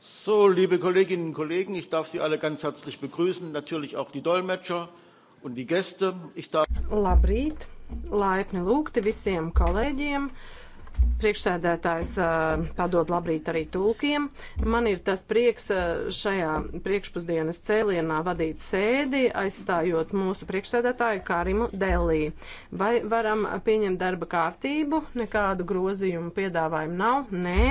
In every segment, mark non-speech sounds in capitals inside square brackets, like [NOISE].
So, liebe Kolleginnen und Kollegen, ich darf Sie alle ganz herzlich begrüßen, natürlich auch die Dolmetscher un die Gäste. Ich darf... Labrīt! Laipni lūgti visiem kolēģiem! Priekšsēdētājs padod labrīt arī tulkiem. Man ir tas prieks šajā priekšpusdienas cēlienā vadīt sēdi, aizstājot mūsu priekšsēdētāju Karimu Delī. Vai varam pieņemt darba kārtību? Nekādu grozījumu piedāvājumu nav? Nē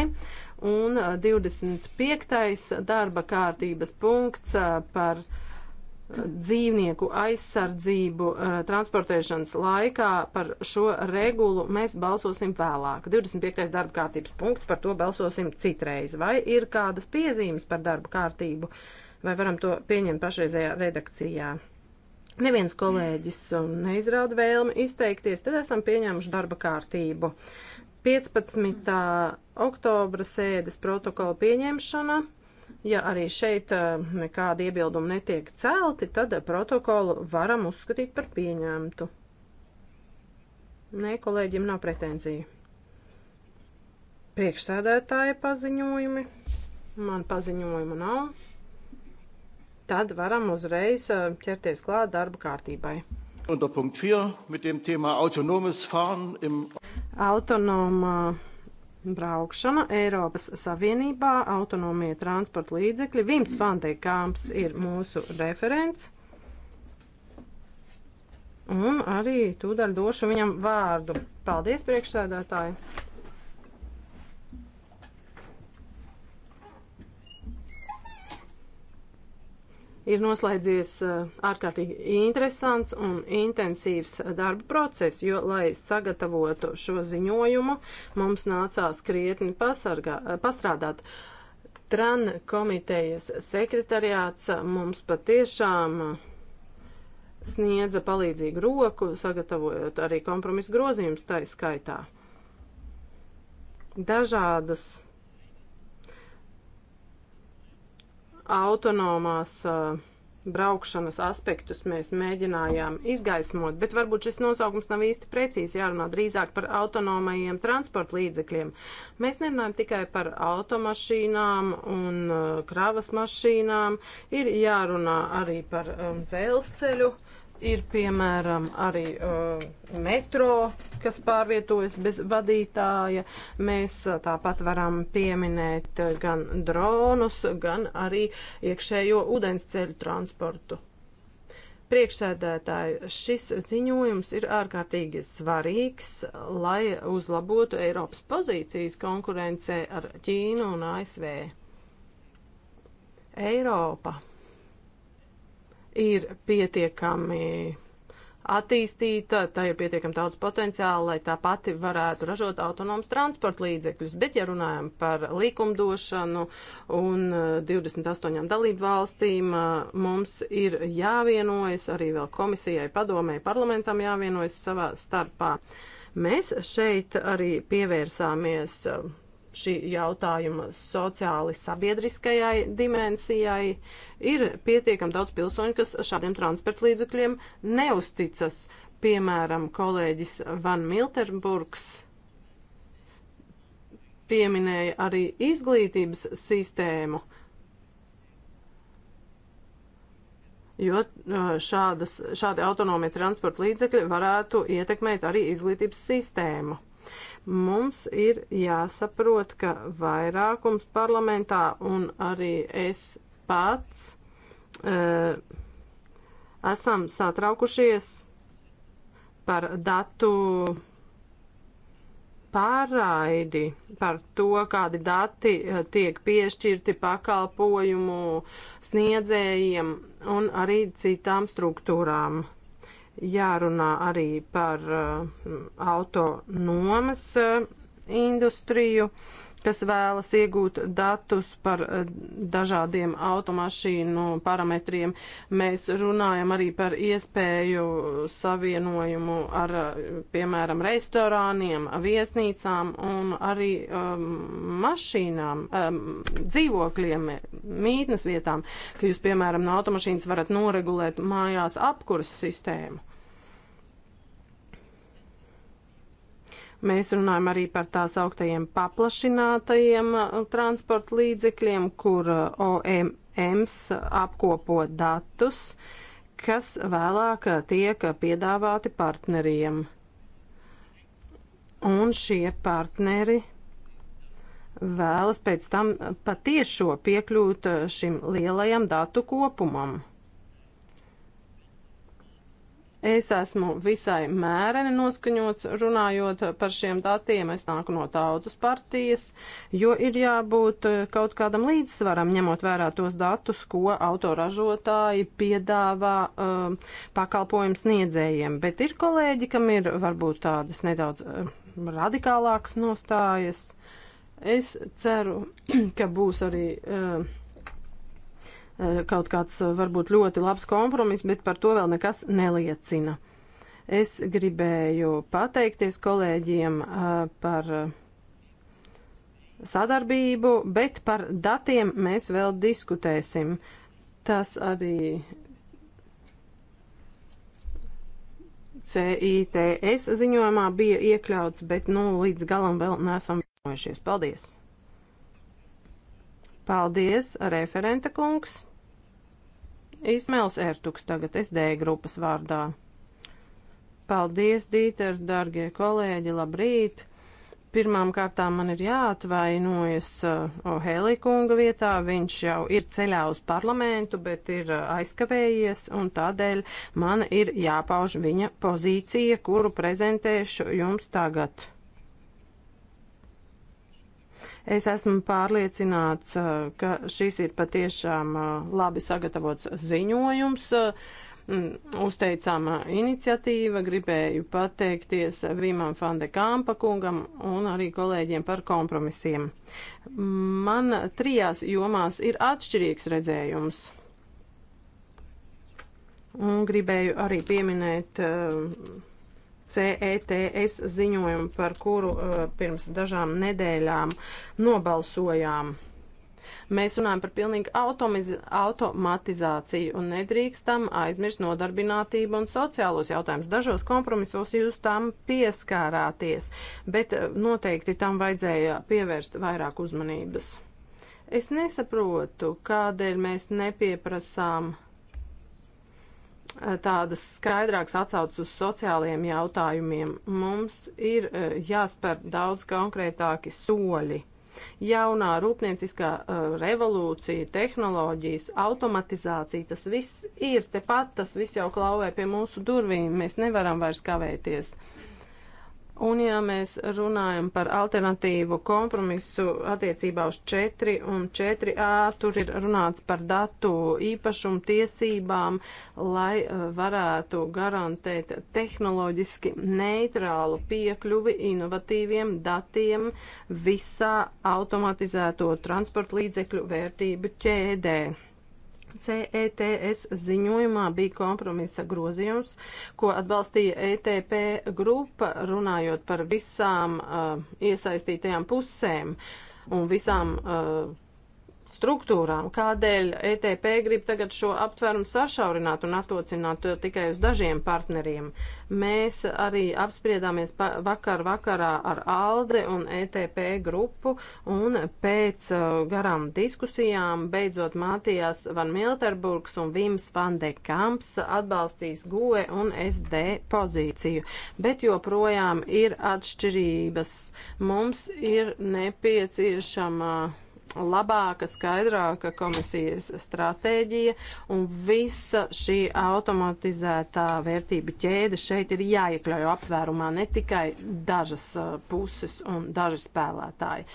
un 25. darba kārtības punkts par dzīvnieku aizsardzību eh, transportēšanas laikā par šo regulu mēs balsosim vēlāk. 25. darba kārtības punkts par to balsosim citreiz. Vai ir kādas piezīmes par darba kārtību, vai varam to pieņemt pašreizējā redakcijā? Neviens kolēģis um, neizrāda vēlmi izteikties, tad esam pieņēmuši darba kārtību. 15. oktobra sēdes protokola pieņemšana. Ja arī šeit eh, nekādi iebildumi netiek celti, tad eh, protokolu varam uzskatīt par pieņemtu. Nē, kolēģim nav pretenziju. Priekšsēdētāja paziņojumi. Man paziņojumu nav. Tad varam uzreiz eh, ķerties klāt darba kārtībai. Unter Punkt 4 mit dem Thema autonomes Fahren im Autonomā braukšana Eiropas Savienībā, autonomie transporta līdzekļi. Vims Fantekāms ir mūsu referents. Un arī tūdaļ došu viņam vārdu. Paldies, priekšsēdētāji! ir noslēdzies eh, ārkārtīgi interesants un intensīvs eh, darba process, jo, lai sagatavotu šo ziņojumu, mums nācās krietni pasargā, eh, pastrādāt. Tran komitejas sekretariāts mums patiešām sniedza palīdzīgu roku, sagatavojot arī kompromisu grozījumus tai skaitā. Dažādus autonomās uh, braukšanas aspektus mēs mēģinājām izgaismot, bet varbūt šis nosaukums nav īsti precīzi jārunā drīzāk par autonomajiem transporta līdzekļiem. Mēs nerunājam tikai par automašīnām un uh, kravas mašīnām, ir jārunā arī par um, dzelzceļu. Uh, Ir piemēram arī uh, metro, kas pārvietojas bez vadītāja. Mēs uh, tāpat varam pieminēt uh, gan dronus, gan arī iekšējo ūdensceļu transportu. Priekšsēdētāji, šis ziņojums ir ārkārtīgi svarīgs, lai uzlabotu Eiropas pozīcijas konkurencē ar Ķīnu un ASV. Eiropa ir pietiekami attīstīta, tā ir pietiekami daudz potenciāla, lai tā pati varētu ražot autonomas transporta līdzekļus. Bet, ja runājam par likumdošanu un 28 e, dalību valstīm, e, mums ir jāvienojas, arī vēl komisijai, padomēji, parlamentam jāvienojas savā starpā. Mēs šeit arī pievērsāmies e, šī jautājuma sociāli sabiedriskajai dimensijai. Ir pietiekam daudz pilsoņu, kas šādiem transportlīdzekļiem neusticas. Piemēram, kolēģis Van Milterburgs pieminēja arī izglītības sistēmu. jo uh, šādas, šādi autonomie transporta līdzekļi varētu ietekmēt arī izglītības sistēmu. Mums ir jāsaprot, ka vairākums parlamentā un arī es pats uh, esam satraukušies par datu pārraidi, par to, kādi dati e, tiek piešķirti pakalpojumu sniedzējiem un arī citām struktūrām jārunā arī par uh, auto nomas uh, industriju, kas vēlas iegūt datus par uh, dažādiem automašīnu parametriem. Mēs runājam arī par iespēju savienojumu ar, piemēram, restorāniem, viesnīcām un arī um, mašīnām, um, dzīvokļiem, mītnes vietām, ka jūs, piemēram, no automašīnas varat noregulēt mājās apkuras sistēmu. Mēs runājam arī par tās augtajiem paplašinātajiem uh, transporta līdzekļiem, kur uh, OMMs apkopo datus, kas vēlāk uh, tiek piedāvāti partneriem. Un šie partneri vēlas pēc tam patiešo piekļūt šim lielajam datu kopumam. Es esmu visai mēreni noskaņots runājot par šiem datiem. Es nāku no tautas partijas, jo ir jābūt eh, kaut kādam līdzsvaram, ņemot vērā tos datus, ko autoražotāji piedāvā um, pakalpojumu sniedzējiem. Bet ir kolēģi, kam ir varbūt tādas nedaudz eh, radikālākas nostājas. Es ceru, [CLEARS THROAT] ka būs arī. Um, Eh, kaut kāds eh, varbūt ļoti labs kompromiss, bet par to vēl nekas neliecina. Es gribēju pateikties kolēģiem eh, par sadarbību, bet par datiem mēs vēl diskutēsim. Tas arī CITS ziņojumā bija iekļauts, bet nu, līdz galam vēl neesam vienojušies. Paldies! Paldies, referenta kungs! Ismēls Ertuks tagad SD grupas vārdā. Paldies, Dīter, dargie kolēģi, labrīt! Pirmām kārtām man ir jāatvainojas uh, Ohēlī kunga vietā. Viņš jau ir ceļā uz parlamentu, bet ir uh, aizkavējies, un tādēļ man ir jāpauž viņa pozīcija, kuru prezentēšu jums tagad. Es esmu pārliecināts, eh, ka šis ir patiešām eh, labi sagatavots ziņojums eh, uzteicama iniciatīva. Gribēju pateikties Vimam Fandekampa kungam un arī kolēģiem par kompromisiem. Man trijās jomās ir atšķirīgs redzējums. Un gribēju arī pieminēt uh, CETS ziņojumu, par kuru uh, pirms dažām nedēļām nobalsojām. Mēs runājam par pilnīgu automatizāciju un nedrīkstam aizmirst nodarbinātību un sociālos jautājumus. Dažos kompromisos jūs tam pieskārāties, bet uh, noteikti tam vajadzēja pievērst vairāk uzmanības. Es nesaprotu, kādēļ mēs nepieprasām uh, Eh, tādas skaidrākas atsaucas uz sociālajiem jautājumiem. Mums ir eh, jāspēr daudz konkrētāki soļi. Jaunā rūpnieciskā eh, revolūcija, tehnoloģijas, automatizācija, tas viss ir tepat, tas viss jau klauvē pie mūsu durvīm. Mēs nevaram vairs kavēties. Uh, Un ja mēs runājam par alternatīvu kompromisu attiecībā uz 4 un 4a, tur ir runāts par datu īpašumu tiesībām, lai eh, varētu garantēt tehnoloģiski neitrālu piekļuvi inovatīviem datiem visā automatizēto transporta līdzekļu vērtību ķēdē. CETS ziņojumā bija kompromisa grozījums, ko atbalstīja ETP grupa, runājot par visām uh, iesaistītajām pusēm un visām uh, struktūrām. Kādēļ ETP grib tagad šo aptvērumu sašaurināt un atocināt uh, tikai uz dažiem partneriem? Mēs arī apspriedāmies vakar vakarā ar ALDE un ETP grupu un pēc uh, garām diskusijām beidzot Mātijās Van Milterburgs un Vims Van de Kamps atbalstīs GUE un SD pozīciju, bet joprojām ir atšķirības. Mums ir nepieciešama uh, labāka, skaidrāka komisijas stratēģija un visa šī automatizētā vērtību ķēde šeit ir jāiekļauj aptvērumā ne tikai dažas uh, puses un daži spēlētāji.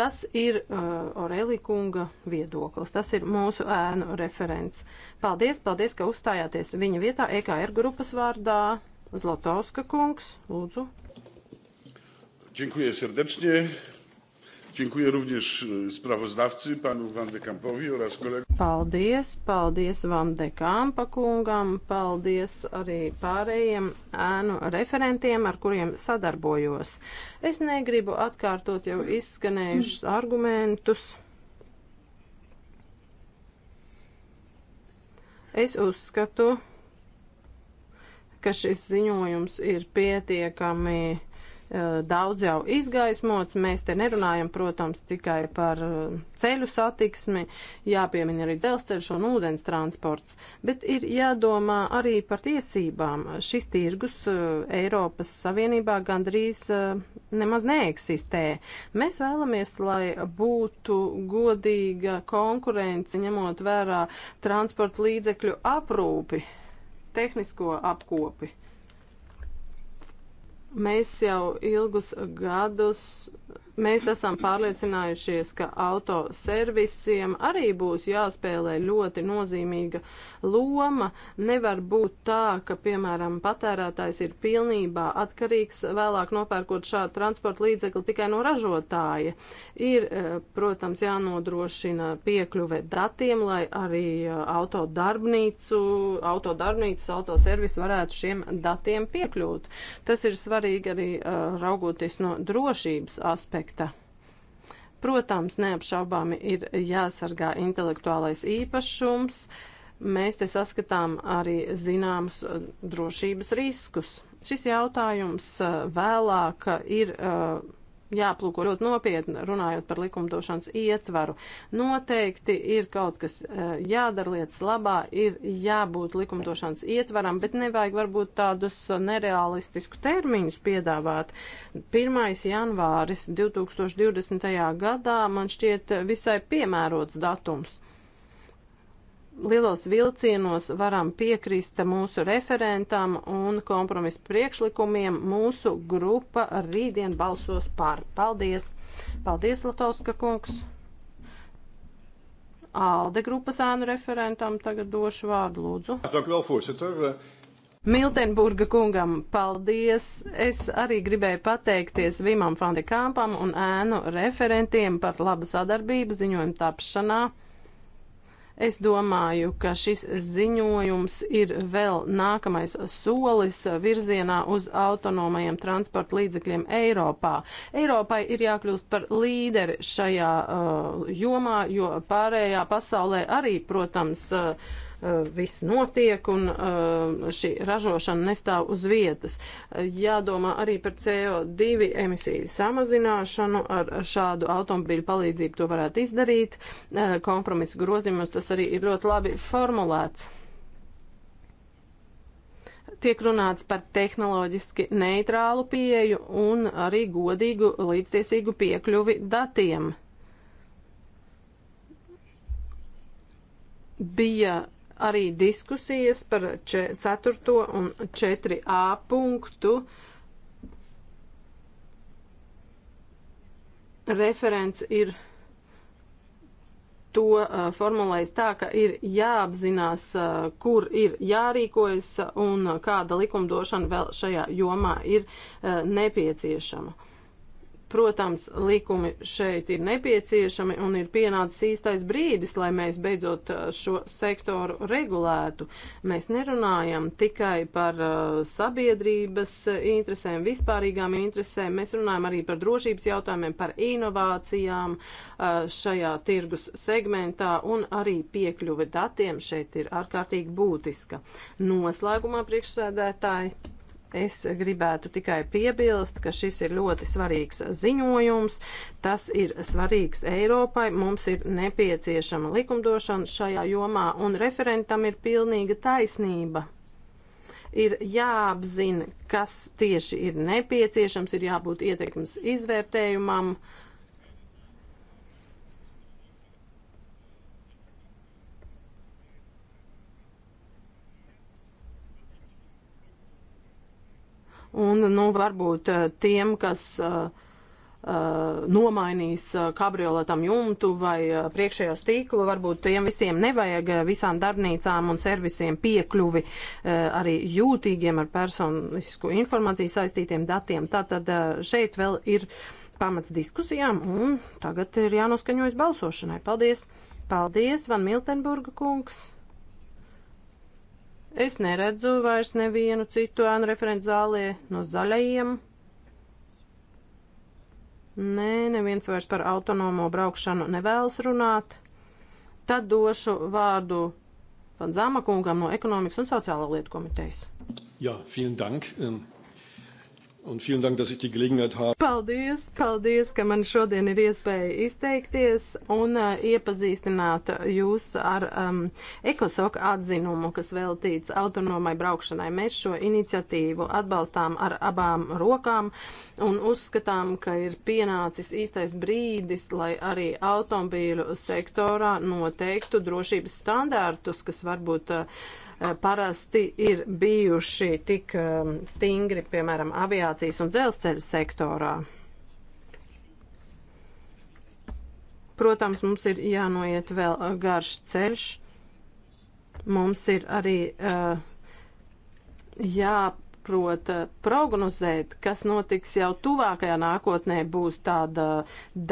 Tas ir uh, Orelī kunga viedoklis, tas ir mūsu ēnu referents. Paldies, paldies, ka uzstājāties viņa vietā EKR grupas vārdā. Zlatovska kungs, lūdzu. Dziękuję serdecznie. Dziękuję również e, sprawozdawcy, panu Van de Kampowi oraz kolegom. Paldies, paldies Van de Kampa kungam, paldies arī pārējiem ēnu referentiem, ar kuriem sadarbojos. Es negribu atkārtot jau izskanējušus argumentus. Es uzskatu, ka šis ziņojums ir pietiekami Eh, daudz jau izgaismots. Mēs te nerunājam, protams, tikai par eh, ceļu satiksmi, jāpiemina arī dzelzceļš un ūdens transports, bet ir jādomā arī par tiesībām. Šis tirgus eh, Eiropas Savienībā gandrīz nemaz neeksistē. Mēs vēlamies, lai būtu godīga konkurence, ņemot vērā transporta līdzekļu aprūpi, tehnisko apkopi. Mēs jau ilgus gadus Mēs esam pārliecinājušies, ka autoservisiem arī būs jāspēlē ļoti nozīmīga loma. Nevar būt tā, ka, piemēram, patērētājs ir pilnībā atkarīgs vēlāk nopērkot šādu transporta līdzekli tikai no ražotāja. Ir, eh, protams, jānodrošina piekļuve datiem, lai arī eh, autodarbnīcu, autodarbnīcas, autoservis varētu šiem datiem piekļūt. Tas ir svarīgi arī eh, raugoties no drošības aspekta aspekta. Protams, neapšaubāmi ir jāsargā intelektuālais īpašums. Mēs te saskatām arī zināmus uh, drošības riskus. Šis jautājums uh, vēlāk ir. Uh, jāplūko ļoti nopietni, runājot par likumdošanas ietvaru. Noteikti ir kaut kas eh, jādara lietas labā, ir jābūt likumdošanas ietvaram, bet nevajag varbūt tādus nerealistiskus termiņus piedāvāt. 1. janvāris 2020. gadā man šķiet visai piemērots datums lielos vilcienos varam piekrist mūsu referentam un kompromisu priekšlikumiem. Mūsu grupa rītdien balsos par. Paldies! Paldies, Latovska kungs! Alde grupas ēnu referentam tagad došu vārdu, lūdzu. Eh, Miltenburga kungam, paldies! Es arī gribēju pateikties Vimam Fandekāmpam un ēnu referentiem par labu sadarbību ziņojumu tapšanā. Es domāju, ka šis ziņojums ir vēl nākamais solis virzienā uz autonomajiem transporta līdzekļiem Eiropā. Eiropai ir jākļūst par līderi šajā uh, jomā, jo pārējā pasaulē arī, protams, uh, Eh, viss notiek un eh, šī ražošana nestāv uz vietas. Eh, jādomā arī par CO2 emisiju samazināšanu. Ar šādu automobīļu palīdzību to varētu izdarīt. Kompromisu grozījumus tas arī ir ļoti labi formulēts tiek runāts par tehnoloģiski neitrālu pieeju un arī godīgu līdztiesīgu piekļuvi datiem. Bija arī diskusijas par 4. un 4a punktu. Referents ir to uh, formulējis tā, ka ir jāapzinās, uh, kur ir jārīkojas un uh, kāda likumdošana vēl šajā jomā ir uh, nepieciešama. Protams, likumi šeit ir nepieciešami un ir pienācis īstais brīdis, lai mēs beidzot uh, šo sektoru regulētu. Mēs nerunājam tikai par uh, sabiedrības uh, interesēm, vispārīgām interesēm, mēs runājam arī par drošības jautājumiem, par inovācijām šajā tirgus segmentā un arī piekļuve datiem šeit ir ārkārtīgi būtiska. Noslēgumā priekšsēdētāji Es gribētu tikai piebilst, ka šis ir ļoti svarīgs ziņojums. Tas ir svarīgs Eiropai. Mums ir nepieciešama likumdošana šajā jomā, un referentam ir pilnīga taisnība. Ir jāapzina, kas tieši ir nepieciešams, ir jābūt ietekmes izvērtējumam. Uh, Un, nu, varbūt eh, tiem, kas uh, Uh, nomainīs uh, kabrioletam jumtu vai uh, priekšējo stīklu. Varbūt tiem visiem nevajag visām darbnīcām un servisiem piekļuvi arī jūtīgiem ar personisku informāciju saistītiem datiem. Tātad šeit vēl ir pamats diskusijām un tagad ir jānoskaņojas balsošanai. Paldies! Paldies, Van Miltenburga kungs! Es neredzu vairs nevienu citu ēnu referentu zālē no zaļajiem. Nē, neviens vairs par autonomo braukšanu nevēlas runāt. Tad došu vārdu Fanzāma kungam no ekonomikas un sociālo lietu komitejas. Jā, ja, vielen dank. Um... Un vielen Dank, dass ich die Gelegenheit habe. Paldies, paldies, ka man šodien ir iespēja izteikties un uh, iepazīstināt jūs ar um, ekosoku atzinumu, kas veltīts autonomai braukšanai. Mēs šo iniciatīvu atbalstām ar abām rokām un uzskatām, ka ir pienācis īstais brīdis, lai arī automobīļu sektorā noteiktu drošības standārtus, kas varbūt uh, Eh, parasti ir bijuši tik eh, stingri, piemēram, aviācijas un dzelzceļa sektorā. Protams, mums ir jānoiet vēl eh, garš ceļš. Mums ir arī uh, jāprot prognozēt, kas notiks jau tuvākajā nākotnē. Būs tāda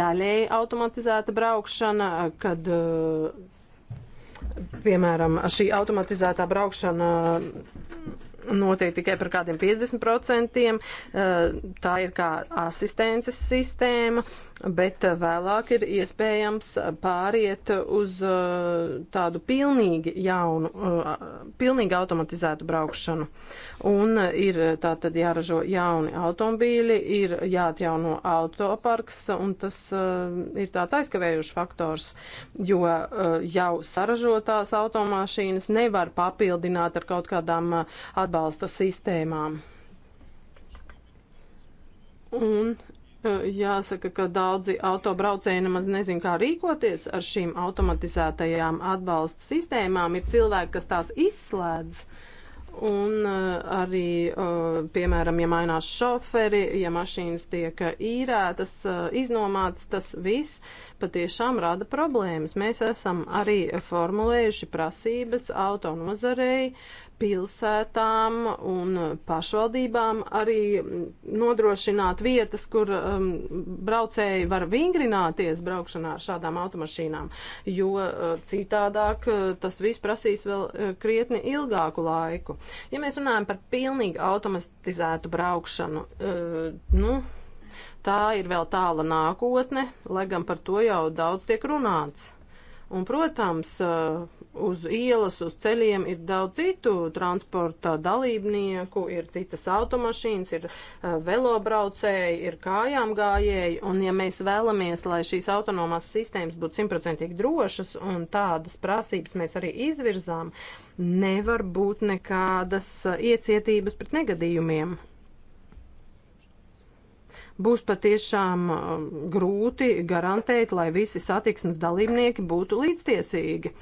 daļēji automatizēta braukšana, kad. Uh, Piemēram, šī automatizētā braukšana notiek tikai par kādiem 50%. Eh, tā ir kā asistences sistēma, bet vēlāk ir iespējams pāriet uz eh, tādu pilnīgi jaunu, eh, pilnīgi automatizētu braukšanu. Un ir tā tad jāražo jauni automobīļi, ir jāatjauno autoparks, un tas ir tāds aizkavējuši faktors, jo jau saražotās automašīnas nevar papildināt ar kaut kādām atbalstu atbalsta sistēmām. Un e, Jāsaka, ka daudzi autobraucēji nemaz nezin, kā rīkoties ar šīm automatizētajām atbalsta sistēmām. Ir cilvēki, kas tās izslēdz. Un e, arī, e, piemēram, ja mainās šoferi, ja mašīnas tiek īrētas, iznomātas, tas viss patiešām rada problēmas. Mēs esam arī formulējuši prasības autonozarei, pilsētām un pašvaldībām arī nodrošināt vietas, kur um, braucēji var vingrināties braukšanā ar šādām automašīnām, jo uh, citādāk uh, tas viss prasīs vēl uh, krietni ilgāku laiku. Ja mēs runājam par pilnīgi automatizētu braukšanu, uh, nu, tā ir vēl tāla nākotne, lai gan par to jau daudz tiek runāts. Un, protams, eh, uz ielas, uz ceļiem ir daudz citu transporta dalībnieku, ir citas automašīnas, ir eh, velobraucēji, ir kājām gājēji, un ja mēs vēlamies, lai šīs autonomās sistēmas būtu simtprocentīgi drošas, un tādas prasības mēs arī izvirzām, nevar būt nekādas eh, iecietības pret negadījumiem būs patiešām uh, grūti garantēt, lai visi satiksmes dalībnieki būtu līdztiesīgi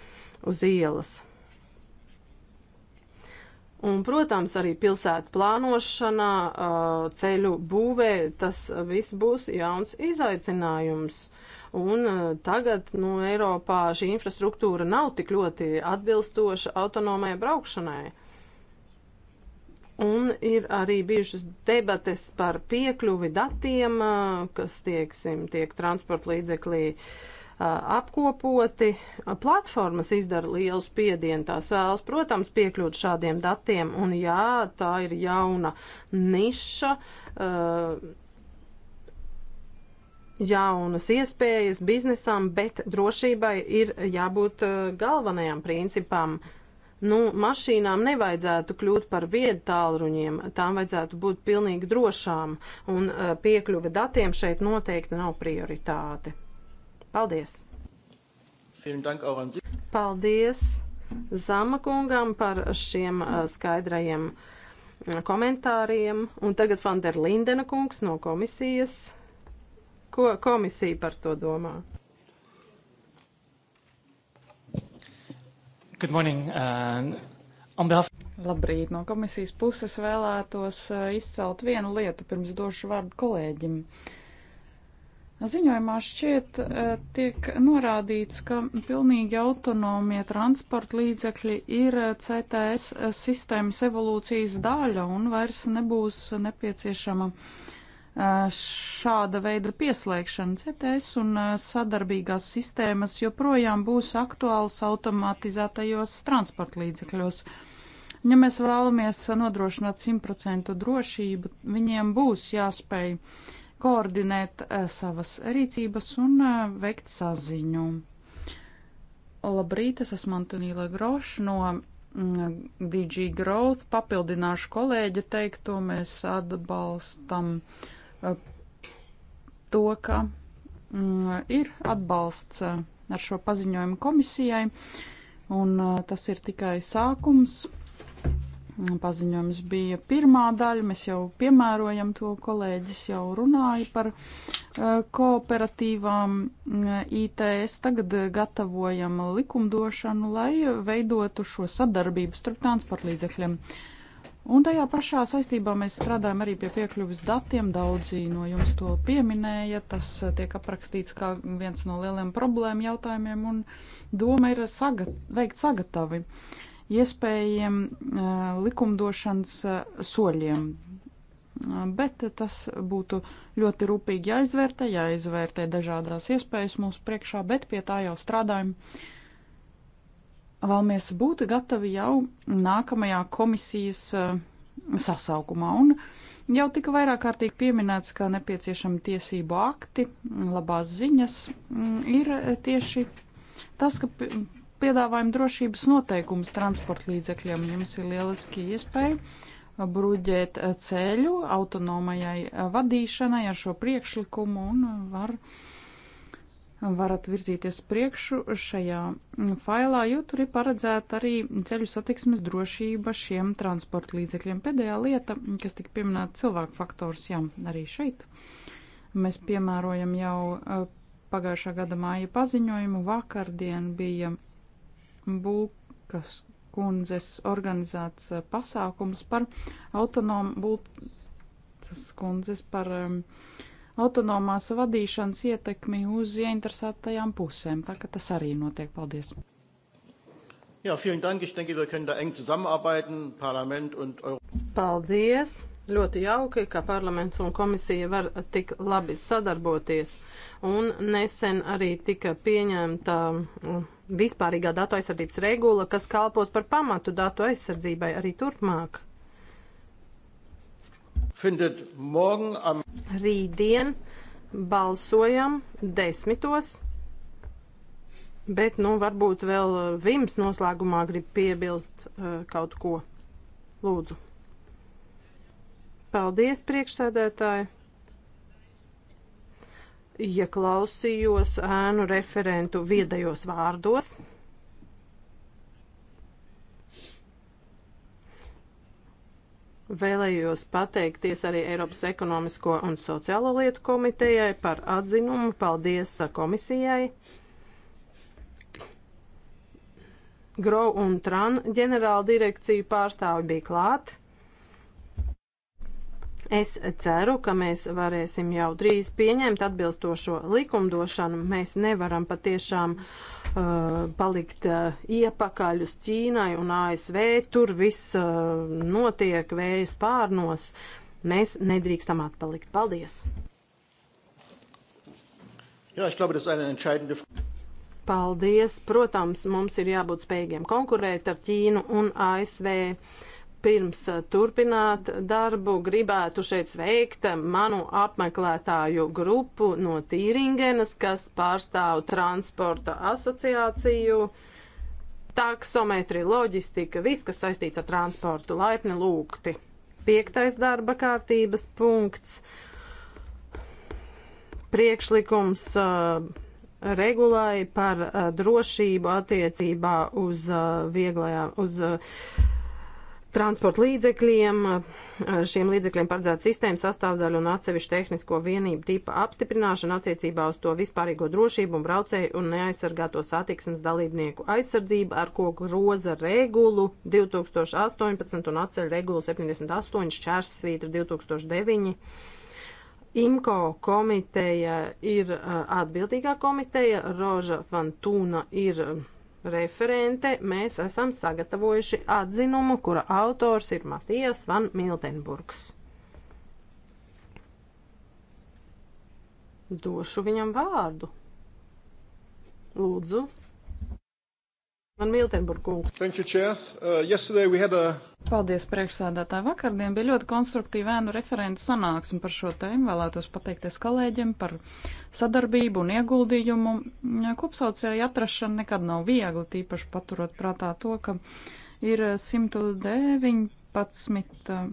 uz ielas. Un, protams, arī pilsētu plānošanā, uh, ceļu būvē tas viss būs jauns izaicinājums. Un uh, tagad nu, Eiropā šī infrastruktūra nav tik ļoti atbilstoša autonomai braukšanai. Un ir arī bijušas debates par piekļuvi datiem, kas tieksim, tiek transporta līdzeklī apkopoti. Platformas izdara lielu spiedienu, tās vēlas, protams, piekļūt šādiem datiem, un jā, tā ir jauna niša, jaunas iespējas biznesam, bet drošībai ir jābūt galvenajam principam. Nu, mašīnām nevajadzētu kļūt par viedu tālruņiem, tām vajadzētu būt pilnīgi drošām, un eh, piekļuve datiem šeit noteikti nav prioritāte. Paldies! Paldies Zamakungam par šiem eh, skaidrajiem eh, komentāriem, un tagad Fanderlindena kungs no komisijas. Ko komisija par to domā? Good morning. Uh, on behalf... Labrīt! No komisijas puses vēlētos uh, izcelt vienu lietu, pirms došu vārdu kolēģim. Ziņojumā šķiet uh, tiek norādīts, ka pilnīgi autonomie transporta līdzekļi ir uh, CTS sistēmas evolūcijas daļa un vairs nebūs nepieciešama uh, Eh, šāda veida pieslēgšana CTS un eh, sadarbīgās sistēmas joprojām būs aktuāls automatizētajos transporta līdzekļos. Ja mēs vēlamies nodrošināt 100% drošību, viņiem būs jāspēj koordinēt eh, savas rīcības un veikt saziņu. Labrīt, es esmu Antonīla Groša no mm, DG Growth. Papildināšu kolēģi teikto, mēs atbalstam uh, to, ka mm, ir atbalsts eh, ar šo paziņojumu komisijai, un eh, tas ir tikai sākums. Mm, paziņojums bija pirmā daļa, mēs jau piemērojam to, kolēģis jau runāja par eh, kooperatīvām mm, ITS. Tagad gatavojam likumdošanu, lai veidotu šo sadarbību starp transportlīdzekļiem. līdzekļiem Un tajā pašā saistībā mēs strādājam arī pie piekļuvis datiem. Daudzi no jums to pieminēja. Tas eh, tiek aprakstīts kā viens no lieliem problēmu jautājumiem, un doma ir sagat veikt sagatavi iespējiem uh, likumdošanas uh, soļiem. Uh, bet tas būtu ļoti rūpīgi jāizvērtē, jāizvērtē dažādās iespējas mūsu priekšā, bet pie tā jau strādājam. Uh, vēlamies būt gatavi jau nākamajā komisijas eh, sasaukumā. Un jau tika vairāk kārtīgi pieminēts, ka nepieciešami tiesību akti, labās ziņas mm, ir eh, tieši tas, ka piedāvājam drošības noteikumus transporta līdzekļiem. Jums ir lieliski iespēja bruģēt eh, ceļu autonomajai vadīšanai ar šo priekšlikumu un var uh, varat virzīties priekšu šajā failā, jo tur ir paredzēta arī ceļu satiksmes drošība šiem transporta līdzekļiem. Pēdējā lieta, kas tika pieminēta cilvēku faktors, jā, arī šeit. Mēs piemērojam jau eh, pagājušā gada māja paziņojumu. Vakardien bija Bulkas kundzes organizēts eh, pasākums par autonomu Bulkas kundzes par um, autonomās vadīšanas ietekmi uz ieinteresētajām pusēm. Tā ka tas arī notiek. Paldies! Jā, vielen dank. Ich denke, wir können da eng zusammenarbeiten, Parlament und Europa. Paldies! Ļoti jauki, ka parlaments un komisija var tik labi sadarboties. Un nesen arī tika pieņemta mm, vispārīgā datu aizsardzības regula, kas kalpos par pamatu datu aizsardzībai arī turpmāk findet morgen am Rītdien balsojam desmitos, bet, nu, varbūt vēl eh, Vims noslēgumā grib piebilst uh, kaut ko. Lūdzu. Paldies, priekšsēdētāji. Ieklausījos ja ēnu referentu viedajos vārdos. Vēlējos pateikties arī Eiropas ekonomisko un sociālo lietu komitejai par atzinumu. Paldies komisijai. Grau un Tran ģenerāla direkciju pārstāvi bija klāt. Es ceru, ka mēs varēsim jau drīz pieņemt atbilstošo likumdošanu. Mēs nevaram patiešām uh, Uh, palikt uh, iepakaļ uz Ķīnai un ASV. Tur viss uh, notiek vējas pārnos. Mēs nedrīkstam atpalikt. Paldies! Jā, es glaube, das eine entscheidende. Paldies! Protams, mums ir jābūt spējīgiem konkurēt ar Ķīnu un ASV. Pirms turpināt darbu, gribētu šeit sveikt manu apmeklētāju grupu no Tīringenes, kas pārstāv transporta asociāciju, taksometri, loģistika, viss, kas saistīts ar transportu, laipni lūgti. Piektais darba kārtības punkts priekšlikums uh, regulai par uh, drošību attiecībā uz uh, vieglajām, uz transporta līdzekļiem, šiem līdzekļiem paredzēta sistēma sastāvdaļa un atsevišķu tehnisko vienību tipa apstiprināšana attiecībā uz to vispārīgo drošību un braucēju un neaizsargāto satiksmes dalībnieku aizsardzību, ar ko groza regulu 2018 un atceļ regulu 78 šķērsvītra 2009. IMCO komiteja ir atbildīgā komiteja, Roža Fantūna ir referente mēs esam sagatavojuši atzinumu, kura autors ir Matijas Van Miltenburgs. Došu viņam vārdu. Lūdzu. Man Miltenburg kungs. Thank you, Chair. Uh, yesterday we had a... Paldies priekšsādātāji. Vakardien bija ļoti konstruktīva ēnu referentu sanāksme par šo tēmu. Vēlētos pateikties kolēģiem par sadarbību un ieguldījumu. Kopsaucēja atrašana nekad nav viegli, tīpaši paturot prātā to, ka ir 119 uh,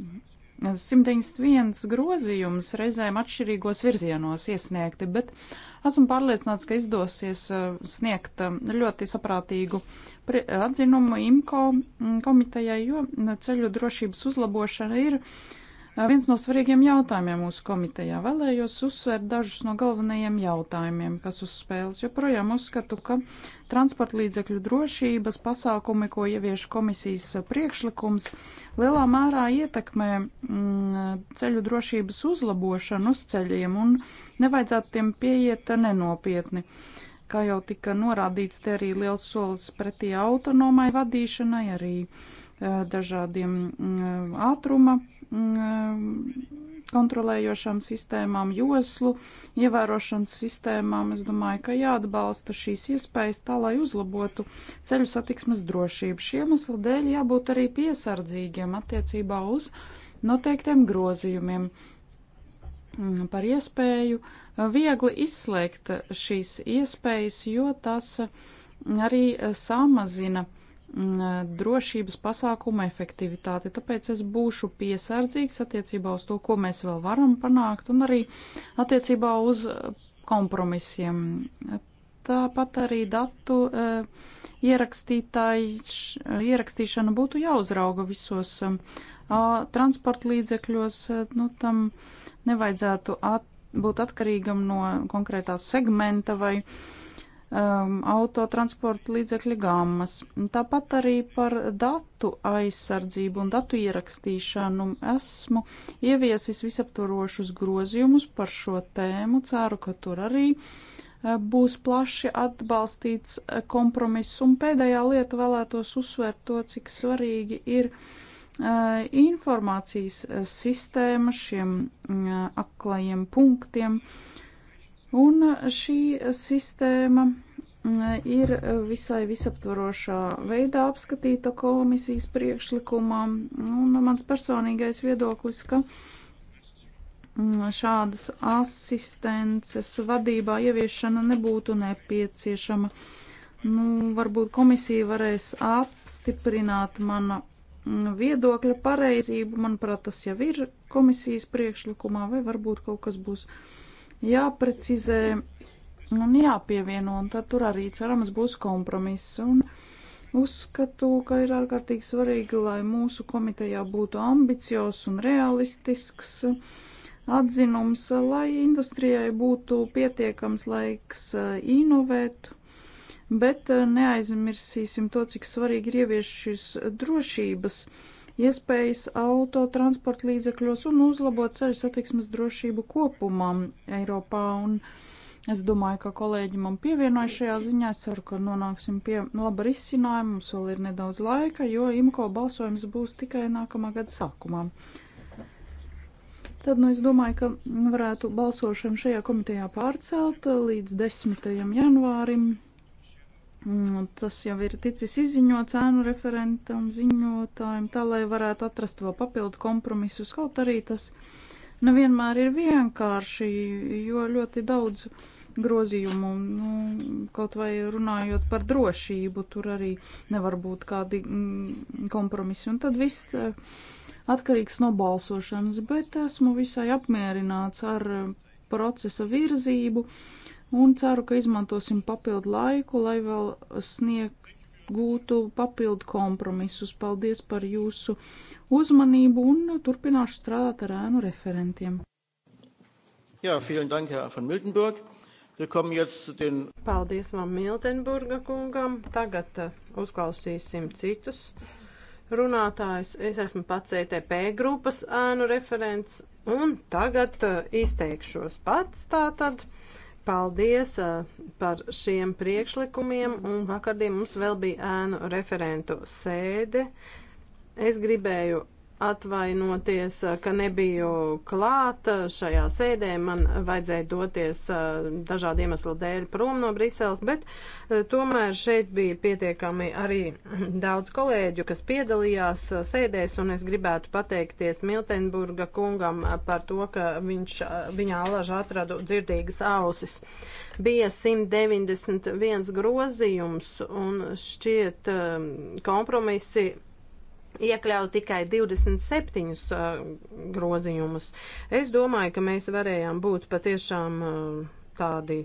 191 grozījums reizēm atšķirīgos virzienos iesniegti, bet esmu pārliecināts, ka izdosies eh, sniegt eh, ļoti saprātīgu atzinumu IMCO mm, komitejai, jo ceļu drošības uzlabošana ir uh, viens no svarīgiem jautājumiem mūsu komitejā. Vēlējos uzsvērt dažus no galvenajiem jautājumiem, kas uz spēles. Joprojām uzskatu, ka transporta līdzekļu drošības pasākumi, ko ievieš komisijas priekšlikums, lielā mērā ietekmē mm, ceļu drošības uzlabošanu uz ceļiem un nevajadzētu tiem pieiet nenopietni. Kā jau tika norādīts, te arī liels solis pretī autonomai vadīšanai, arī dažādiem ātruma Mm, kontrolējošām sistēmām, joslu ievērošanas sistēmām. Es domāju, ka jāatbalsta šīs iespējas tā, lai uzlabotu ceļu satiksmes drošību. Šie iemesli dēļ jābūt arī piesardzīgiem attiecībā uz noteiktiem grozījumiem mm, par iespēju viegli izslēgt šīs iespējas, jo tas arī samazina uh, Mm, drošības pasākumu efektivitāti. Tāpēc es būšu piesardzīgs attiecībā uz to, ko mēs vēl varam panākt, un arī attiecībā uz eh, kompromisiem. Tāpat arī datu eh, eh, ierakstīšana būtu jāuzrauga visos transporta līdzekļos. Nu, tam nevajadzētu at būt atkarīgam no konkrētā segmenta vai uh, um, autotransporta līdzekļa gammas. Tāpat arī par datu aizsardzību un datu ierakstīšanu esmu ieviesis visaptvarošus grozījumus par šo tēmu. Ceru, ka tur arī uh, būs plaši atbalstīts uh, kompromiss. Un pēdējā lieta vēlētos uzsvērt to, cik svarīgi ir uh, informācijas sistēma šiem aklajiem punktiem Un šī sistēma mm, ir visai visaptvarošā veidā apskatīta komisijas priekšlikumā. Un mans personīgais viedoklis, ka mm, šādas asistences vadībā ieviešana nebūtu nepieciešama. Nu, varbūt komisija varēs apstiprināt mana mm, viedokļa pareizību. Manuprāt, tas jau ir komisijas priekšlikumā, vai varbūt kaut kas būs uh, jāprecizē un jāpievieno, un tad tur arī cerams būs kompromiss. Un uzskatu, ka ir ārkārtīgi svarīgi, lai mūsu komitejā būtu ambiciozs un realistisks atzinums, lai industrijai būtu pietiekams laiks eh, inovēt, bet eh, neaizmirsīsim to, cik svarīgi ir ievies šis drošības. Uh, iespējas autotransporta līdzekļos un uzlabot ceļu satiksmes drošību kopumā Eiropā. Un es domāju, ka kolēģi man pievienoja šajā ziņā. Es ceru, ka nonāksim pie laba risinājuma. Mums vēl ir nedaudz laika, jo IMCO balsojums būs tikai nākamā gada sākumā. Tad, nu, es domāju, ka varētu balsošanu šajā komitejā pārcelt līdz 10. janvārim Mm, tas jau ir ticis izziņots ēnu referentam, ziņotājiem, tā lai varētu atrast vēl papildu kompromisus, kaut arī tas nevienmēr ir vienkārši, jo ļoti daudz grozījumu, nu, kaut vai runājot par drošību, tur arī nevar būt kādi mm, kompromisi. Un tad viss eh, atkarīgs no balsošanas, bet esmu visai apmierināts ar eh, procesa virzību. Uh, un ceru, ka izmantosim papildu laiku, lai vēl sniegtu papildu kompromisus. Paldies par jūsu uzmanību un turpināšu strādāt ar ēnu referentiem. Jā, vielen dank, Herr van Miltenburg. Wir kommen jetzt zu den. Paldies Van Miltenburga kungam. Tagad uh, uzklausīsim citus runātājus. Es esmu pats ETP grupas ēnu referents un tagad uh, izteikšos pats tātad. Paldies eh, par šiem priekšlikumiem, un vakardien mums vēl bija ēnu referentu sēde. Es gribēju atvainoties, eh, ka nebiju klāta eh, šajā sēdē. Man vajadzēja doties eh, dažādu iemeslu dēļ prom no Briseles, bet tomēr šeit bija pietiekami arī [CLEARS THROAT] daudz kolēģu, kas piedalījās sēdēs, un es gribētu pateikties Miltenburga kungam par to, ka viņš viņā alaž atradu dzirdīgas ausis. Bija 191 grozījums, un šķiet kompromisi iekļaut tikai 27 uh, grozījumus. Es domāju, ka mēs varējām būt patiešām uh, tādi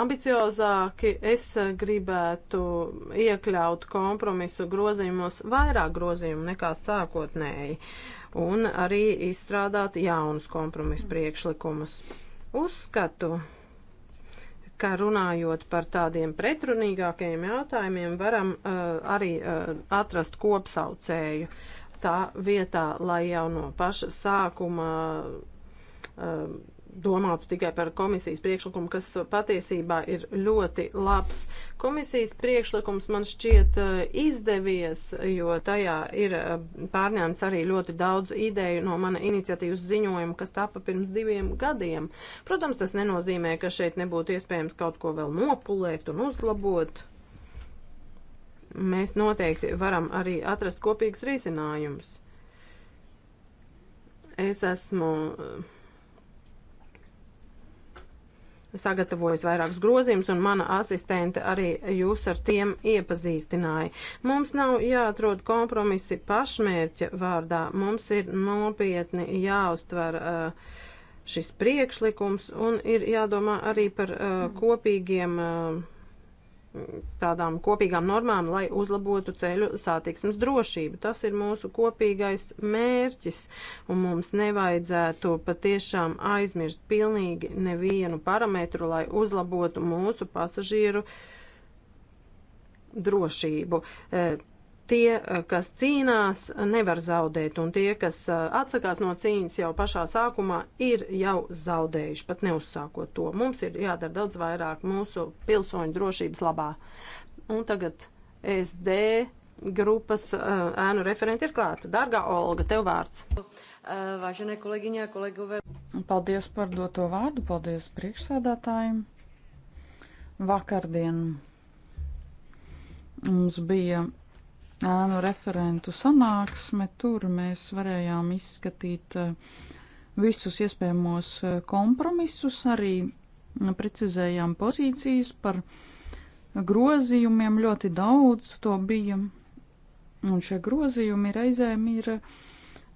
ambiciozāki. Es uh, gribētu iekļaut kompromisu grozījumos vairāk grozījumu nekā sākotnēji un arī izstrādāt jaunus kompromisu priekšlikumus. Uzskatu, ka runājot par tādiem pretrunīgākajiem jautājumiem, varam uh, arī uh, atrast kopsaucēju tā vietā, lai jau no paša sākuma uh, domātu tikai par komisijas priekšlikumu, kas patiesībā ir ļoti labs. Komisijas priekšlikums man šķiet eh, izdevies, jo tajā ir eh, pārņemts arī ļoti daudz ideju no mana iniciatīvas ziņojuma, kas tapa pirms diviem gadiem. Protams, tas nenozīmē, ka šeit nebūtu iespējams kaut ko vēl nopulēt un uzlabot. Mēs noteikti varam arī atrast kopīgs risinājums. Es esmu uh, sagatavojis vairākus grozījumus, un mana asistente arī jūs ar tiem iepazīstināja. Mums nav jāatrod kompromisi pašmērķa vārdā, mums ir nopietni jāuztver uh, šis priekšlikums, un ir jādomā arī par uh, kopīgiem. Uh, tādām kopīgām normām, lai uzlabotu ceļu satiksmes drošību. Tas ir mūsu kopīgais mērķis, un mums nevajadzētu patiešām aizmirst pilnīgi nevienu parametru, lai uzlabotu mūsu pasažieru drošību. Eh, Tie, eh, kas cīnās, nevar zaudēt, un tie, kas eh, atsakās no cīņas jau pašā sākumā, ir jau zaudējuši, pat neuzsākot to. Mums ir jādara daudz vairāk mūsu pilsoņu drošības labā. Un tagad SD grupas eh, ēnu referenti ir klāta. Dargā Olga, tev vārds. Vāžanē kolēģiņā, kolegove. Paldies par doto vārdu, paldies priekšsēdētājiem. Vakardien mums bija ēnu referentu sanāksme. Tur mēs varējām izskatīt eh, visus iespējamos eh, kompromisus, arī precizējām pozīcijas par grozījumiem. Ļoti daudz to bija. Un šie grozījumi reizēm ir eh,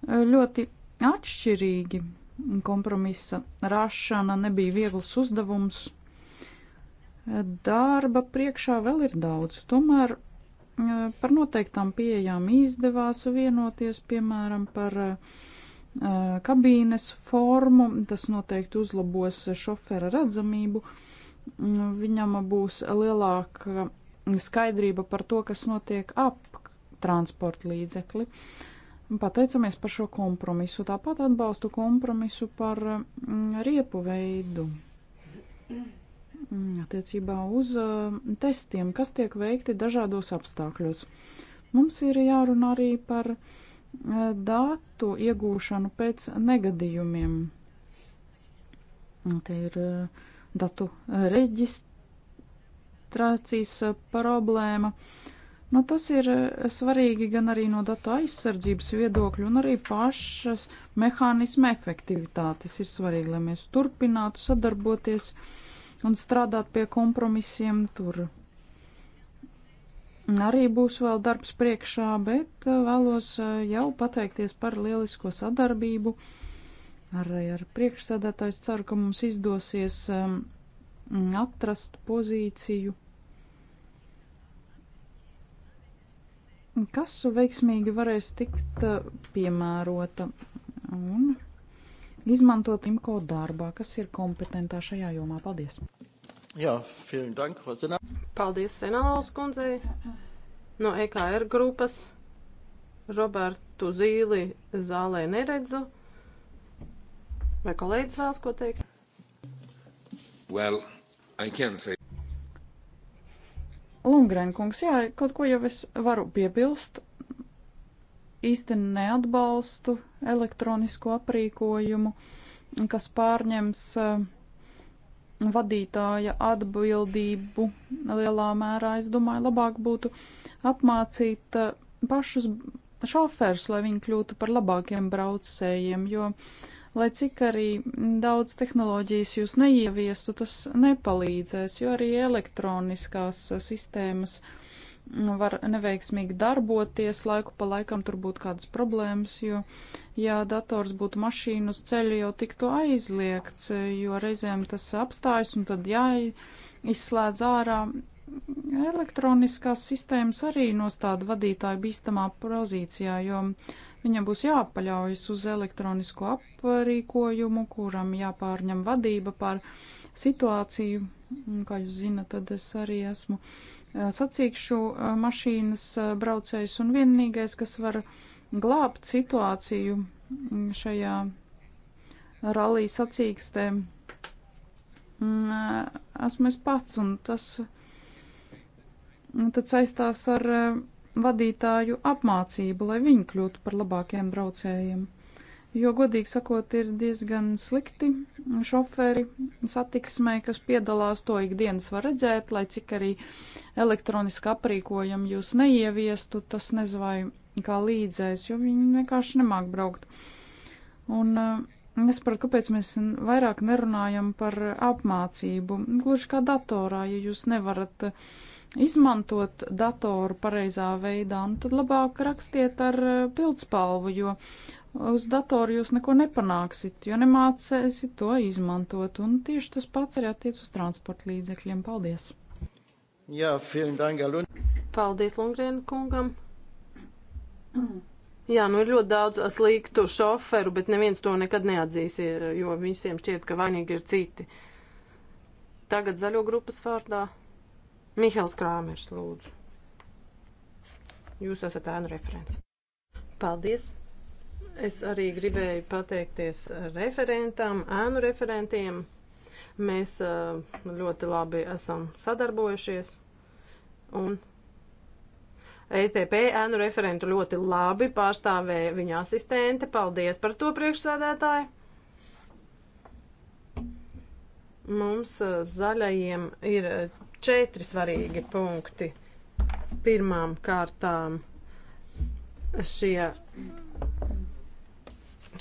ļoti atšķirīgi. Kompromisa rašana nebija viegls uzdevums. Darba priekšā vēl ir daudz. Tomēr Eh, par noteiktām pieejām izdevās vienoties, piemēram, par eh, kabīnes formu. Tas noteikti uzlabos šofera redzamību. Mm, viņam būs lielāka skaidrība par to, kas notiek ap transporta līdzekli. Pateicamies par šo kompromisu. Tāpat atbalstu kompromisu par mm, riepu veidu. Mm attiecībā uz eh, testiem, kas tiek veikti dažādos apstākļos. Mums ir jārunā arī par eh, datu iegūšanu pēc negadījumiem. Te ir eh, datu reģistrācijas problēma. Nu, tas ir svarīgi gan arī no datu aizsardzības viedokļa, un arī pašas mehānisma efektivitātes ir svarīgi, lai mēs turpinātu sadarboties uh, un strādāt pie kompromisiem tur. Arī būs vēl darbs priekšā, bet uh, vēlos uh, jau pateikties par lielisko sadarbību. Arī ar priekšsēdētājs ceru, ka mums izdosies um, atrast pozīciju, kas veiksmīgi varēs tikt uh, piemērota un izmantot IMCO darbā, kas ir kompetentā šajā jomā. Paldies! Jā, vielen dank, Vasinā. Paldies Senālaus kundzei no EKR grupas. Robertu Zīli zālē neredzu. Vai kolēģis vēlas ko teikt? Well, I can say. Lungrēn kungs, jā, kaut ko jau es varu piebilst īsti neatbalstu elektronisko aprīkojumu, kas pārņems eh, vadītāja atbildību lielā mērā. Es domāju, labāk būtu apmācīt eh, pašus šoferus, lai viņi kļūtu par labākiem braucējiem, jo, lai cik arī daudz tehnoloģijas jūs neieviestu, tas nepalīdzēs, jo arī elektroniskās eh, sistēmas uh, Nu, var neveiksmīgi darboties, laiku pa laikam tur būtu kādas problēmas, jo, ja dators būtu mašīnu uz ceļa, jau tiktu aizliegts, jo reizēm tas apstājas un tad jāizslēdz ārā. Elektroniskās sistēmas arī nostāda vadītāju bīstamā pozīcijā, jo viņam būs jāpaļaujas uz elektronisko aprīkojumu, kuram jāpārņem vadība pār situāciju. Un, kā jūs zinat, tad es arī esmu Eh, sacīkšu eh, mašīnas eh, braucējs un vienīgais, kas var glābt situāciju mm, šajā rallija sacīkstē, mm, esmu es pats, un tas tad saistās ar vadītāju apmācību, lai viņi kļūtu par labākiem braucējiem. Jo, godīgi sakot, ir diezgan slikti šoferi satiksmē, kas piedalās to ikdienas var redzēt, lai cik arī elektroniski aprīkojam jūs neieviestu, tas nezvai kā līdzēs, jo viņi vienkārši nemāk braukt. Un eh, es saprotu, kāpēc mēs vairāk nerunājam par apmācību. Gluži kā datorā, ja jūs nevarat eh, izmantot datoru pareizā veidā, nu tad labāk rakstiet ar eh, pildspalvu, jo uz datoru jūs neko nepanāksiet, jo nemācēsiet to izmantot. Un tieši tas pats arī attiec uz transporta līdzekļiem. Paldies! Jā, dank, Paldies Lungrien kungam! Jā, nu ir ļoti daudz sliktu šoferu, bet neviens to nekad neatzīs, jo visiem šķiet, ka vainīgi ir citi. Tagad zaļo grupas vārdā Mihels Krāmers, lūdzu. Jūs esat ēnu referents. Paldies! Es arī gribēju pateikties referentam, ēnu referentiem. Mēs ļoti labi esam sadarbojušies un ETP ēnu referentu ļoti labi pārstāvēja viņa asistente. Paldies par to priekšsēdētāju. Mums zaļajiem ir četri svarīgi punkti. Pirmām kārtām šie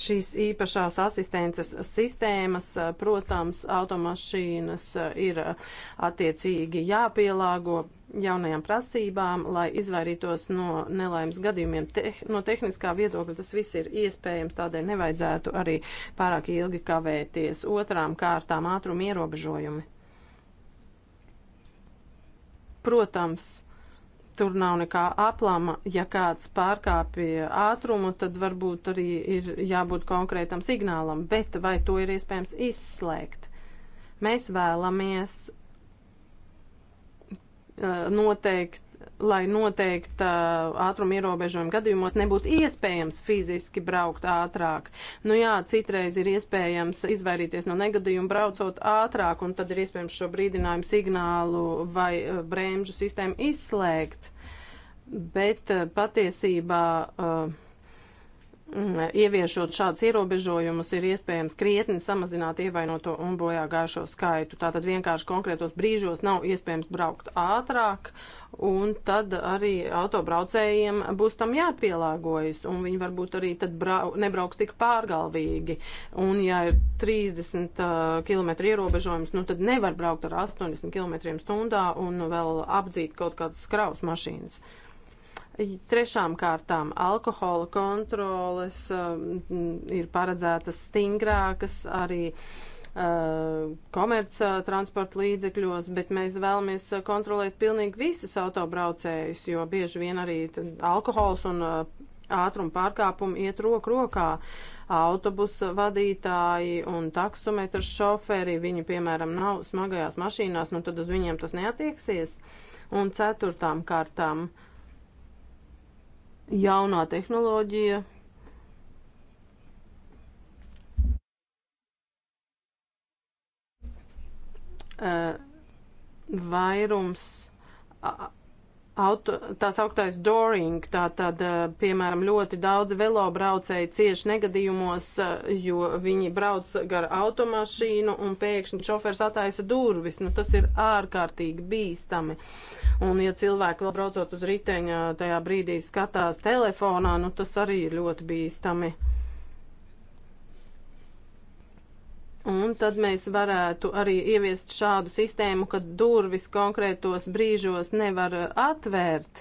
šīs īpašās asistences sistēmas, eh, protams, automašīnas eh, ir eh, attiecīgi jāpielāgo jaunajām prasībām, lai izvairītos no nelaimes gadījumiem. Teh, no tehniskā viedokļa tas viss ir iespējams, tādēļ nevajadzētu arī pārāk ilgi kavēties. Otrām kārtām ātruma ierobežojumi. Protams, tur nav nekā aplama. Ja kāds pārkāpja ātrumu, tad varbūt arī ir jābūt konkrētam signālam, bet vai to ir iespējams izslēgt? Mēs vēlamies uh, noteikt lai noteikta ātruma ierobežojuma gadījumos nebūtu iespējams fiziski braukt ātrāk. Nu jā, citreiz ir iespējams izvairīties no negadījuma braucot ātrāk, un tad ir iespējams šo brīdinājumu signālu vai brēmžu sistēmu izslēgt. Bet patiesībā. Uh, Ieviešot šādus ierobežojumus, ir iespējams krietni samazināt ievainoto un bojā gājušo skaitu. Tātad vienkārši konkrētos brīžos nav iespējams braukt ātrāk, un tad arī autobraucējiem būs tam jāpielāgojas, un viņi varbūt arī tad brau, nebrauks tik pārgalvīgi. Un ja ir 30 km ierobežojums, nu tad nevar braukt ar 80 km stundā un vēl apdzīt kaut kādas kraus mašīnas. Trešām kārtām alkohola kontroles um, ir paredzētas stingrākas arī uh, komerca uh, transporta līdzekļos, bet mēs vēlamies uh, kontrolēt pilnīgi visus autobraucējus, jo bieži vien arī alkohols un ātruma pārkāpumi iet roku rokā. Autobusa vadītāji un taksometru šoferi, viņi, piemēram, nav smagajās mašīnās, nu tad uz viņiem tas neatieksies. Un ceturtām kārtām uh, jaunā tehnoloģija. Eh, vairums Auto, tās augtais doring, tā tad, eh, piemēram, ļoti daudz velobraucēji cieši negadījumos, eh, jo viņi brauc gar automašīnu un pēkšņi šofers attaisa durvis. Nu, tas ir ārkārtīgi bīstami. Un, ja cilvēki vēl braucot uz riteņa, tajā brīdī skatās telefonā, nu, tas arī ir ļoti bīstami. Un tad mēs varētu arī ieviest šādu sistēmu, ka durvis konkrētos brīžos nevar uh, atvērt.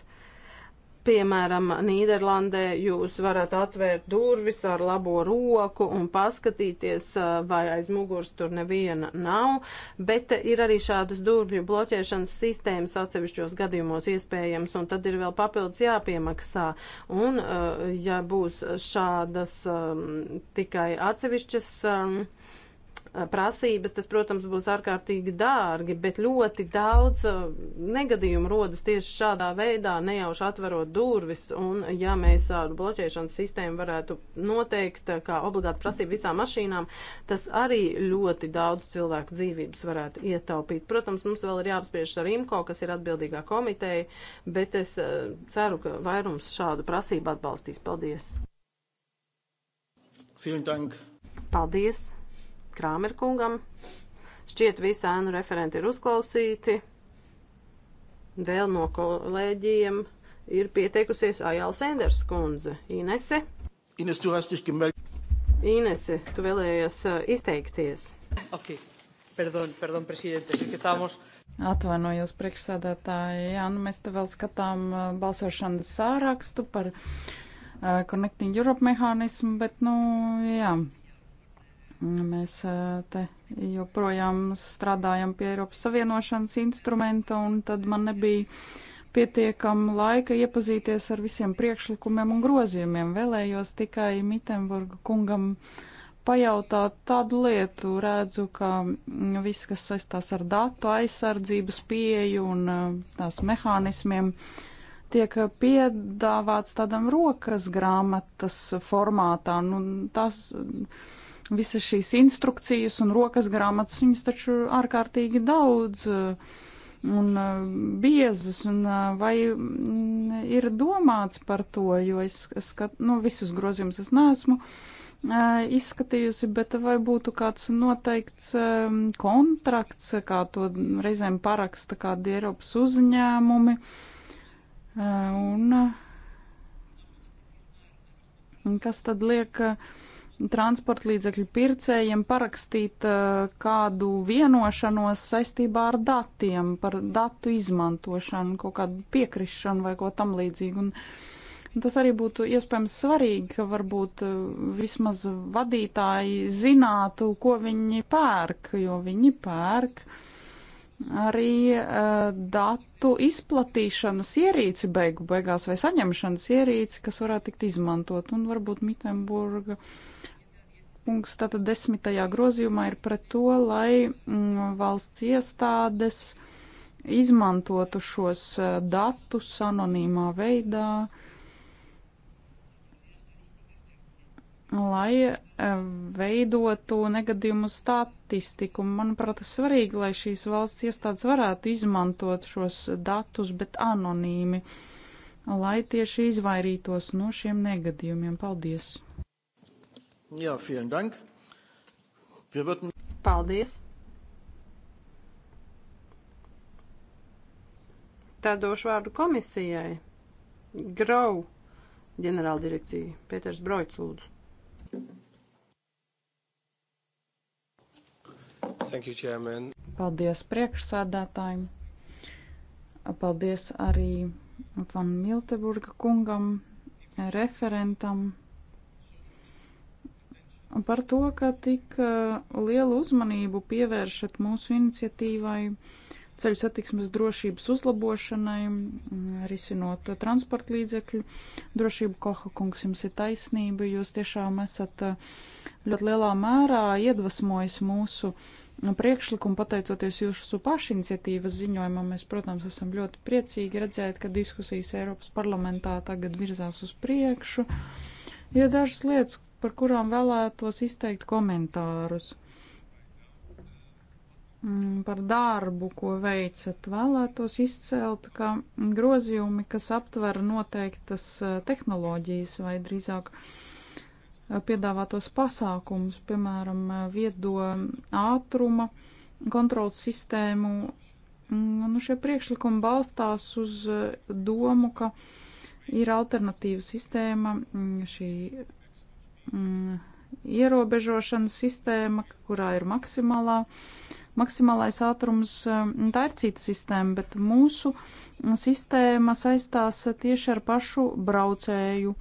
Piemēram, Nīderlandē jūs varat atvērt durvis ar labo roku un paskatīties, uh, vai aiz muguras tur neviena nav, bet uh, ir arī šādas durvju bloķēšanas sistēmas atsevišķos gadījumos iespējams, un tad ir vēl papildus jāpiemaksā. Un, ja būs šādas um, tikai atsevišķas um, Eh, prasības, tas, protams, būs ārkārtīgi dārgi, bet ļoti daudz eh, negadījumu rodas tieši šādā veidā, nejauši atverot durvis, un ja mēs tādu bloķēšanas sistēmu varētu noteikt eh, kā obligātu prasību visām mašīnām, tas arī ļoti daudz cilvēku dzīvības varētu ietaupīt. Protams, mums vēl ir jāapspriež ar IMCO, kas ir atbildīgā komiteja, bet es ceru, ka vairums šādu prasību atbalstīs. Paldies! Vielen Dank. Paldies! Krāmerkungam. Šķiet, visi ēnu referenti ir uzklausīti. Vēl no kolēģiem ir pieteikusies Ajāls Enders kundze. Inese. Ines, tu esi gemeldet. Inese, tu vēlējies uh, izteikties. Ok, perdon, perdon, presidente, es, ka tāmos. Atvainojos priekšsādātāji, jā, nu mēs te vēl skatām uh, balsošanas sārakstu par uh, Connecting Europe mehānismu, bet, nu, jā. Mēs te joprojām strādājam pie Eiropas Savienošanas instrumenta, un tad man nebija pietiekama laika iepazīties ar visiem priekšlikumiem un grozījumiem. Vēlējos tikai Mitenburga kungam pajautāt tādu lietu. Redzu, ka viss, kas saistās ar datu aizsardzības pieeju un tās mehānismiem, tiek piedāvāts tādam rokas grāmatas formātā. Nu, tas, visas šīs instrukcijas un rokas grāmatas, viņas taču ārkārtīgi daudz eh, un eh, biezas, un eh, vai mm, ir domāts par to, jo es skat, nu, visus grozījumus es neesmu izskatījusi, bet vai būtu kāds noteikts kontrakts, kā to reizēm paraksta kādi Eiropas uzņēmumi, un kas tad liek uh, transporta līdzekļu pircējiem parakstīt eh, kādu vienošanos saistībā ar datiem, par datu izmantošanu, kaut kādu piekrišanu vai ko tam līdzīgu. Un tas arī būtu iespējams svarīgi, ka varbūt eh, vismaz vadītāji zinātu, ko viņi pērk, jo viņi pērk uh, arī uh, datu izplatīšanas ierīci beigu beigās vai saņemšanas ierīci, kas varētu tikt izmantot. Un varbūt Mitenburga punkts tātad desmitajā grozījumā ir pret to, lai mm, valsts iestādes izmantotu šos eh, datus anonīmā veidā. Uh, lai eh, veidotu negadījumu statistiku. Manuprāt, tas svarīgi, lai šīs valsts iestādes varētu izmantot šos datus, bet anonīmi, lai tieši izvairītos no šiem negadījumiem. Paldies! Jā, vielen dank! Würden... Paldies! Tad došu vārdu komisijai. Grau ģenerāldirekcija Pēters Broits lūdzu. Thank you, Chairman. Paldies priekšsādātājiem. Paldies arī Van Milteburga kungam, referentam par to, ka tik eh, lielu uzmanību pievēršat mūsu iniciatīvai ceļu satiksmes drošības uzlabošanai, mm, risinot transporta līdzekļu drošību. Koha kungs, jums ir taisnība, jūs tiešām esat eh, ļoti lielā mērā iedvesmojis mūsu priekšlikumu, pateicoties jūsu pašiniciatīvas ziņojumam. Mēs, protams, esam ļoti priecīgi redzēt, ka diskusijas Eiropas parlamentā tagad virzās uz priekšu. Ir dažas lietas, par kurām vēlētos izteikt komentārus. Mm, par darbu, ko veicat. Vēlētos izcelt, ka grozījumi, kas aptver noteiktas tehnoloģijas vai drīzāk piedāvātos pasākumus, piemēram, viedo ātruma kontrols sistēmu, mm, nu, šie priekšlikumi balstās uz domu, ka ir alternatīva sistēma, mm, šī mm, ierobežošanas sistēma, kurā ir maksimālā uh, maksimālais ātrums, um, tā ir cita sistēma, bet mūsu sistēma saistās tieši ar pašu braucēju,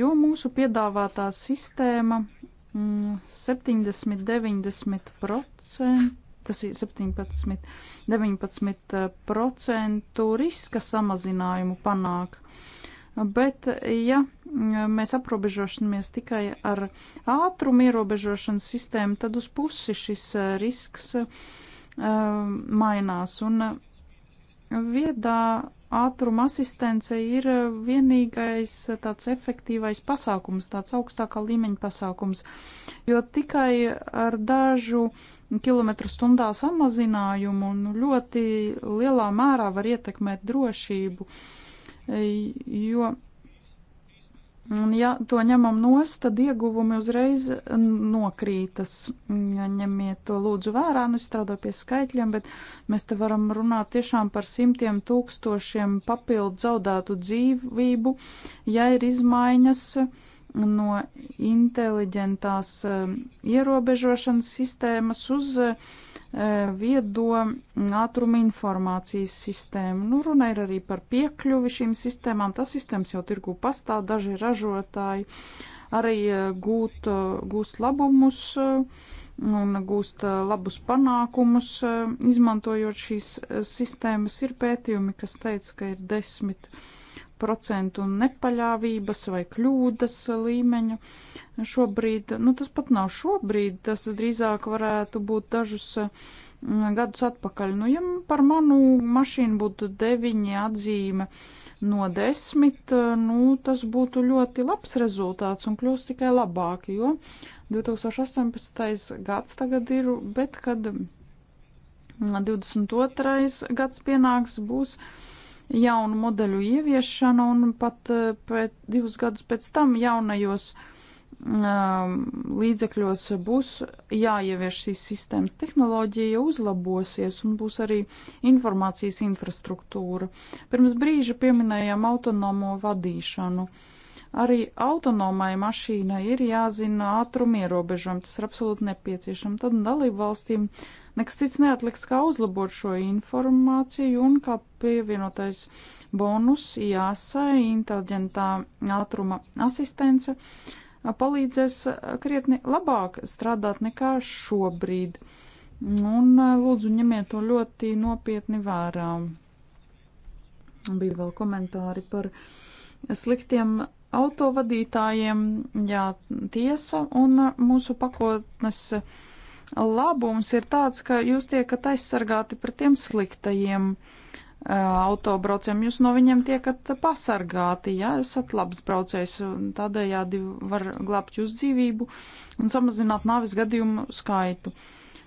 jo mūsu piedāvātā sistēma 70-90%, mm, tas ir 17-19% uh, riska samazinājumu panāk. Uh, Bet, ja mm, mēs aprobežošamies tikai ar ātrumu ierobežošanas sistēmu, tad uz pusi šis eh, risks uh, mainās. Un eh, viedā ātruma asistence ir vienīgais tāds efektīvais pasākums, tāds augstākā līmeņa pasākums, jo tikai ar dažu kilometru stundā samazinājumu un ļoti lielā mērā var ietekmēt drošību. Uh, jo, ja to ņemam nost, tad ieguvumi uzreiz nokrītas. Ja ņemiet to lūdzu vērā, nu es strādāju pie skaitļiem, bet mēs te varam runāt tiešām par simtiem tūkstošiem papildu zaudētu dzīvību, ja ir izmaiņas no inteliģentās eh, ierobežošanas sistēmas uz uh, E, viedo ātruma informācijas sistēmu. Nu, runa ir arī par piekļuvi šīm sistēmām. Tas sistēmas jau tirgu pastāv, daži ražotāji arī e, gūt, e, gūst labumus un gūst labus panākumus, izmantojot šīs sistēmas. Ir pētījumi, kas teica, ka ir desmit. 10 procentu nepaļāvības vai kļūdas līmeņu šobrīd. Nu, tas pat nav šobrīd, tas drīzāk varētu būt dažus mm, gadus atpakaļ. Nu, ja par manu mašīnu būtu deviņi atzīme no desmit, nu, tas būtu ļoti labs rezultāts un kļūst tikai labāk, jo 2018. gads tagad ir, bet kad 22. Mm, gads pienāks, būs uh, jaunu modeļu ieviešanu un pat eh, pēc, divus gadus pēc tam jaunajos um, līdzekļos būs jāievieš šīs sistēmas tehnoloģija, uzlabosies un būs arī informācijas infrastruktūra. Pirms brīža pieminējām autonomo vadīšanu. Uh, Arī autonomai mašīnai ir jāzina ātruma ierobežojumi, tas ir absolūti nepieciešams. Tad dalību valstīm nekas cits neatliks, kā uzlabot šo informāciju un kā pievienotais bonus jāsai inteliģentā ātruma asistence palīdzēs krietni labāk strādāt nekā šobrīd. Un lūdzu ņemiet to ļoti nopietni vērā. Bija vēl komentāri par sliktiem autovadītājiem jātiesa, un mūsu pakotnes labums ir tāds, ka jūs tiekat aizsargāti pret tiem sliktajiem uh, autobraucējiem. Jūs no viņiem tiekat pasargāti, ja esat labs braucējs, un tādējādi var glābt jūs dzīvību un samazināt nāvis gadījumu skaitu.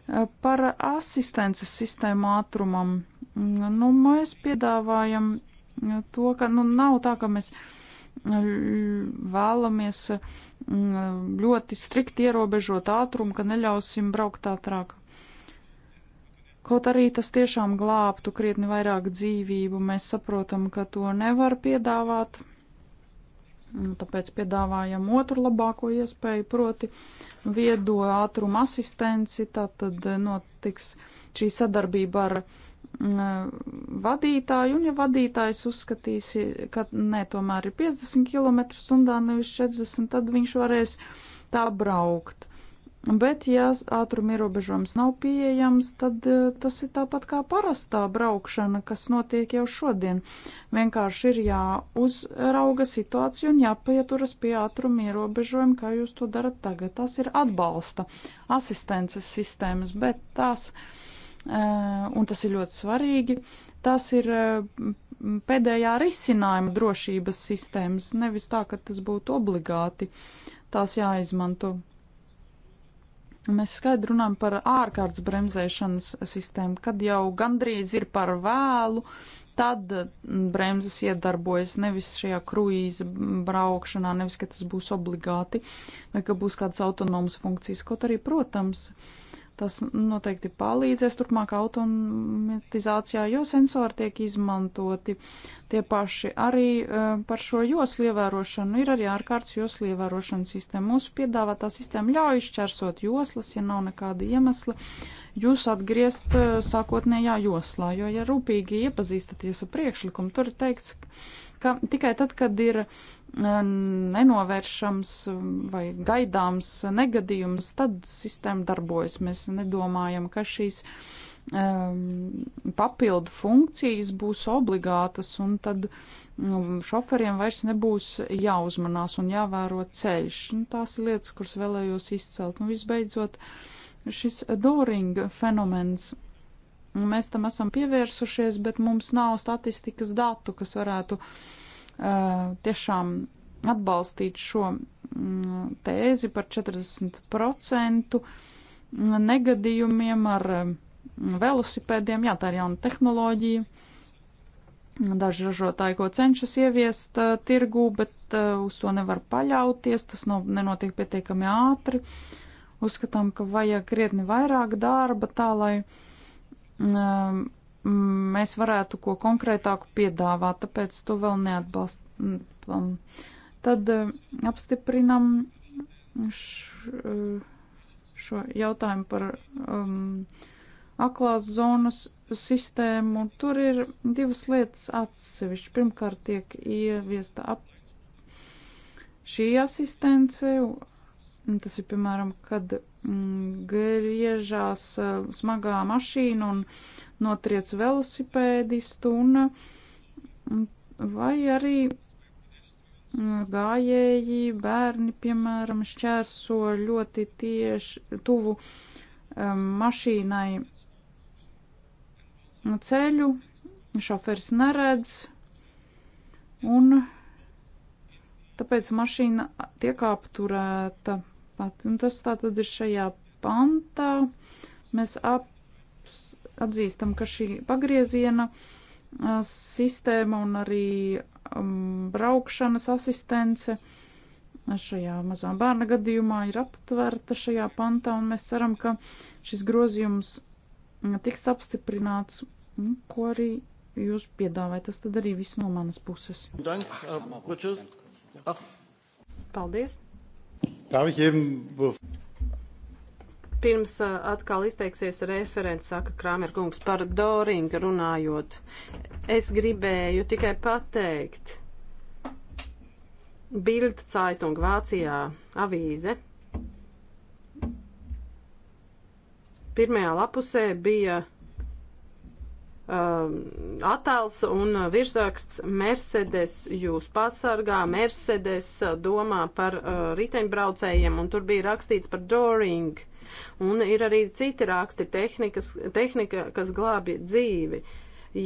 Uh, par asistences sistēmu ātrumam. Nu, mēs piedāvājam to, ka nu, nav tā, ka mēs uh, vēlamies mm, ļoti strikti ierobežot ātrumu, ka neļausim braukt ātrāk. Kaut arī tas tiešām glābtu krietni vairāk dzīvību, mēs saprotam, ka to nevar piedāvāt. Tāpēc piedāvājam otru labāko iespēju, proti viedo ātruma asistenci. Tātad eh, notiks šī sadarbība ar Mm, vadītāju, un ja vadītājs uzskatīs, ka nē, tomēr ir 50 km stundā, nevis 40, tad viņš varēs tā braukt. Bet, ja ātruma ierobežojums nav pieejams, tad eh, tas ir tāpat kā parastā braukšana, kas notiek jau šodien. Vienkārši ir jāuzrauga situācija un jāpieturas pie ātruma ierobežojuma, kā jūs to darat tagad. Tas ir atbalsta asistences sistēmas, bet tās. Uh, Eh, un tas ir ļoti svarīgi, tas ir eh, pēdējā risinājuma drošības sistēmas, nevis tā, ka tas būtu obligāti tās jāizmanto. Mēs skaidri runājam par ārkārtas bremzēšanas sistēmu, kad jau gandrīz ir par vēlu, tad mm, bremzes iedarbojas nevis šajā kruīza braukšanā, nevis, ka tas būs obligāti vai ka būs kādas autonomas funkcijas, kaut arī, protams, Tas noteikti palīdzēs turpmāk automatizācijā, jo sensori tiek izmantoti. Tie paši arī e, par šo joslu ievērošanu ir arī ārkārtas joslu ievērošana sistēma. Mūsu piedāvātā sistēma ļauj izšķērsot joslas, ja nav nekāda iemesla jūs atgriezt e, sākotnējā joslā, jo, ja rūpīgi iepazīstaties ar priekšlikumu, tur ir teikts, ka ka tikai tad, kad ir e, nenovēršams vai gaidāms negadījums, tad sistēma darbojas. Mēs nedomājam, ka šīs um, papildu funkcijas būs obligātas, un tad um, šoferiem vairs nebūs jāuzmanās un jāvēro ceļš. Un nu, tās ir lietas, kuras vēlējos izcelt. Un visbeidzot, šis Dūringa fenomens Mēs tam esam pievērsušies, bet mums nav statistikas datu, kas varētu uh, tiešām atbalstīt šo mm, tēzi par 40% negadījumiem ar mm, velosipēdiem. Jā, tā ir jauna tehnoloģija. Daži ražotāji, ko cenšas ieviest uh, tirgū, bet uh, uz to nevar paļauties, tas nav, nenotiek pietiekami ātri. Uzskatām, ka vajag krietni vairāk darba tā, lai uh, mēs varētu ko konkrētāku piedāvāt, tāpēc to vēl neatbalstam. Tad apstiprinam šo jautājumu par um, aklās zonas sistēmu. Tur ir divas lietas atsevišķi. Pirmkārt, tiek ieviesta ap šī asistence Tas ir piemēram, kad mm, griežās eh, smagā mašīna un notriec velosipēdistu, un vai arī mm, gājēji, bērni, piemēram, šķērso ļoti tieši tuvu eh, mašīnai ceļu, šoferis neredz, un tāpēc mašīna tiek apturēta pat. Un tas tā tad ir šajā pantā. Mēs ap, atzīstam, ka šī pagrieziena a, sistēma un arī um, braukšanas asistence šajā mazā bērna gadījumā ir aptverta šajā pantā, un mēs ceram, ka šis grozījums tiks apstiprināts, ko arī jūs piedāvājat. Tas tad arī viss no manas puses. Uh, ah. Paldies! Pirms atkal izteiksies referents, saka Krāmer kungs, par Doringu runājot. Es gribēju tikai pateikt, Bild Zeitung Vācijā avīze pirmajā lapusē bija Um, attēls un virsraksts Mercedes jūs pasargā, Mercedes uh, domā par uh, riteņbraucējiem, un tur bija rakstīts par Doring. Un ir arī citi raksti, tehnikas, tehnika, kas glābi dzīvi.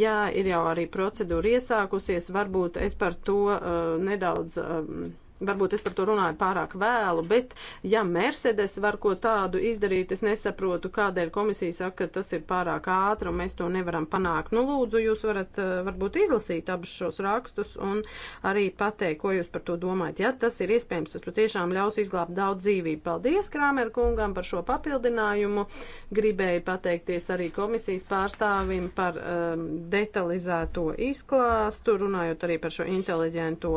Jā, ir jau arī procedūra iesākusies, varbūt es par to uh, nedaudz. Uh, varbūt es par to runāju pārāk vēlu, bet ja Mercedes var ko tādu izdarīt, es nesaprotu, kādēļ komisija saka, ka tas ir pārāk ātri un mēs to nevaram panākt. Nu, lūdzu, jūs varat eh, varbūt izlasīt abus šos rakstus un arī pateikt, ko jūs par to domājat. Ja tas ir iespējams, tas patiešām ļaus izglābt daudz dzīvību. Paldies Krāmer kungam par šo papildinājumu. Gribēju pateikties arī komisijas pārstāvim par um, detalizēto izklāstu, runājot arī par šo inteliģento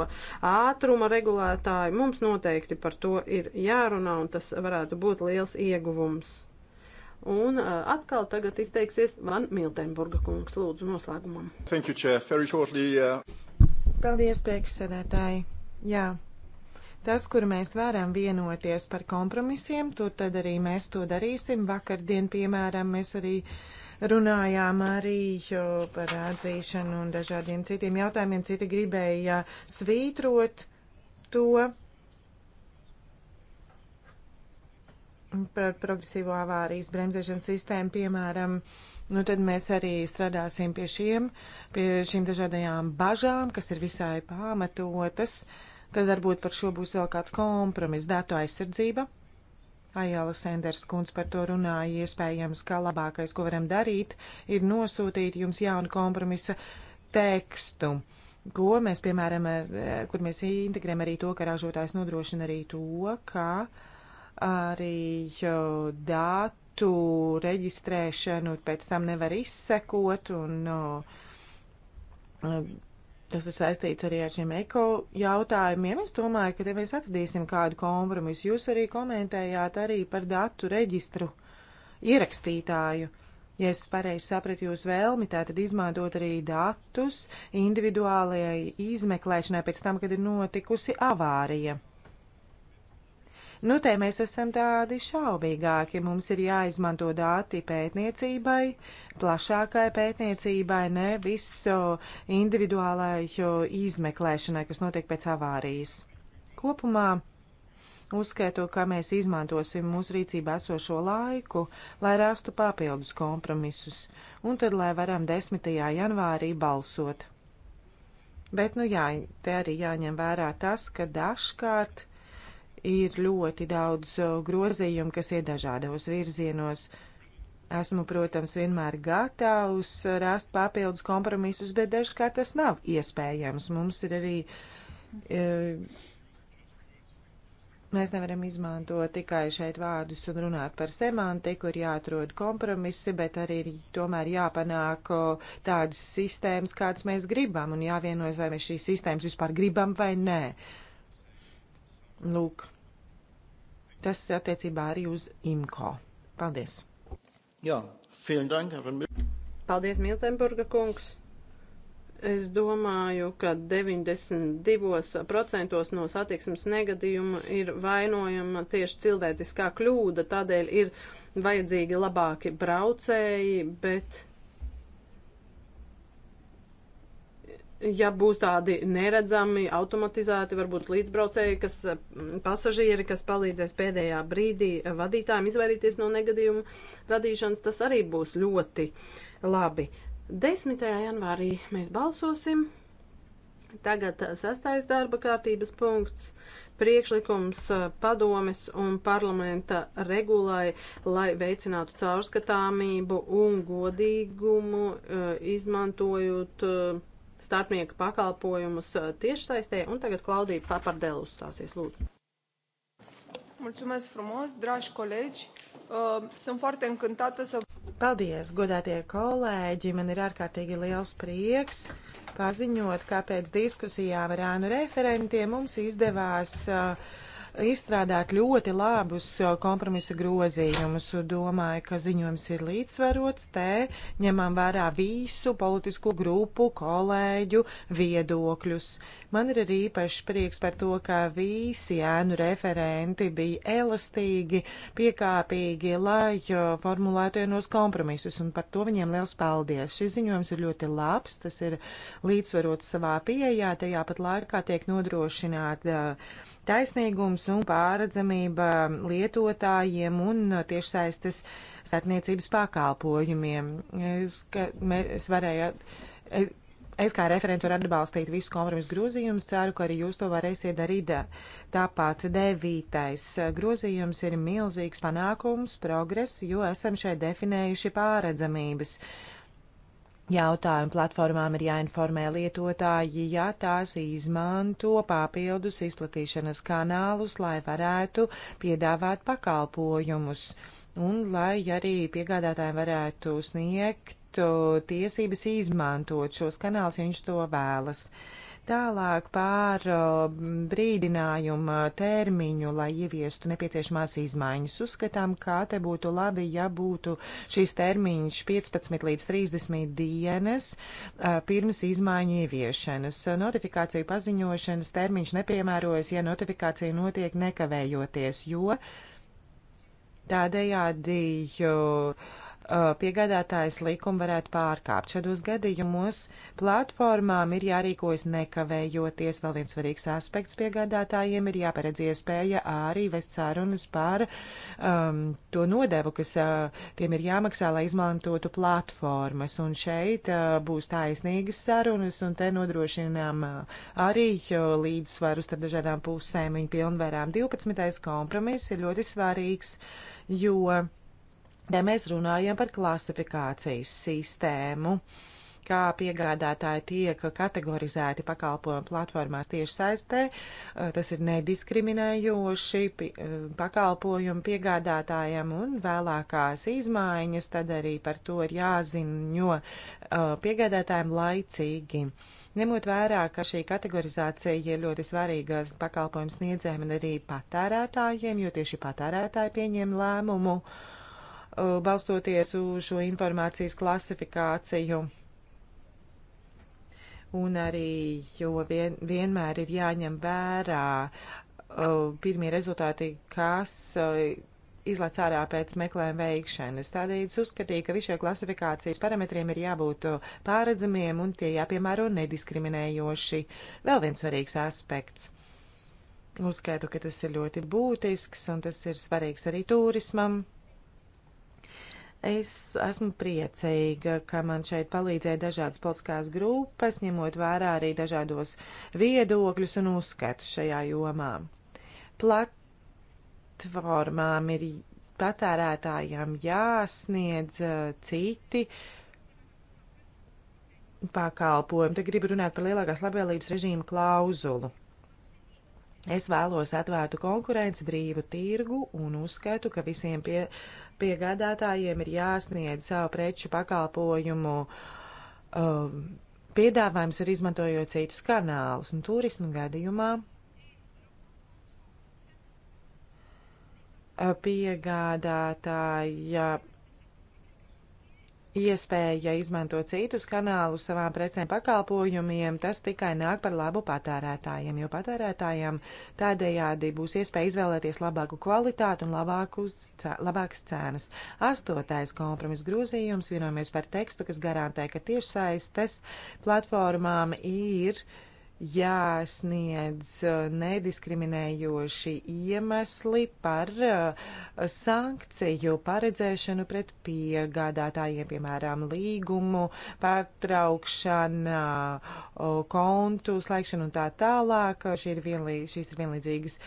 ātruma regulāciju patērētāji. Mums noteikti par to ir jārunā, un tas varētu būt liels ieguvums. Un uh, atkal tagad izteiksies Van Miltenburga kungs, lūdzu, noslēgumam. Thank you, Chair. Very shortly. Uh... Paldies, priekšsēdētāji. Jā. Tas, kur mēs varam vienoties par kompromisiem, tur tad arī mēs to darīsim. Vakardien, piemēram, mēs arī runājām arī par atzīšanu un dažādiem citiem jautājumiem. Citi gribēja svītrot to par progresīvo avārijas bremzēšanas sistēmu, piemēram, nu tad mēs arī strādāsim pie šiem, pie šīm dažādajām bažām, kas ir visai pamatotas. Tad varbūt par šo būs vēl kāds kompromiss. Datu aizsardzība. Ajala Sanders kundz par to runāja. Iespējams, ka labākais, ko varam darīt, ir nosūtīt jums jaunu kompromisa tekstu ko mēs, piemēram, ar, eh, kur mēs integrējam arī to, ka ražotājs nodrošina arī to, ka arī datu reģistrēšanu pēc tam nevar izsekot un tas ir saistīts arī ar šiem eko jautājumiem. Es domāju, ka te mēs atradīsim kādu kompromisu. Jūs arī komentējāt arī par datu reģistru ierakstītāju. Uh, Ja es pareizi sapratu jūs vēlmi, tātad izmantot arī datus individuālajai izmeklēšanai pēc tam, kad ir notikusi avārija. Nu, te mēs esam tādi šaubīgāki. Mums ir jāizmanto dati pētniecībai, plašākai pētniecībai, nevis individuālai izmeklēšanai, kas notiek pēc avārijas. Kopumā uzskaitot, kā mēs izmantosim mūsu rīcībā esošo laiku, lai rastu papildus kompromisus, un tad, lai varam 10. janvārī balsot. Bet, nu jā, te arī jāņem vērā tas, ka dažkārt ir ļoti daudz grozījumu, kas ir dažādos virzienos. Esmu, protams, vienmēr gatavs rast papildus kompromisus, bet dažkārt tas nav iespējams. Mums ir arī e, Mēs nevaram izmantot tikai šeit vārdus un runāt par semantiku, ir jāatrod kompromisi, bet arī ir tomēr jāpanāk tādas sistēmas, kādas mēs gribam, un jāvienojas, vai mēs šīs sistēmas vispār gribam vai nē. Lūk, tas attiecībā arī uz IMCO. Paldies! Jā, vielen dank, Paldies, Miltenburga kungs! Es domāju, ka 92% no satiksmes negadījumu ir vainojama tieši cilvēciskā kļūda, tādēļ ir vajadzīgi labāki braucēji, bet ja būs tādi neredzami, automatizēti, varbūt līdzbraucēji, kas mm, pasažieri, kas palīdzēs pēdējā brīdī vadītājiem izvairīties no negadījumu radīšanas, tas arī būs ļoti labi. 10. janvārī mēs balsosim. Tagad uh, sastais darba kārtības punkts - priekšlikums uh, padomes un parlamenta regulai, lai veicinātu caurskatāmību un godīgumu, uh, izmantojot starpnieku pakalpojumus tiešsaistē. Un tagad Klaudija Papardēlu uzstāsies, lūdzu. Mulțumesc frumos, dragi colegi! Esmu um, foarte încântată să. Paldies, godātie kolēģi! Man ir ārkārtīgi liels prieks paziņot, kāpēc diskusijām ar ānu referentiem mums izdevās uh, izstrādāt ļoti labus eh, kompromisa grozījumus. Domāju, ka ziņojums ir līdzsvarots. Te ņemam vērā visu politisko grupu, kolēģu viedokļus. Man ir arī īpašs prieks par to, ka visi ēnu referenti bija elastīgi, piekāpīgi, lai eh, formulētu vienos kompromisus, un par to viņiem liels paldies. Šis ziņojums ir ļoti labs, tas ir līdzsvarots savā pieejā, tajā pat laikā tiek nodrošināta uh, taisnīgums un pāredzamība lietotājiem un tiešsaistes starpniecības pakalpojumiem. Es, ka, mēs varēja, es, es kā referents varu atbalstīt visus kompromisu grozījumus, ceru, ka arī jūs to varēsiet darīt. Tāpat devītais grozījums ir milzīgs panākums, progress, jo esam šeit definējuši pāredzamības. Uh, jautājumu platformām ir jāinformē lietotāji, ja tās izmanto papildus izplatīšanas kanālus, lai varētu piedāvāt pakalpojumus un lai arī piegādātājiem varētu sniegt uh, tiesības izmantot šos kanālus, ja viņš to vēlas. Uh, Tālāk pār uh, brīdinājuma termiņu, lai ieviestu nepieciešamās izmaiņas. Uzskatām, kā te būtu labi, ja būtu šīs termiņš 15 līdz 30 dienas uh, pirms izmaiņu ieviešanas. Notifikāciju paziņošanas termiņš nepiemērojas, ja notifikācija notiek nekavējoties, jo tādējādi. Jo, Uh, piegādātājs likumu varētu pārkāpt. Šādos gadījumos platformām ir jārīkojas nekavējoties. Vēl viens svarīgs aspekts piegādātājiem ir jāparedz iespēja arī vest sārunas par um, to nodevu, kas uh, tiem ir jāmaksā, lai izmantotu platformas. Un šeit uh, būs taisnīgas sarunas, un te nodrošinām uh, arī uh, līdzsvaru starp dažādām pusēm viņu pilnvērām. 12. kompromiss ir ļoti svarīgs, jo. Uh, ja mēs runājam par klasifikācijas sistēmu, kā piegādātāji tiek kategorizēti pakalpojumu platformās tieši saistē, eh, tas ir nediskriminējoši eh, pakalpojumu piegādātājiem un vēlākās izmaiņas, tad arī par to ir jāziņo eh, piegādātājiem laicīgi. Ņemot vērā, ka šī kategorizācija ir ļoti svarīga pakalpojumu sniedzējiem un arī patērētājiem, jo tieši patērētāji pieņem lēmumu, uh, Uh, balstoties uz šo informācijas klasifikāciju. Un arī, jo vien, vienmēr ir jāņem vērā uh, pirmie rezultāti, kas uh, izlaiž ārā pēc meklējuma veikšanas. Tādēļ es uzskatīju, ka visiem klasifikācijas parametriem ir jābūt uh, pārredzamiem un tie jāpiemēro nediskriminējoši. Vēl viens svarīgs aspekts. Uzskaitu, ka tas ir ļoti būtisks un tas ir svarīgs arī turismam. Es esmu priecīga, ka man šeit palīdzēja dažādas politiskās grupas, ņemot vērā arī dažādos viedokļus un uzskatus šajā jomā. Platformām ir patērētājām jāsniedz uh, citi pakalpojumi. Te gribu runāt par lielākās labvēlības režīmu klauzulu. Es vēlos atvērtu konkurenci, brīvu tirgu un uzskatu, ka visiem pie, uh, piegādātājiem ir jāsniedz savu preču pakalpojumu uh, piedāvājums ir izmantojot citus kanālus, un turismu gadījumā uh, piegādātāja iespēja izmantot citus kanālus savām precēm pakalpojumiem, tas tikai nāk par labu patērētājiem, jo patērētājiem tādējādi būs iespēja izvēlēties labāku kvalitātu un labākus, labākas cenas. Astotais kompromis grozījums vienojamies par tekstu, kas garantē, ka tiešsaistes platformām ir uh, jāsniedz uh, nediskriminējoši iemesli par uh, sankciju paredzēšanu pret piegādātājiem, piemēram, līgumu pārtraukšana, uh, kontu slēgšanu un tā tālāk. Šī ir vienlīdz, šīs ir vienlīdzīgas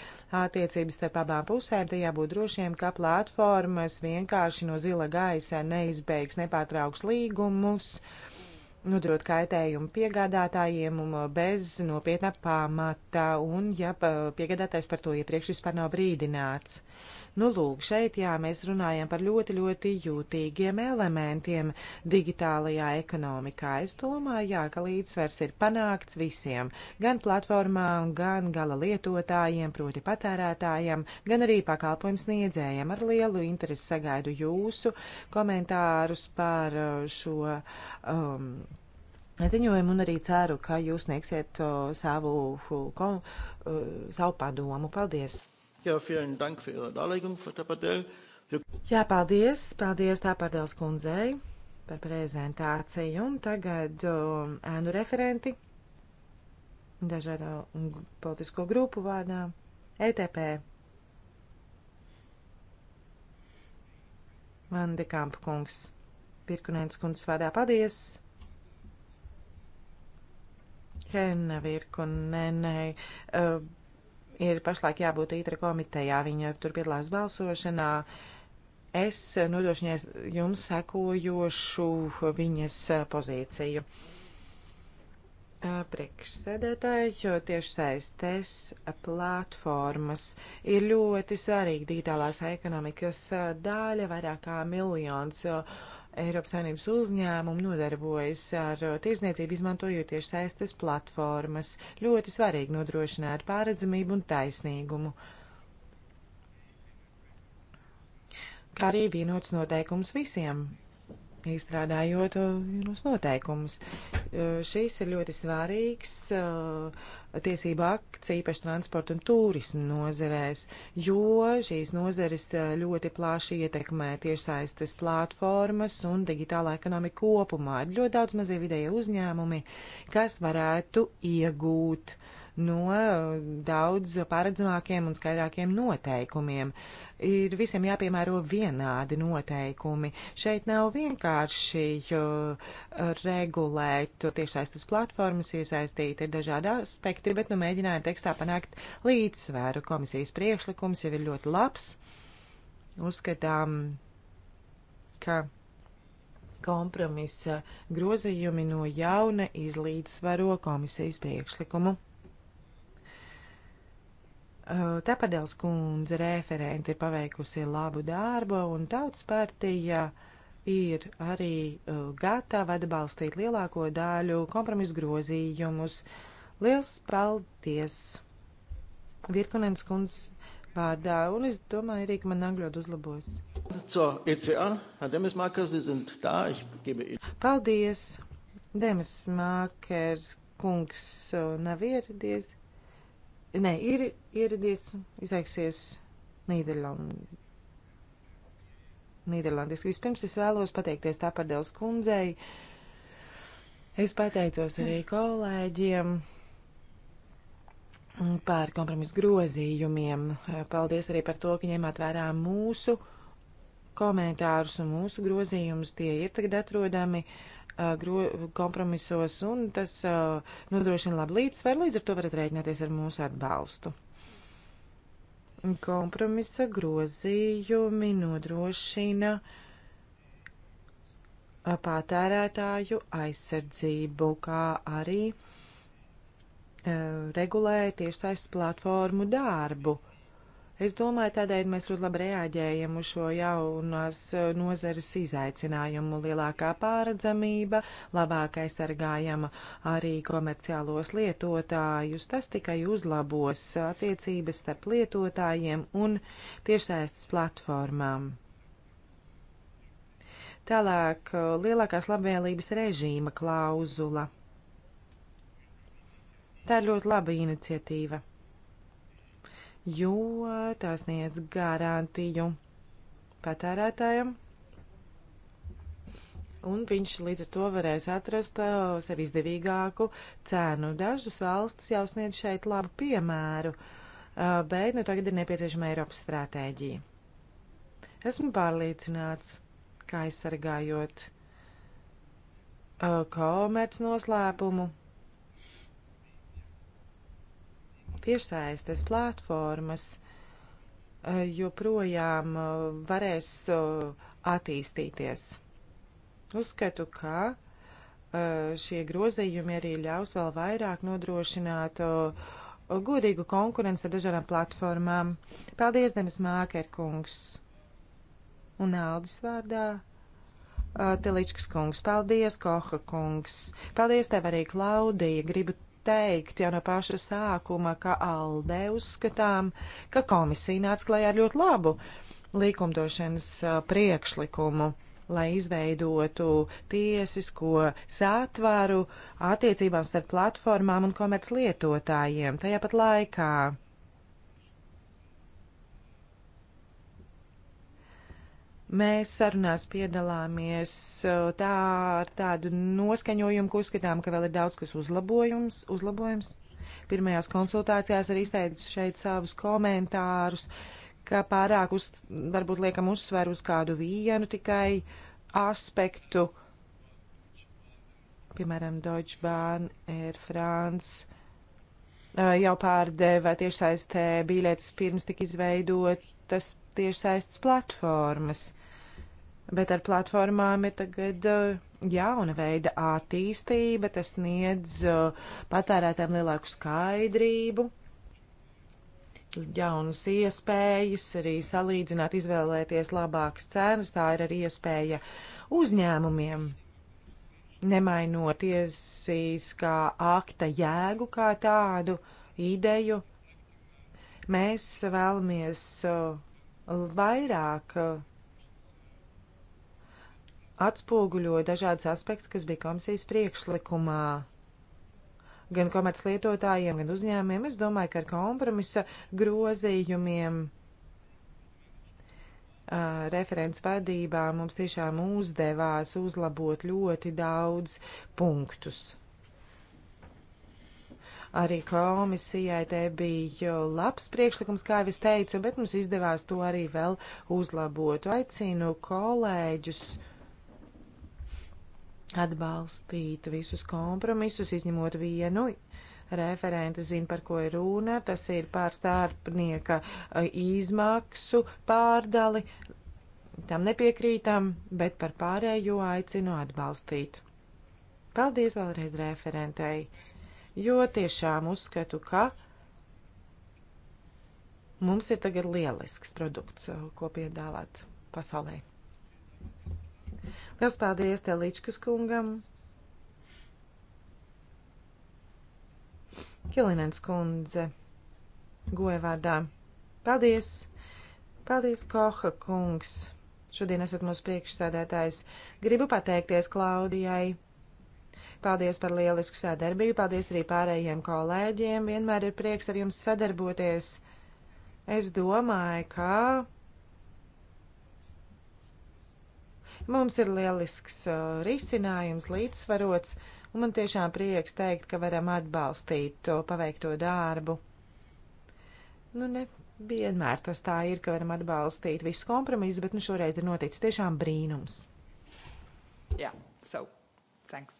attiecības starp abām pusēm. Te jābūt drošiem, ka platformas vienkārši no zila gaisa neizbeigs, nepārtrauks līgumus. Uh, nodarot kaitējumu piegādātājiem um, bez nopietna pamata, un ja piegādātājs par to iepriekš vispār nav brīdināts. Nu, lūk, šeit jā, mēs runājam par ļoti, ļoti jūtīgiem elementiem digitālajā ekonomikā. Es domāju, jā, ka līdzsvers ir panākts visiem, gan platformām, gan gala lietotājiem, proti patērētājiem, gan arī pakalpojums sniedzējiem. Ar lielu interesi sagaidu jūsu komentārus par uh, šo. Um, ziņojumu un arī ceru, ka jūs sniegsiet uh, savu, ko, uh, savu padomu. Paldies! Jā, vielen dank für Ihre Darlegung, Frau Tapadel. Jā, paldies, paldies Tapadels kundzei par prezentāciju. Un tagad um, ēnu referenti dažādo politisko grupu vārdā ETP. Vande Kampa kungs, Pirkunēns kundzes vārdā, paldies! Henna Virkunenei. Uh, ir pašlaik jābūt ītra komitejā, viņa tur piedalās balsošanā. Es nodošanies jums sekojošu viņas pozīciju. Priekšsēdētāju tiešsaistes platformas ir ļoti svarīga digitālās ekonomikas daļa, vairāk kā miljons Eiropas Savienības uzņēmumi nodarbojas ar uh, tirzniecību izmantojot tiešsaistes platformas. Ļoti svarīgi nodrošināt pārredzamību un taisnīgumu. Kā arī vienots noteikums visiem izstrādājot uh, vienos noteikumus. Uh, šīs ir ļoti svarīgs uh, tiesība akts, īpaši transporta un turismu nozerēs, jo šīs nozeres ļoti plāši ietekmē tiešsaistes platformas un digitālā ekonomika kopumā. Ir ļoti daudz mazie vidēja uzņēmumi, kas varētu iegūt uh, no eh, daudz paredzamākiem un skaidrākiem noteikumiem. Ir visiem jāpiemēro vienādi noteikumi. Šeit nav vienkārši eh, regulēt tiešsaistes platformas, iesaistīt ir dažādi aspekti, bet nu mēģinājām tekstā panākt līdzsvēru. Komisijas priekšlikums jau ir ļoti labs. Uzskatām, ka kompromisa grozījumi no jauna izlīdzsvaro komisijas priekšlikumu. Tapadels kundze referenti ir paveikusi labu darbu, un tautas partija ir arī uh, gatava atbalstīt lielāko daļu kompromisu grozījumus. Liels paldies! Virkunens kundze vārdā, un es domāju, arī, ka man angļot uzlabos. So, ECA, Demismakers, sind da, ich gebe Ihnen. Paldies! Demismakers kungs nav ieradies. Nē, ir ieradies, izteiksies Nīderland. Nīderlandes. Vispirms es vēlos pateikties Tāpardēls kundzei. Es pateicos arī kolēģiem par kompromisu grozījumiem. Paldies arī par to, ka ņēmāt vērā mūsu komentārus un mūsu grozījumus. Tie ir tagad atrodami. Uh, kompromisos, un tas nodrošina labu līdzsvaru, līdz ar to varat rēķināties ar mūsu atbalstu. Kompromisa grozījumi nodrošina patērētāju aizsardzību, kā arī regulē tiešsaistes platformu darbu Es domāju, tādēļ mēs ļoti labi reaģējam uz šo jaunās eh, nozares izaicinājumu. Lielākā pāredzamība, labāk aizsargājam arī komerciālos lietotājus. Tas tikai uzlabos attiecības starp lietotājiem un tiešsaistes platformām. Tālāk eh, lielākās labvēlības režīma klauzula. Tā ir ļoti laba iniciatīva jo tās niedz garantiju patērētājiem. Un viņš līdz ar to varēs atrast uh, sev izdevīgāku cenu. Dažas valstis jau sniedz šeit labu piemēru, uh, bet nu tagad ir nepieciešama Eiropas stratēģija. Esmu pārliecināts, ka aizsargājot uh, komerc noslēpumu, tiešsaistes platformas eh, joprojām eh, varēs eh, attīstīties. Uzskatu, ka šie grozījumi arī ļaus vēl vairāk nodrošināt godīgu konkurenci ar dažādām platformām. Paldies, Demis Mākerkungs! Un Aldis vārdā Teličkas kungs, paldies, Koha kungs, paldies tev arī, Klaudija, gribu teikt jau no paša sākuma, ka ALDE uzskatām, ka komisija nāca klajā ar ļoti labu likumdošanas priekšlikumu lai izveidotu tiesisko sātvaru attiecībām starp platformām un komerclietotājiem. Tajā pat laikā Mēs sarunās piedalāmies tā, ar tādu noskaņojumu, ka uzskatām, ka vēl ir daudz kas uzlabojums. uzlabojums. Pirmajās konsultācijās arī izteicis šeit savus komentārus, ka pārāk uz, varbūt liekam uzsveru uz kādu vienu tikai aspektu, piemēram, Deutsche Bahn, Air France jau pārdeva tiešsaistē biļetes pirms tika izveidotas tiešsaistes platformas bet ar platformām ir tagad eh, jauna veida attīstība, tas sniedz eh, patērētēm lielāku skaidrību, jaunas iespējas, arī salīdzināt, izvēlēties labākas cenas, tā ir arī iespēja uzņēmumiem. Nemainot tiesiskā akta jēgu kā tādu ideju, mēs vēlamies eh, vairāk uh, atspoguļoja dažādas aspekts, kas bija komisijas priekšlikumā. Gan komerc lietotājiem, gan uzņēmiem, es domāju, ka ar kompromisa grozījumiem Uh, referents vadībā mums tiešām uzdevās uzlabot ļoti daudz punktus. Arī komisijai te bija labs priekšlikums, kā jau es teicu, bet mums izdevās to arī vēl uzlabot. Aicinu kolēģus uh, atbalstīt visus kompromisus, izņemot vienu. Referente zina, par ko ir runa. Tas ir pār starpnieka eh, izmaksu pārdali. Tam nepiekrītam, bet par pārējo aicinu atbalstīt. Paldies vēlreiz referentei, jo tiešām uzskatu, ka mums ir tagad lielisks produkts, eh, ko piedāvāt pasaulē. Liels paldies Teličkas kungam. Kilinens kundze, goja vārdā. Paldies! Paldies, Koha kungs! Šodien esat mūsu priekšsēdētājs. Gribu pateikties Klaudijai. Paldies par lielisku sadarbību, paldies arī pārējiem kolēģiem. Vienmēr ir prieks ar jums sadarboties. Es domāju, ka Mums ir lielisks uh, risinājums, līdzsvarots, un man tiešām prieks teikt, ka varam atbalstīt to paveikto darbu. Nu, ne vienmēr tas tā ir, ka varam atbalstīt visus kompromisus, bet nu šoreiz ir noticis tiešām brīnums. Jā, yeah, so, thanks.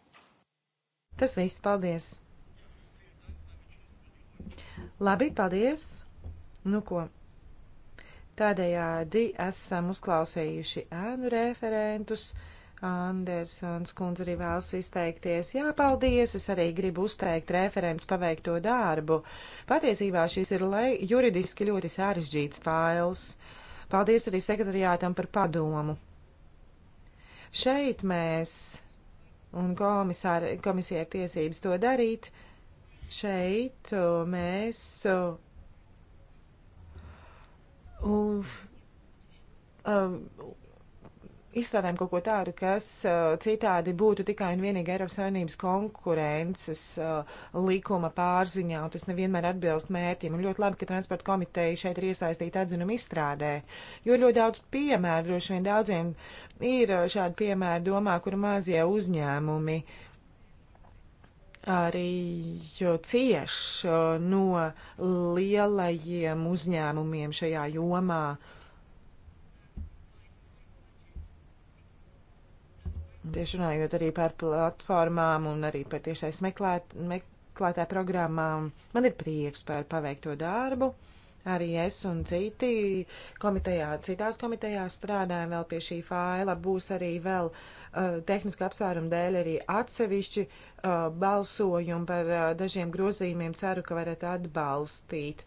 Tas viss, paldies! Labi, paldies! Nu ko? Tādējādi esam uzklausījuši ēnu referentus. Andersons kundze arī vēlas izteikties. Jā, paldies! Es arī gribu uzteikt referents paveikto darbu. Patiesībā šis ir lai juridiski ļoti sarežģīts fails. Paldies arī sekretariātam par padomu. Šeit mēs un komisāri, komisija ir tiesības to darīt. Šeit mēs Un, um, izstrādājam kaut ko tādu, kas uh, citādi būtu tikai un vienīgi Eiropas Savienības konkurences uh, likuma pārziņā, un tas nevienmēr atbilst mērķim. Un ļoti labi, ka transporta komiteja šeit ir iesaistīta atzinuma izstrādē, jo ļoti daudz piemēru, droši vien daudziem ir uh, šādi piemēri domā, kur mazie uzņēmumi arī cieš uh, no lielajiem uzņēmumiem šajā jomā. Tieši runājot arī par platformām un arī par tiešais meklēt, meklētā programmām, man ir prieks par paveikto darbu. Arī es un citi komitejā, citās komitejās strādājam vēl pie šī faila. Būs arī vēl uh, Eh, tehniska apsvēruma dēļ arī atsevišķi eh, balsojumu par eh, dažiem grozījumiem. Ceru, ka varat atbalstīt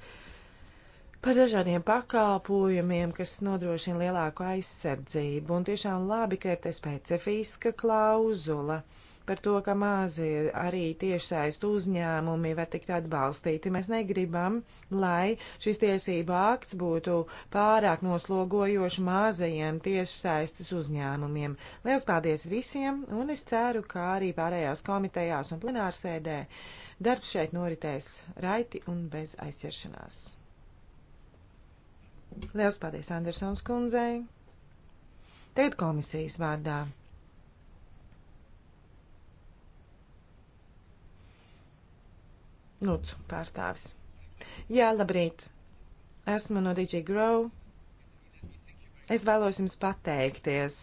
par dažādiem pakalpojumiem, kas nodrošina lielāku aizsardzību. Un tiešām labi, ka ir te specifiska klauzula. Uh, par to, ka mazie arī tiešsaist uzņēmumi var tikt atbalstīti. Mēs negribam, lai šis tiesība akts būtu pārāk noslogojoši mazajiem tiešsaistes uzņēmumiem. Lielas paldies visiem, un es ceru, ka arī pārējās komitejās un plenārsēdē darbs šeit noritēs raiti un bez aizķeršanās. Lielas paldies Andersons kundzei! Tagad komisijas vārdā. Lūdzu, pārstāvis. Jā, labrīt. Esmu no DJ Grow. Es vēlos jums pateikties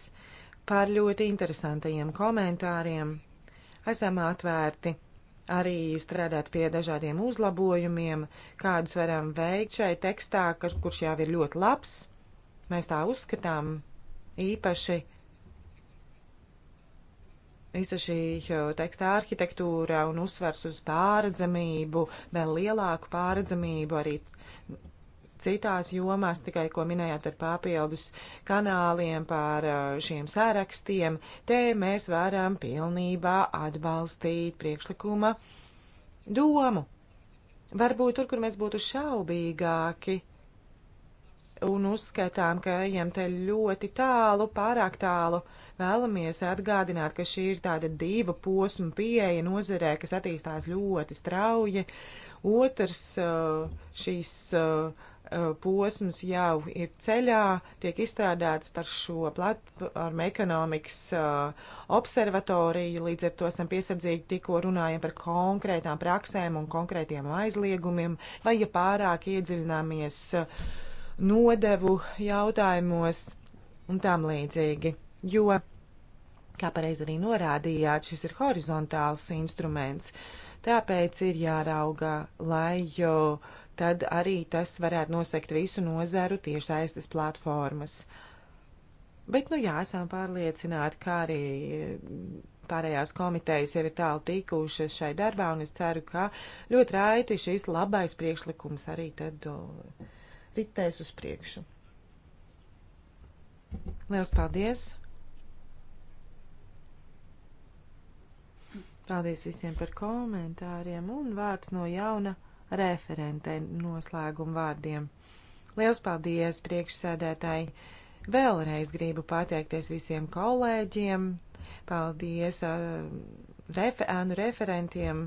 par ļoti interesantajiem komentāriem. Esam atvērti arī strādāt pie dažādiem uzlabojumiem, kādus varam veikt šai tekstā, kurš jau ir ļoti labs. Mēs tā uzskatām īpaši visa šī eh, teksta arhitektūra un uzsvers uz pāredzamību, vēl lielāku pāredzamību arī citās jomās, tikai ko minējāt ar papildus kanāliem, par eh, šiem sērakstiem, te mēs varam pilnībā atbalstīt priekšlikuma domu. Varbūt tur, kur mēs būtu šaubīgāki, un uzskatām, ka ejam te ļoti tālu, pārāk tālu. Vēlamies atgādināt, ka šī ir tāda diva posma pieeja nozerē, kas attīstās ļoti strauji. Otrs eh, šīs eh, eh, posms jau ir ceļā, tiek izstrādāts par šo platformu ekonomikas uh, observatoriju, līdz ar to esam piesardzīgi tikko runājam par konkrētām praksēm un konkrētiem aizliegumiem, vai ja pārāk iedziļināmies uh, nodevu jautājumos un tam līdzīgi. Jo, kā pareizi arī norādījāt, šis ir horizontāls instruments, tāpēc ir jārauga, lai jau tad arī tas varētu nosekt visu nozaru tiešsaistes platformas. Bet, nu jā, esam pārliecināti, kā arī pārējās komitejas jau ir tālu tikušas šai darbā, un es ceru, ka ļoti raiti šis labais priekšlikums arī tad. Uh, ritēs uz priekšu. Liels paldies! Paldies visiem par komentāriem un vārds no jauna referentei noslēguma vārdiem. Liels paldies priekšsēdētāji! Vēlreiz gribu pateikties visiem kolēģiem, paldies uh, refe, ēnu referentiem,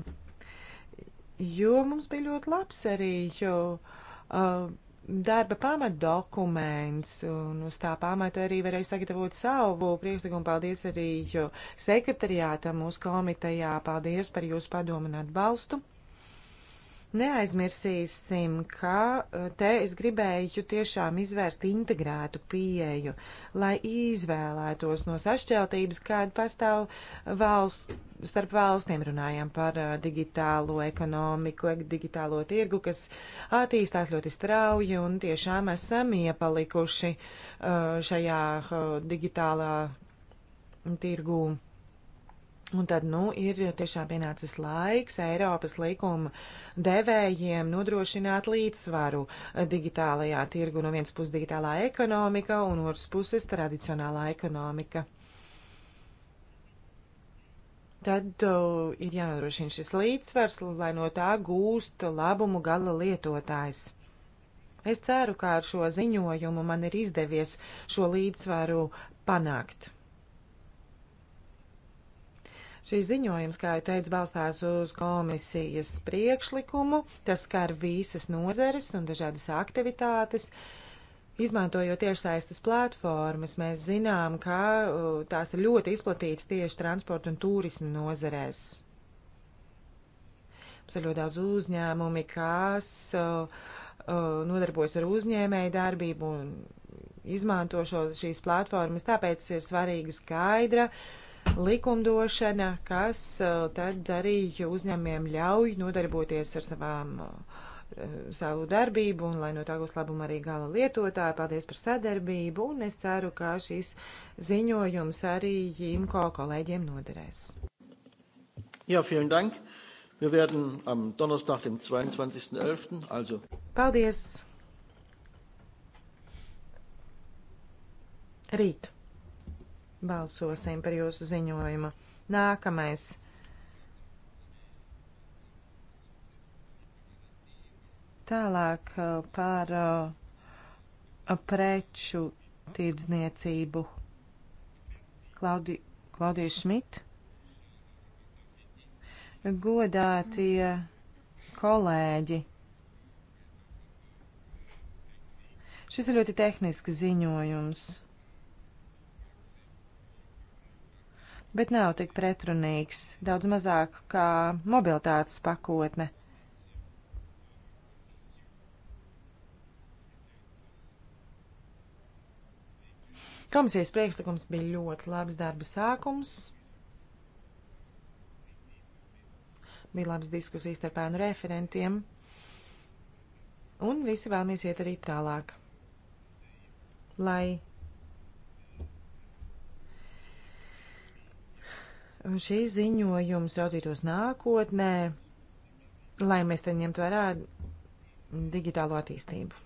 jo mums bija ļoti labs arī, jo uh, darba pamatdokuments, un uz tā pamata arī varēja sagatavot savu priekšlikumu. Paldies arī sekretariātam mūsu komitejā. Paldies par jūsu padomu un atbalstu. Neaizmirsīsim, ka e, te es gribēju tiešām izvērst integrētu pieeju, lai izvēlētos no sašķeltības, kāda pastāv valsts. Starp valstīm runājam par e, digitālo ekonomiku, e, digitālo tirgu, kas attīstās ļoti strauji un tiešām esam iepalikuši šajā digitālā tirgū. Un tad, nu, ir tiešām pienācis laiks Eiropas likuma devējiem nodrošināt līdzsvaru digitālajā tirgu. No vienas puses digitālā ekonomika un otras puses tradicionālā ekonomika. Tad uh, ir jānodrošina šis līdzsvars, lai no tā gūst labumu gala lietotājs. Es ceru, ka ar šo ziņojumu man ir izdevies šo līdzsvaru panākt. Šīs ziņojums, kā jau teicu, balstās uz komisijas priekšlikumu, tas skar visas nozeres un dažādas aktivitātes. Izmantojot tiešsaistes platformas, mēs zinām, ka tās ir ļoti izplatītas tieši transporta un turisma nozerēs. Mums ir ļoti daudz uzņēmumi, kas uh, nodarbojas ar uzņēmēju darbību un izmanto šo, šīs platformas, tāpēc ir svarīga skaidra uh, likumdošana, kas eh, tad arī uzņēmiem ļauj nodarboties ar savām eh, savu darbību un lai no tā gūs labumu arī gala lietotāji. Paldies par sadarbību un es ceru, ka šīs ziņojums arī IMCO kolēģiem noderēs. Jā, ja, vielen dank. Wir werden am Donnerstag, dem 22.11., also. Paldies! Rīt. Balsosim par jūsu ziņojumu. Nākamais. Tālāk uh, par uh, preču tirdzniecību. Klaudi, Klaudija Šmit. Godātie kolēģi. Šis ir ļoti tehnisks ziņojums. bet nav tik pretrunīgs, daudz mazāk kā mobilitātes pakotne. Komisijas priekšlikums bija ļoti labs darba sākums. Bija labas diskusijas ar pēnu referentiem. Un visi vēlamies iet arī tālāk, lai šī ziņojums raudzītos nākotnē, lai mēs te ņemtu vērā digitālo attīstību.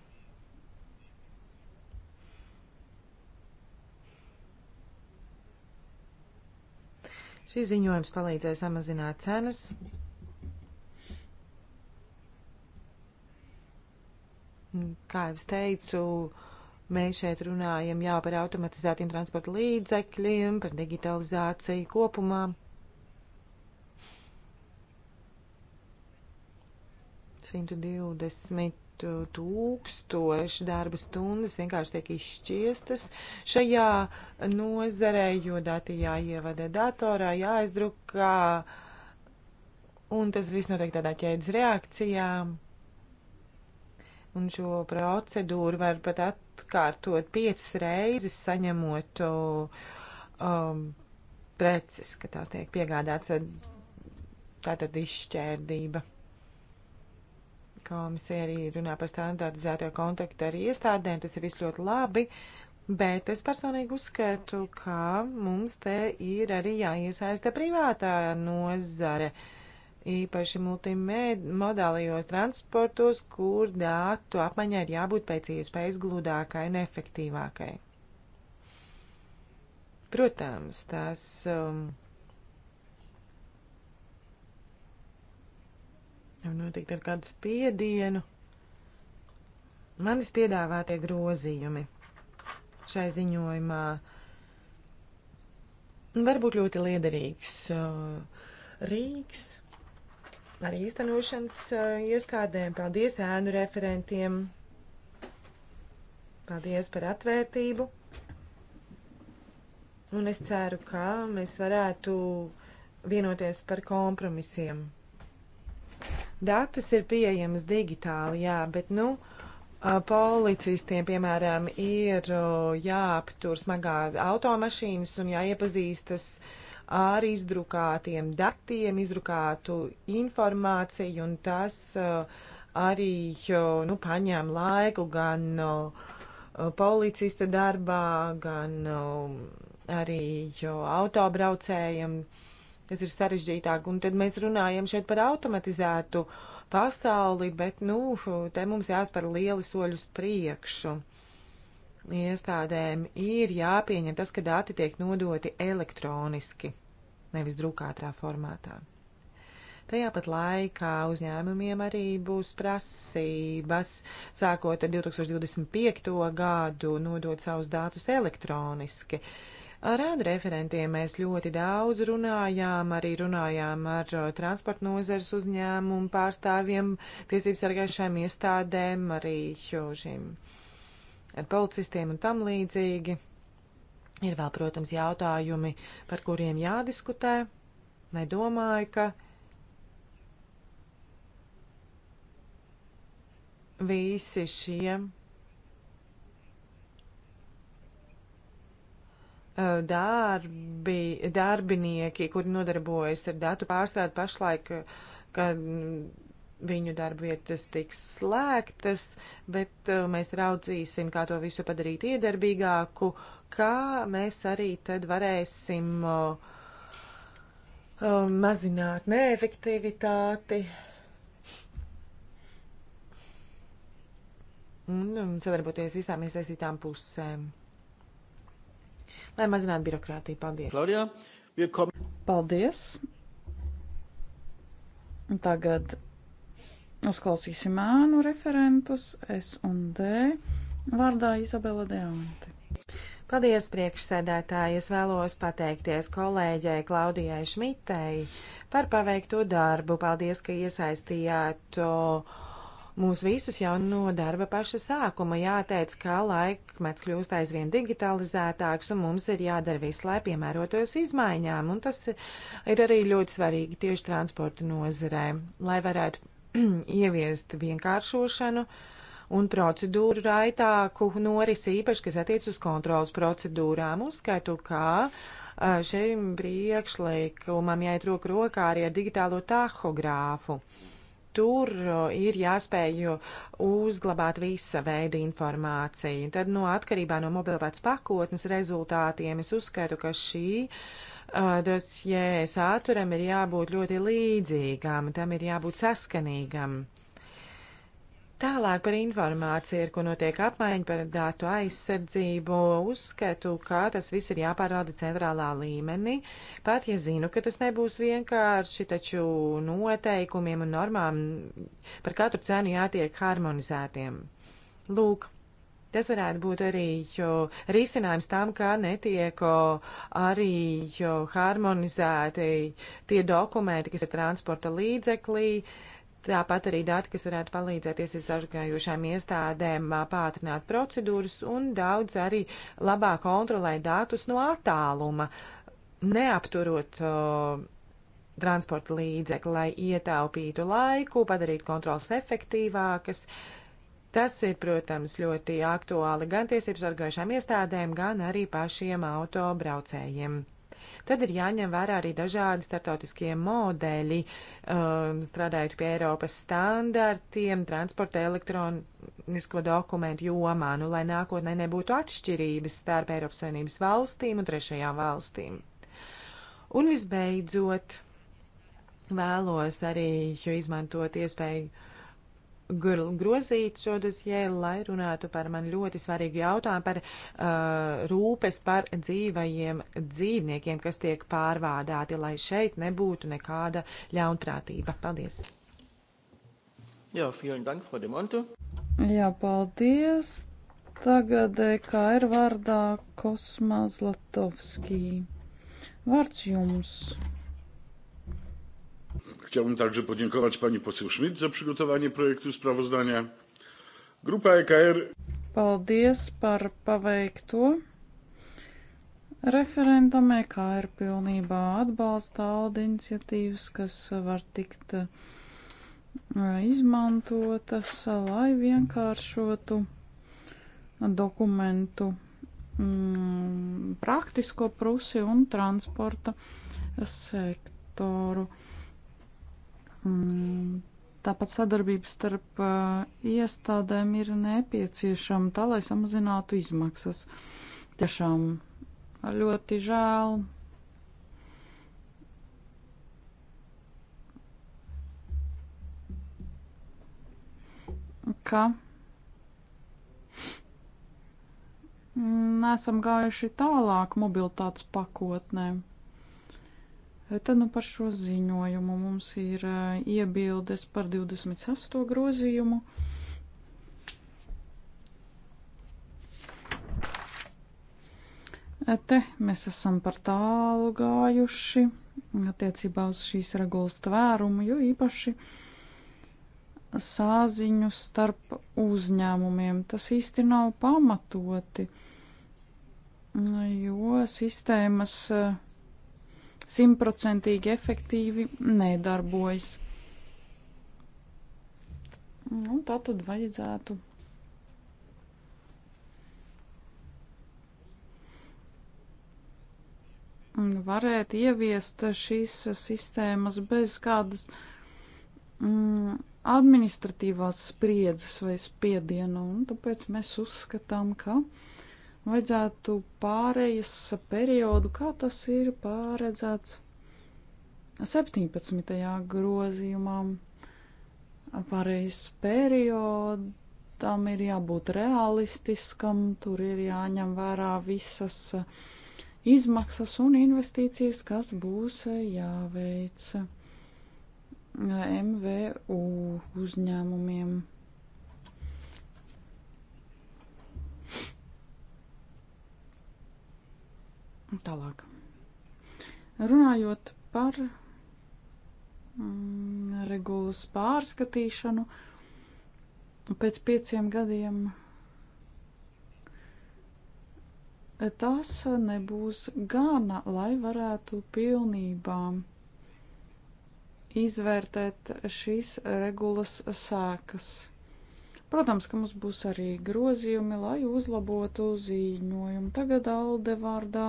Šis ziņojums palīdzēja samazināt cenas. Kā jau es teicu, Mēs šeit runājam jā, par automatizētiem transporta līdzekļiem, par digitalizāciju kopumā. Simtu divdesmit tūkstoši darba stundas vienkārši tiek izšķiestas šajā nozarē, jo dati jāievada datorā, jāaizdrukā, un tas viss notiek tādā ķēdes reakcijā. Un šo procedūru var pat atkārtot piecas reizes, saņemot um, preces, ka tās tiek piegādāts tātad izšķērdība. Komisija arī runā par standartizēto kontaktu ar iestādēm, tas ir viss ļoti labi, bet es personīgi uzskatu, ka mums te ir arī jāiesaista privātā nozare. Uh, īpaši multimodālajos transportos, kur datu apmaiņai ir jābūt pēc iespējas gludākai un efektīvākai. Protams, tās. Um, Jau noteikti ar kādu spiedienu. Manis piedāvātie grozījumi šai ziņojumā var būt ļoti liederīgs uh, rīks arī īstenošanas eh, iestādēm. Paldies ēnu referentiem. Paldies par atvērtību. Un es ceru, ka mēs varētu vienoties par kompromisiem. Datas ir pieejamas digitāli, jā, bet, nu, policistiem, piemēram, ir jāaptur smagā automašīnas un jāiepazīstas uh, ar izdrukātiem datiem, izdrukātu informāciju, un tas uh, arī nu, paņēma laiku gan uh, policista darbā, gan uh, arī autobraucējiem. Tas ir sarežģītāk, un tad mēs runājam šeit par automatizētu pasauli, bet, nu, te mums jāspēr lieli soļus priekšu. Uh, iestādēm ir jāpieņem tas, ka dati tiek nodoti elektroniski, nevis drukātā formātā. Tajā pat laikā uzņēmumiem arī būs prasības, sākot ar 2025. gadu, nodot savus datus elektroniski. Ar ādu referentiem mēs ļoti daudz runājām, arī runājām ar uh, transporta nozares uzņēmumu pārstāvjiem, tiesības sargājušajām iestādēm, arī šīm. Jo ar policistiem un tam līdzīgi. Ir vēl, protams, jautājumi, par kuriem jādiskutē. Nedomāju, ka visi šie darbi, darbinieki, kuri nodarbojas ar datu pārstrādi pašlaik, ka viņu darba vietas tiks slēgtas, bet uh, mēs raudzīsim, kā to visu padarīt iedarbīgāku, kā mēs arī tad varēsim uh, uh, mazināt neefektivitāti. Un um, sadarboties visām iesaistītām pusēm. Lai mazinātu birokrātiju. Paldies! Klaudijā, Paldies! Tagad Uzklausīsim ēnu referentus S un D vārdā Izabela Deanti. Paldies, priekšsēdētāji! Es vēlos pateikties kolēģei Klaudijai Šmitei par paveikto darbu. Paldies, ka iesaistījāt mūs visus jau no darba paša sākuma. Jāteic, ka laikmets kļūst aizvien digitalizētāks un mums ir jādara viss, lai piemērotos izmaiņām. Un tas ir arī ļoti svarīgi tieši transporta nozarē, lai varētu [CLEARS THROAT] ieviest vienkāršošanu un procedūru raitāku norisi īpaši, kas attiec uz kontrolas procedūrām. Uzskaitu, kā šim priekšlikumam jāiet roku rokā arī ar digitālo tahogrāfu. Tur ir jāspēj uzglabāt visa veida informāciju. Tad, no nu, atkarībā no mobilitātes pakotnes rezultātiem, es uzskaitu, ka šī uh, dosjē sāturam ir jābūt ļoti līdzīgam, tam ir jābūt saskanīgam. Tālāk par informāciju, ar ko notiek apmaiņa par datu aizsardzību, uzskatu, ka tas viss ir jāpārvalda centrālā līmenī. Pat ja zinu, ka tas nebūs vienkārši, taču noteikumiem un normām par katru cenu jātiek harmonizētiem. Lūk, Tas varētu būt arī risinājums tam, kā netiek arī harmonizēti tie dokumenti, kas ir transporta līdzeklī. Tāpat arī dati, kas varētu palīdzēt tiesību sargājošām iestādēm pātrināt procedūras un daudz arī labāk kontrolēt datus no attāluma, neapturot uh, transporta līdzekli, lai ietaupītu laiku, padarītu kontrolas efektīvākas. Uh, Tas ir, protams, ļoti aktuāli gan tiesības sargājušām iestādēm, gan arī pašiem autobraucējiem. Tad ir jāņem vērā arī dažādi startautiskie modeļi, um, strādājot pie Eiropas standartiem, transporta elektronisko dokumentu jomā, nu, lai nākotnē nebūtu atšķirības starp Eiropas Savienības valstīm un trešajām valstīm. Un visbeidzot, vēlos arī izmantot iespēju grozīt šo dosjē, lai runātu par man ļoti svarīgu jautājumu par uh, rūpes par dzīvajiem dzīvniekiem, kas tiek pārvādāti, lai šeit nebūtu nekāda ļaunprātība. Paldies! Jā, vielen dank, Frau Demonte. Jā, paldies. Tagad e kā ir vārdā Kosmā Zlatovskī. Vārds jums. Chciałbym także podziękować pani poseł Schmidt za przygotowanie projektu sprawozdania. Grupa EKR. Paldies par paveikto. Referentam EKR pilnībā atbalsta auda iniciatīvas, kas var tikt e, izmantotas, lai vienkāršotu dokumentu mm, praktisko prusi un transporta sektoru. Mm, tāpat sadarbība starp uh, iestādēm ir nepieciešama tā, lai samazinātu izmaksas. Tiešām ļoti žēl. Ka nesam mm, gājuši tālāk mobilitātes pakotnēm. Tad nu par šo ziņojumu mums ir eh, iebildes par 26. grozījumu. Eh, te mēs esam par tālu gājuši attiecībā uz šīs regulas tvērumu, jo īpaši sāziņu starp uzņēmumiem tas īsti nav pamatoti, jo sistēmas uh, simtprocentīgi efektīvi nedarbojas. Nu, tā tad vajadzētu. Varētu ieviest šīs sistēmas bez kādas mm, administratīvās spriedzes vai spiediena, un tāpēc mēs uzskatām, ka. Uh, vajadzētu pārejas periodu, kā tas ir pāredzēts 17. grozījumā. Pārejas periodam ir jābūt realistiskam, tur ir jāņem vērā visas izmaksas un investīcijas, kas būs jāveic MVU uzņēmumiem. Tālāk. Runājot par mm, regulas pārskatīšanu, pēc pieciem gadiem tas nebūs gana, lai varētu pilnībā izvērtēt šīs regulas sēkas. Protams, ka mums būs arī grozījumi, lai uzlabotu ziņojumu. Tagad Alde vārdā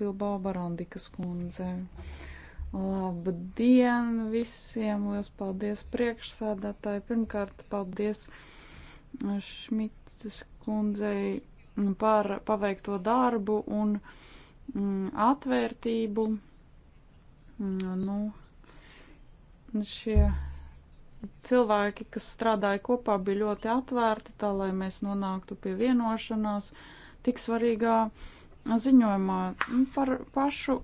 Bilbao Barandikas kundze. Labdien visiem! Lielas paldies priekšsādātāji! Pirmkārt, paldies Šmitas kundzei par paveikto darbu un mm, atvērtību. Mm, nu, šie cilvēki, kas strādāja kopā, bija ļoti atvērti, tā lai mēs nonāktu pie vienošanās tik svarīgā ziņojumā par pašu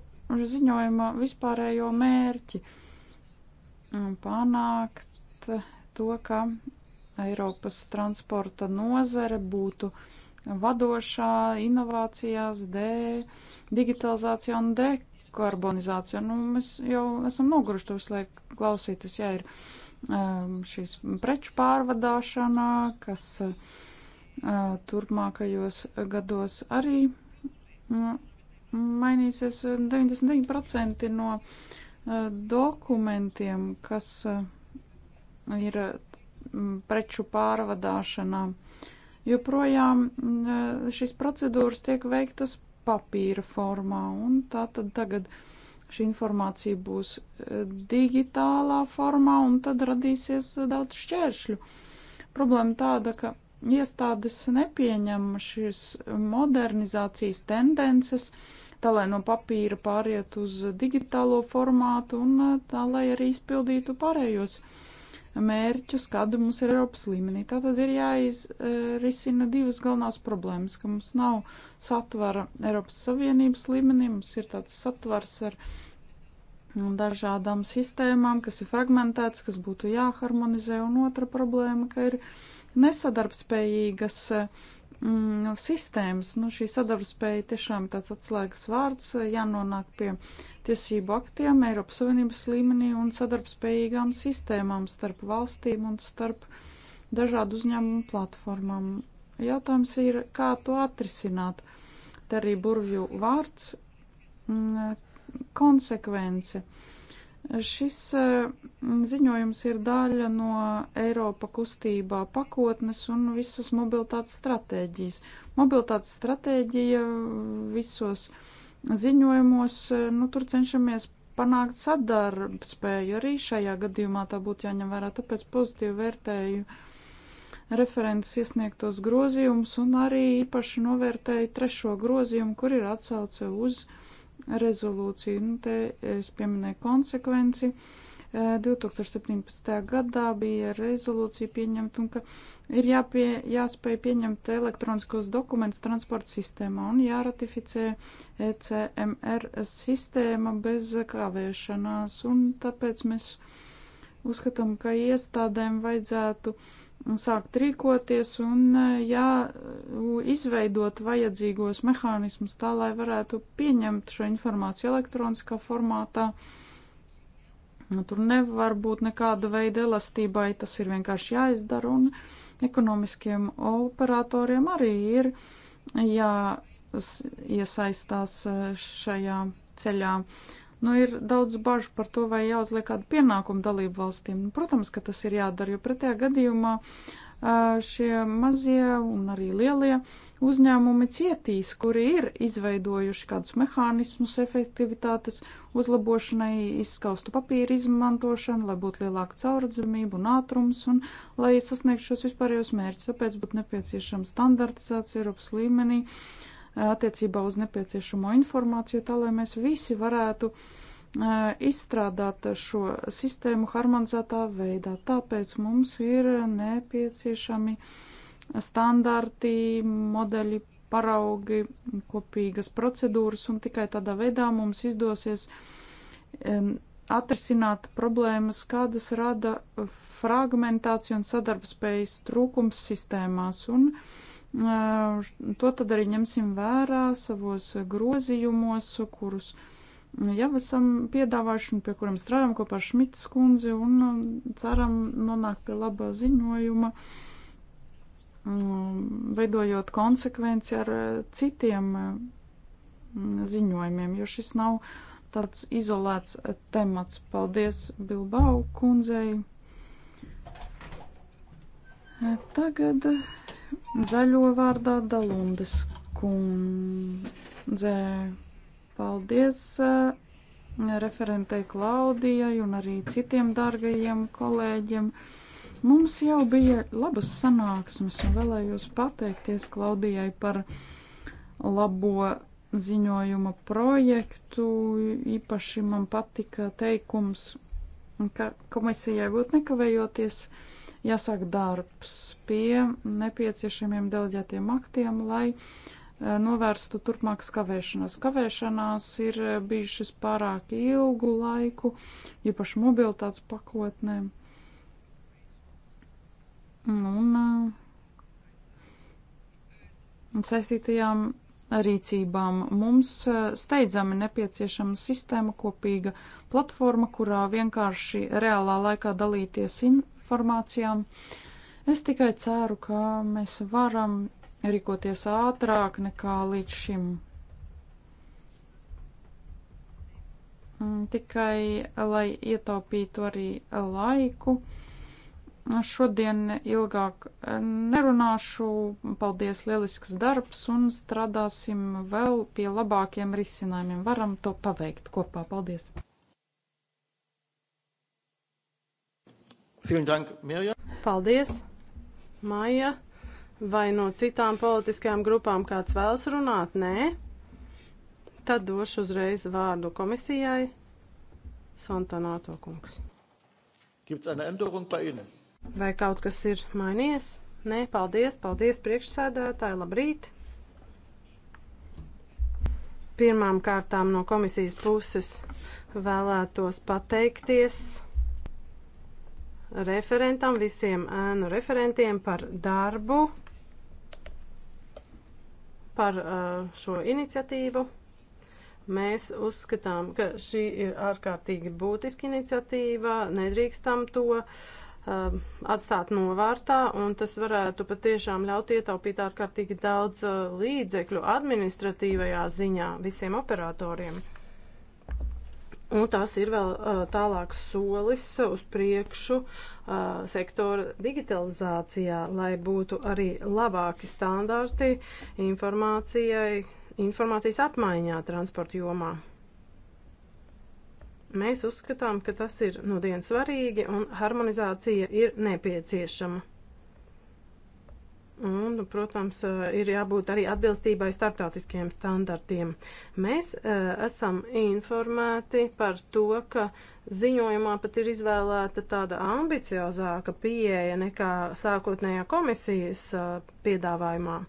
ziņojuma vispārējo mērķi panākt to, ka Eiropas transporta nozare būtu vadošā inovācijās, de, digitalizācijā un dekarbonizācijā. Nu, mēs jau esam noguruši to visu laiku klausīties, ja ir Um, šīs preču pārvadāšanā, kas uh, turpmākajos gados arī mm, mainīsies 99% no uh, dokumentiem, kas uh, ir mm, preču pārvadāšanā. Joprojām mm, šīs procedūras tiek veiktas papīra formā, un tā tad tagad. Uh, šī informācija būs e, digitālā formā, un tad radīsies e, daudz šķēršļu. Problēma tāda, ka iestādes nepieņem šīs modernizācijas tendences, tā lai no papīra pāriet uz digitālo formātu un e, tā lai arī izpildītu pārējos uh, mērķus, kādi mums ir Eiropas līmenī. Tā tad ir jāizrisina divas galvenās problēmas, ka mums nav satvara Eiropas Savienības līmenī, mums ir tāds satvars ar dažādām sistēmām, kas ir fragmentēts, kas būtu jāharmonizē, un otra problēma, ka ir nesadarbspējīgas mm, sistēmas. Nu, šī sadarbspēja tiešām ir tāds atslēgas vārds, jānonāk pie uh, tiesību aktiem Eiropas Savienības līmenī un sadarbspējīgām sistēmām starp valstīm un starp dažādu uzņēmumu platformām. Jautājums ir, kā to atrisināt. Te arī burvju vārds mm, - konsekvence. Šis mm, ziņojums ir daļa no Eiropa kustībā pakotnes un visas mobilitātes stratēģijas. Mobilitātes stratēģija visos uh, ziņojumos, e, nu, tur cenšamies panākt sadarbspēju. Arī šajā gadījumā tā būtu jāņem vērā, tāpēc pozitīvi vērtēju referents iesniegtos grozījumus un arī īpaši novērtēju trešo grozījumu, kur ir atsauce uz rezolūciju. Nu, te es pieminēju konsekvenci. Uh, 2017. gadā bija rezolūcija pieņemta un ka ir jāpie, jāspēj pieņemt elektroniskos dokumentus transporta sistēmā un jāratificē ECMR sistēma bez kavēšanās. Un tāpēc mēs uzskatām, ka iestādēm vajadzētu sākt rīkoties un jāizveidot vajadzīgos mehānismus tā, lai varētu pieņemt šo informāciju elektroniskā formātā. Uh, Nu, tur nevar būt nekāda veida elastībai, tas ir vienkārši jāizdara, un ekonomiskiem operatoriem arī ir jāiesaistās e, šajā ceļā. Nu, ir daudz bažu par to, vai jāuzliek kādu pienākumu dalību valstīm. Nu, protams, ka tas ir jādara, jo pretējā gadījumā e, šie mazie un arī lielie uzņēmumi cietīs, kuri ir izveidojuši kādus mehānismus efektivitātes uzlabošanai, izskaustu papīra izmantošanu, lai būtu lielāka caurredzamība un ātrums un lai sasniegtu šos vispārējos mērķus. Tāpēc būtu nepieciešama standartizācija Eiropas līmenī eh, attiecībā uz nepieciešamo informāciju, tā lai mēs visi varētu eh, izstrādāt šo sistēmu harmonizētā veidā. Tāpēc mums ir nepieciešami uh, standarti, modeļi, paraugi, kopīgas procedūras, un tikai tādā veidā mums izdosies atrisināt problēmas, kādas rada fragmentācija un sadarbspējas trūkums sistēmās. Un, eh, To tad arī ņemsim vērā savos grozījumos, kurus jau esam piedāvājuši un pie kuriem strādājam kopā ar Šmitas kundzi un eh, ceram nonākt pie laba ziņojuma. Uh, Mm, veidojot konsekvenci ar eh, citiem mm, ziņojumiem, jo šis nav tāds izolēts temats. Paldies Bilbao kundzei. Tagad zaļo vārdā Dalundes kundze. Paldies eh, referentei Klaudijai un arī citiem dargajiem kolēģiem. Uh, Mums jau bija labas sanāksmes un vēlējos pateikties Klaudijai par labo ziņojuma projektu. Īpaši man patika teikums, ka komisijai būtu nekavējoties jāsāk darbs pie nepieciešamiem deleģētiem aktiem, lai eh, novērstu turpmākas kavēšanās. Kavēšanās ir eh, bijušas pārāk ilgu laiku, īpaši mobilitātes pakotnēm un, un saistītajām rīcībām. Mums steidzami nepieciešama sistēma, kopīga platforma, kurā vienkārši reālā laikā dalīties informācijām. Es tikai ceru, ka mēs varam rīkoties ātrāk nekā līdz šim. Tikai, lai ietaupītu arī laiku. Nu, šodien ilgāk eh, nerunāšu. Paldies, lielisks darbs, un strādāsim vēl pie labākiem risinājumiem. Varam to paveikt kopā. Paldies! Paldies, Maija! Vai no citām politiskajām grupām kāds vēlas runāt? Nē. Tad došu uzreiz vārdu komisijai. Santanato kungs. Gibt's eine Änderung bei Ihnen? Vai kaut kas ir mainījies? Nē, paldies, paldies priekšsēdētāji, labrīt! Pirmām kārtām no komisijas puses vēlētos pateikties referentam, visiem ēnu referentiem par darbu, par uh, šo iniciatīvu. Mēs uzskatām, ka šī ir ārkārtīgi būtiska iniciatīva, nedrīkstam to uh, Um, atstāt novārtā, un tas varētu patiešām ļaut ietaupīt ārkārtīgi daudz uh, līdzekļu administratīvajā ziņā visiem operatoriem. Un tas ir vēl uh, tālāks solis uz priekšu uh, sektora digitalizācijā, lai būtu arī labāki standarti informācijai, informācijas apmaiņā transporta jomā. Mēs uzskatām, ka tas ir nu dienu svarīgi un harmonizācija ir nepieciešama. Un, nu, protams, eh, ir jābūt arī atbilstībai starptautiskiem standartiem. Mēs uh, esam informēti par to, ka ziņojumā pat ir izvēlēta tāda ambiciozāka pieeja nekā sākotnējā komisijas uh, piedāvājumā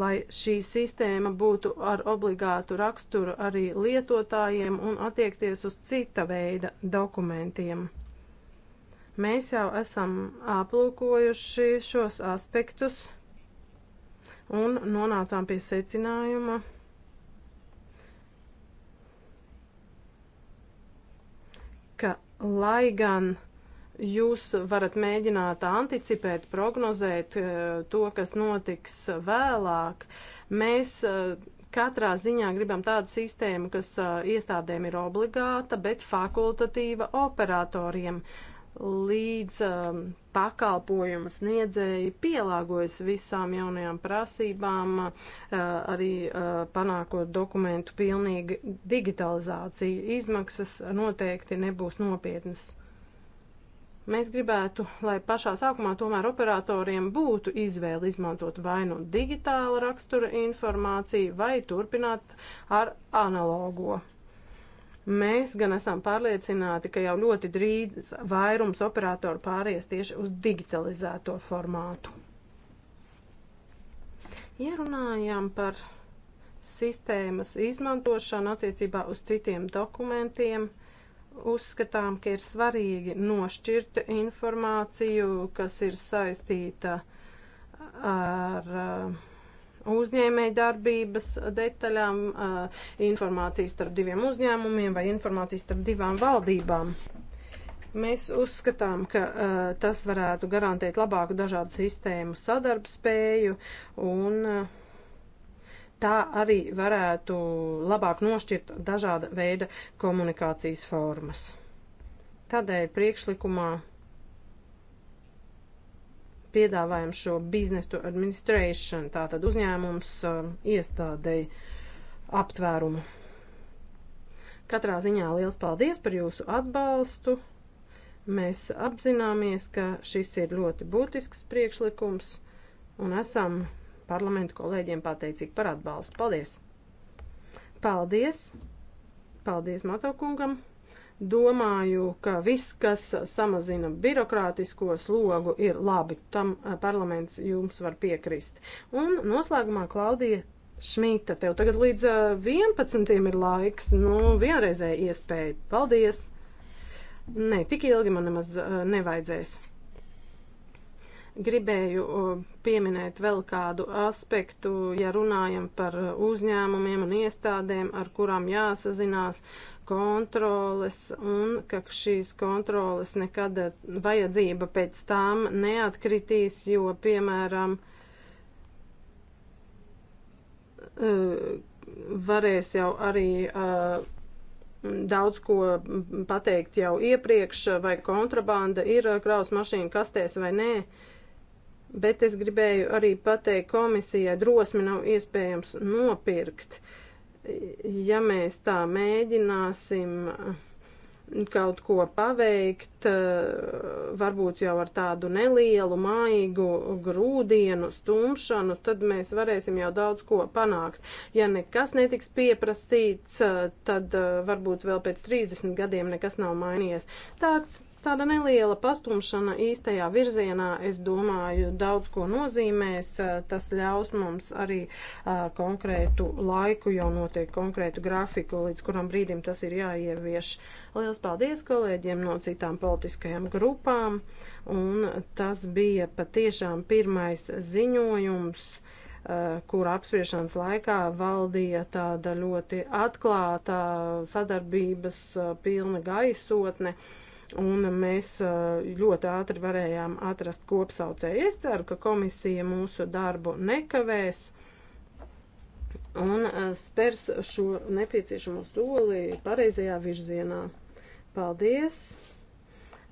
lai šī sistēma būtu ar obligātu raksturu arī lietotājiem un attiekties uz cita veida dokumentiem. Mēs jau esam aplūkojuši šos aspektus un nonācām pie secinājuma, ka lai gan uh, jūs varat mēģināt anticipēt, prognozēt eh, to, kas notiks vēlāk. Mēs eh, katrā ziņā gribam tādu sistēmu, kas eh, iestādēm ir obligāta, bet fakultatīva operatoriem līdz um, pakalpojumu sniedzēji pielāgojas visām jaunajām prasībām, uh, arī uh, panākot dokumentu pilnīgi digitalizāciju. Izmaksas noteikti nebūs nopietnas. Mēs gribētu, lai pašā sākumā tomēr operatoriem būtu izvēle izmantot vai nu digitāla rakstura informāciju, vai turpināt ar analogo. Mēs gan esam pārliecināti, ka jau ļoti drīz vairums operatoru pāries tieši uz digitalizēto formātu. Ja runājām par sistēmas izmantošanu attiecībā uz citiem dokumentiem, Uzskatām, ka ir svarīgi nošķirt informāciju, kas ir saistīta ar uh, uzņēmēja darbības detaļām, uh, informācijas starp diviem uzņēmumiem vai informācijas starp divām valdībām. Mēs uzskatām, ka uh, tas varētu garantēt labāku dažādu sistēmu sadarbspēju un uh, tā arī varētu labāk nošķirt dažāda veida komunikācijas formas. Tādēļ priekšlikumā piedāvājam šo business to administration, tātad uzņēmums um, iestādēji aptvērumu. Katrā ziņā liels paldies par jūsu atbalstu. Mēs apzināmies, ka šis ir ļoti būtisks priekšlikums un esam parlamentu kolēģiem pateicīgi par atbalstu. Paldies! Paldies! Paldies Matokungam! Domāju, ka viss, kas samazina birokrātisko slogu, ir labi. Tam eh, parlaments jums var piekrist. Un noslēgumā Klaudija Šmita, tev tagad līdz 11. Eh, ir laiks, nu, vienreizēja iespēja. Paldies! Nē, tik ilgi man nemaz eh, nevajadzēs. Gribēju pieminēt vēl kādu aspektu, ja runājam par uzņēmumiem un iestādēm, ar kurām jāsazinās kontroles un ka šīs kontroles nekad vajadzība pēc tām neatkritīs, jo, piemēram, e, varēs jau arī e, daudz ko pateikt jau iepriekš, vai kontrabanda ir e, kraus mašīnu kastēs vai nē. Ne bet es gribēju arī pateikt komisijai, drosmi nav iespējams nopirkt. Ja mēs tā mēģināsim uh, kaut ko paveikt, uh, varbūt jau ar tādu nelielu, maigu grūdienu, stumšanu, tad mēs varēsim jau daudz ko panākt. Ja nekas netiks pieprasīts, uh, tad varbūt vēl pēc 30 gadiem nekas nav mainījies. Tāds Tāda neliela pastumšana īstajā virzienā, es domāju, daudz ko nozīmēs. Tas ļaus mums arī uh, konkrētu laiku, jau noteikti konkrētu grafiku, līdz kuram brīdim tas ir jāievieš. Lielas paldies kolēģiem no citām politiskajām grupām. Un tas bija patiešām pirmais ziņojums kur apspriešanas laikā valdīja tāda ļoti atklāta sadarbības pilna gaisotne. Uh, un mēs eh, ļoti ātri varējām atrast kopsaucēju. Es ceru, ka komisija mūsu darbu nekavēs un eh, spers šo nepieciešamo soli pareizajā virzienā. Paldies!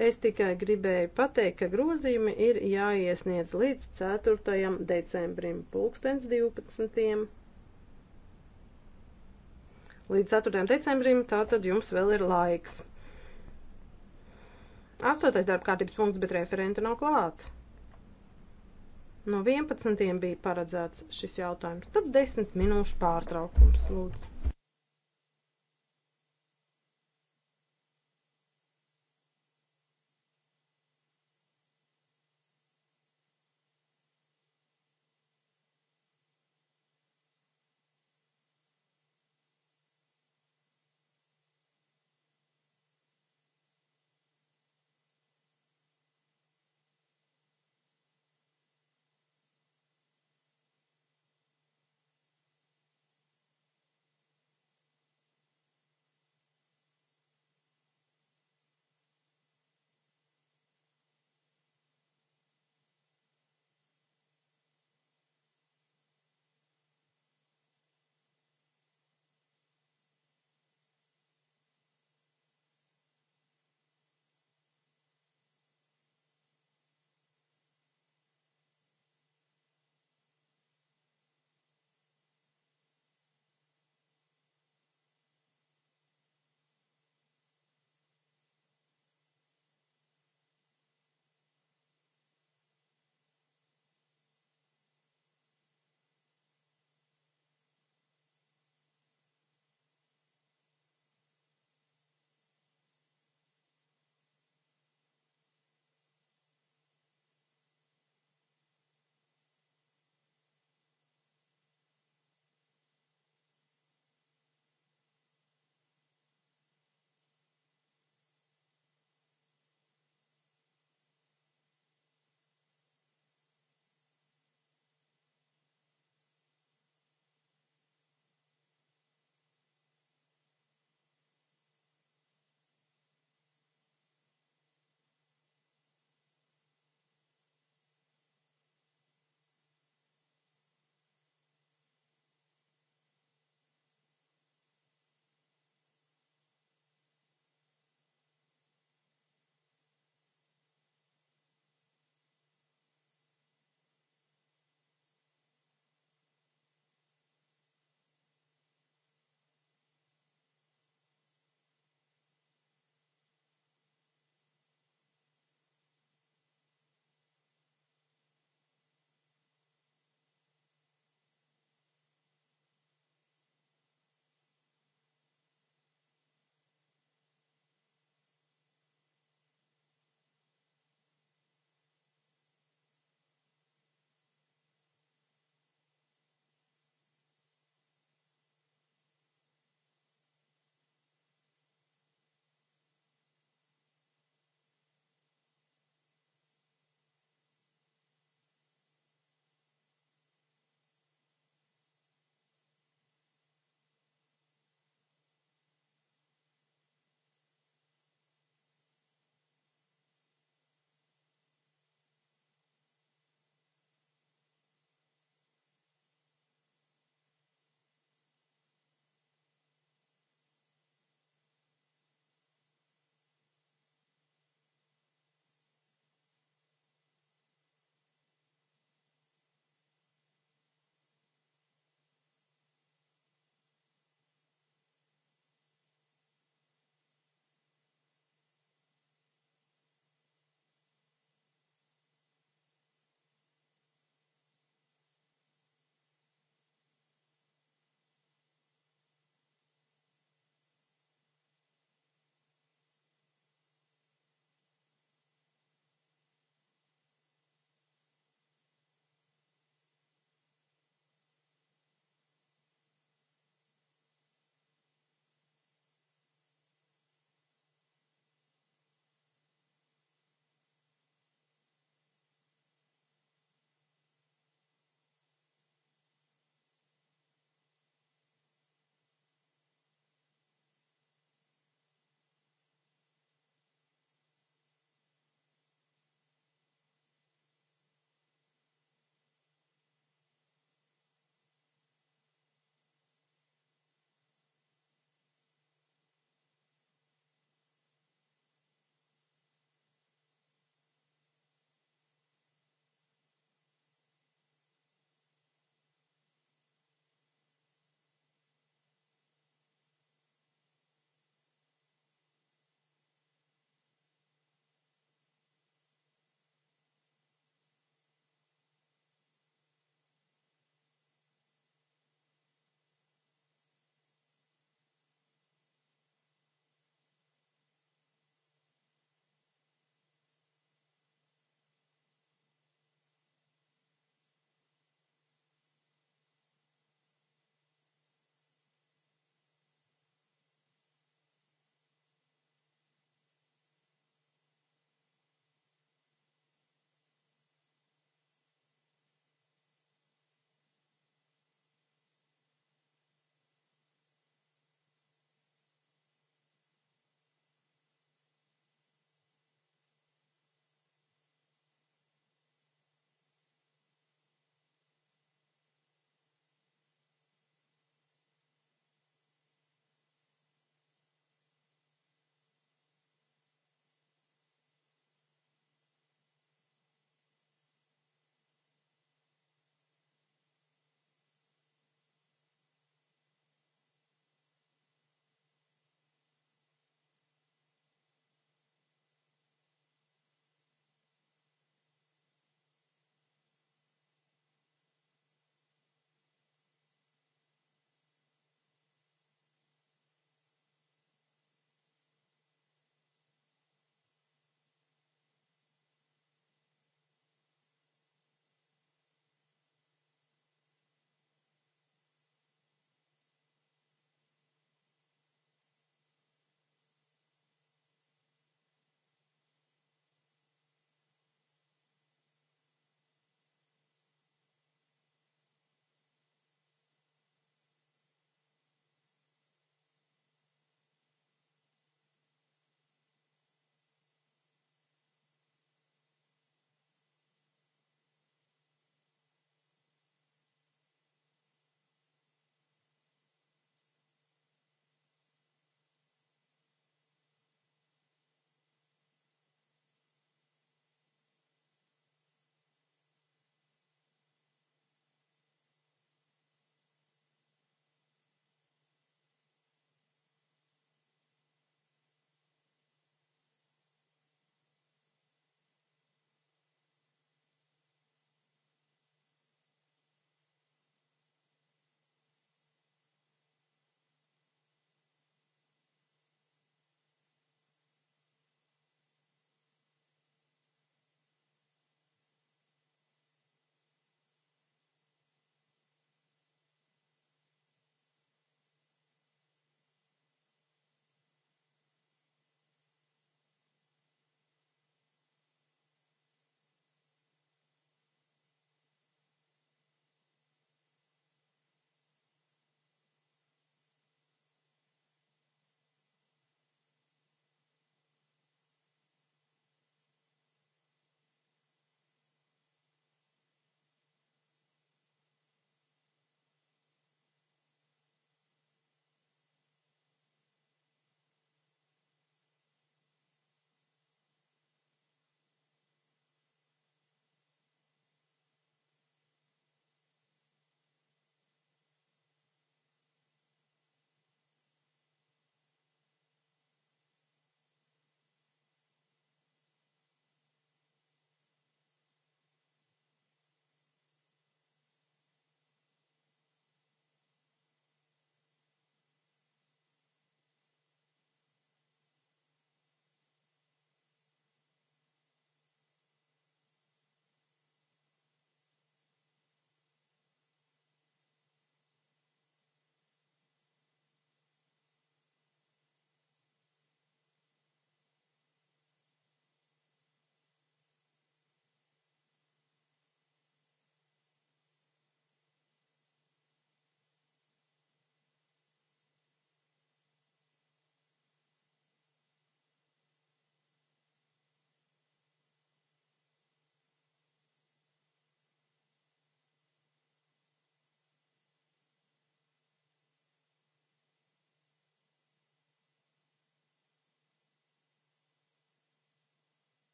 Es tikai gribēju pateikt, ka grozījumi ir jāiesniedz līdz 4. decembrim, pulkstens 12. Līdz 4. decembrim tātad jums vēl ir laiks. Astotais darba kārtības punkts, bet referenta nav klāt. No 11. bija paredzēts šis jautājums. Tad 10 minūšu pārtraukums, lūdzu.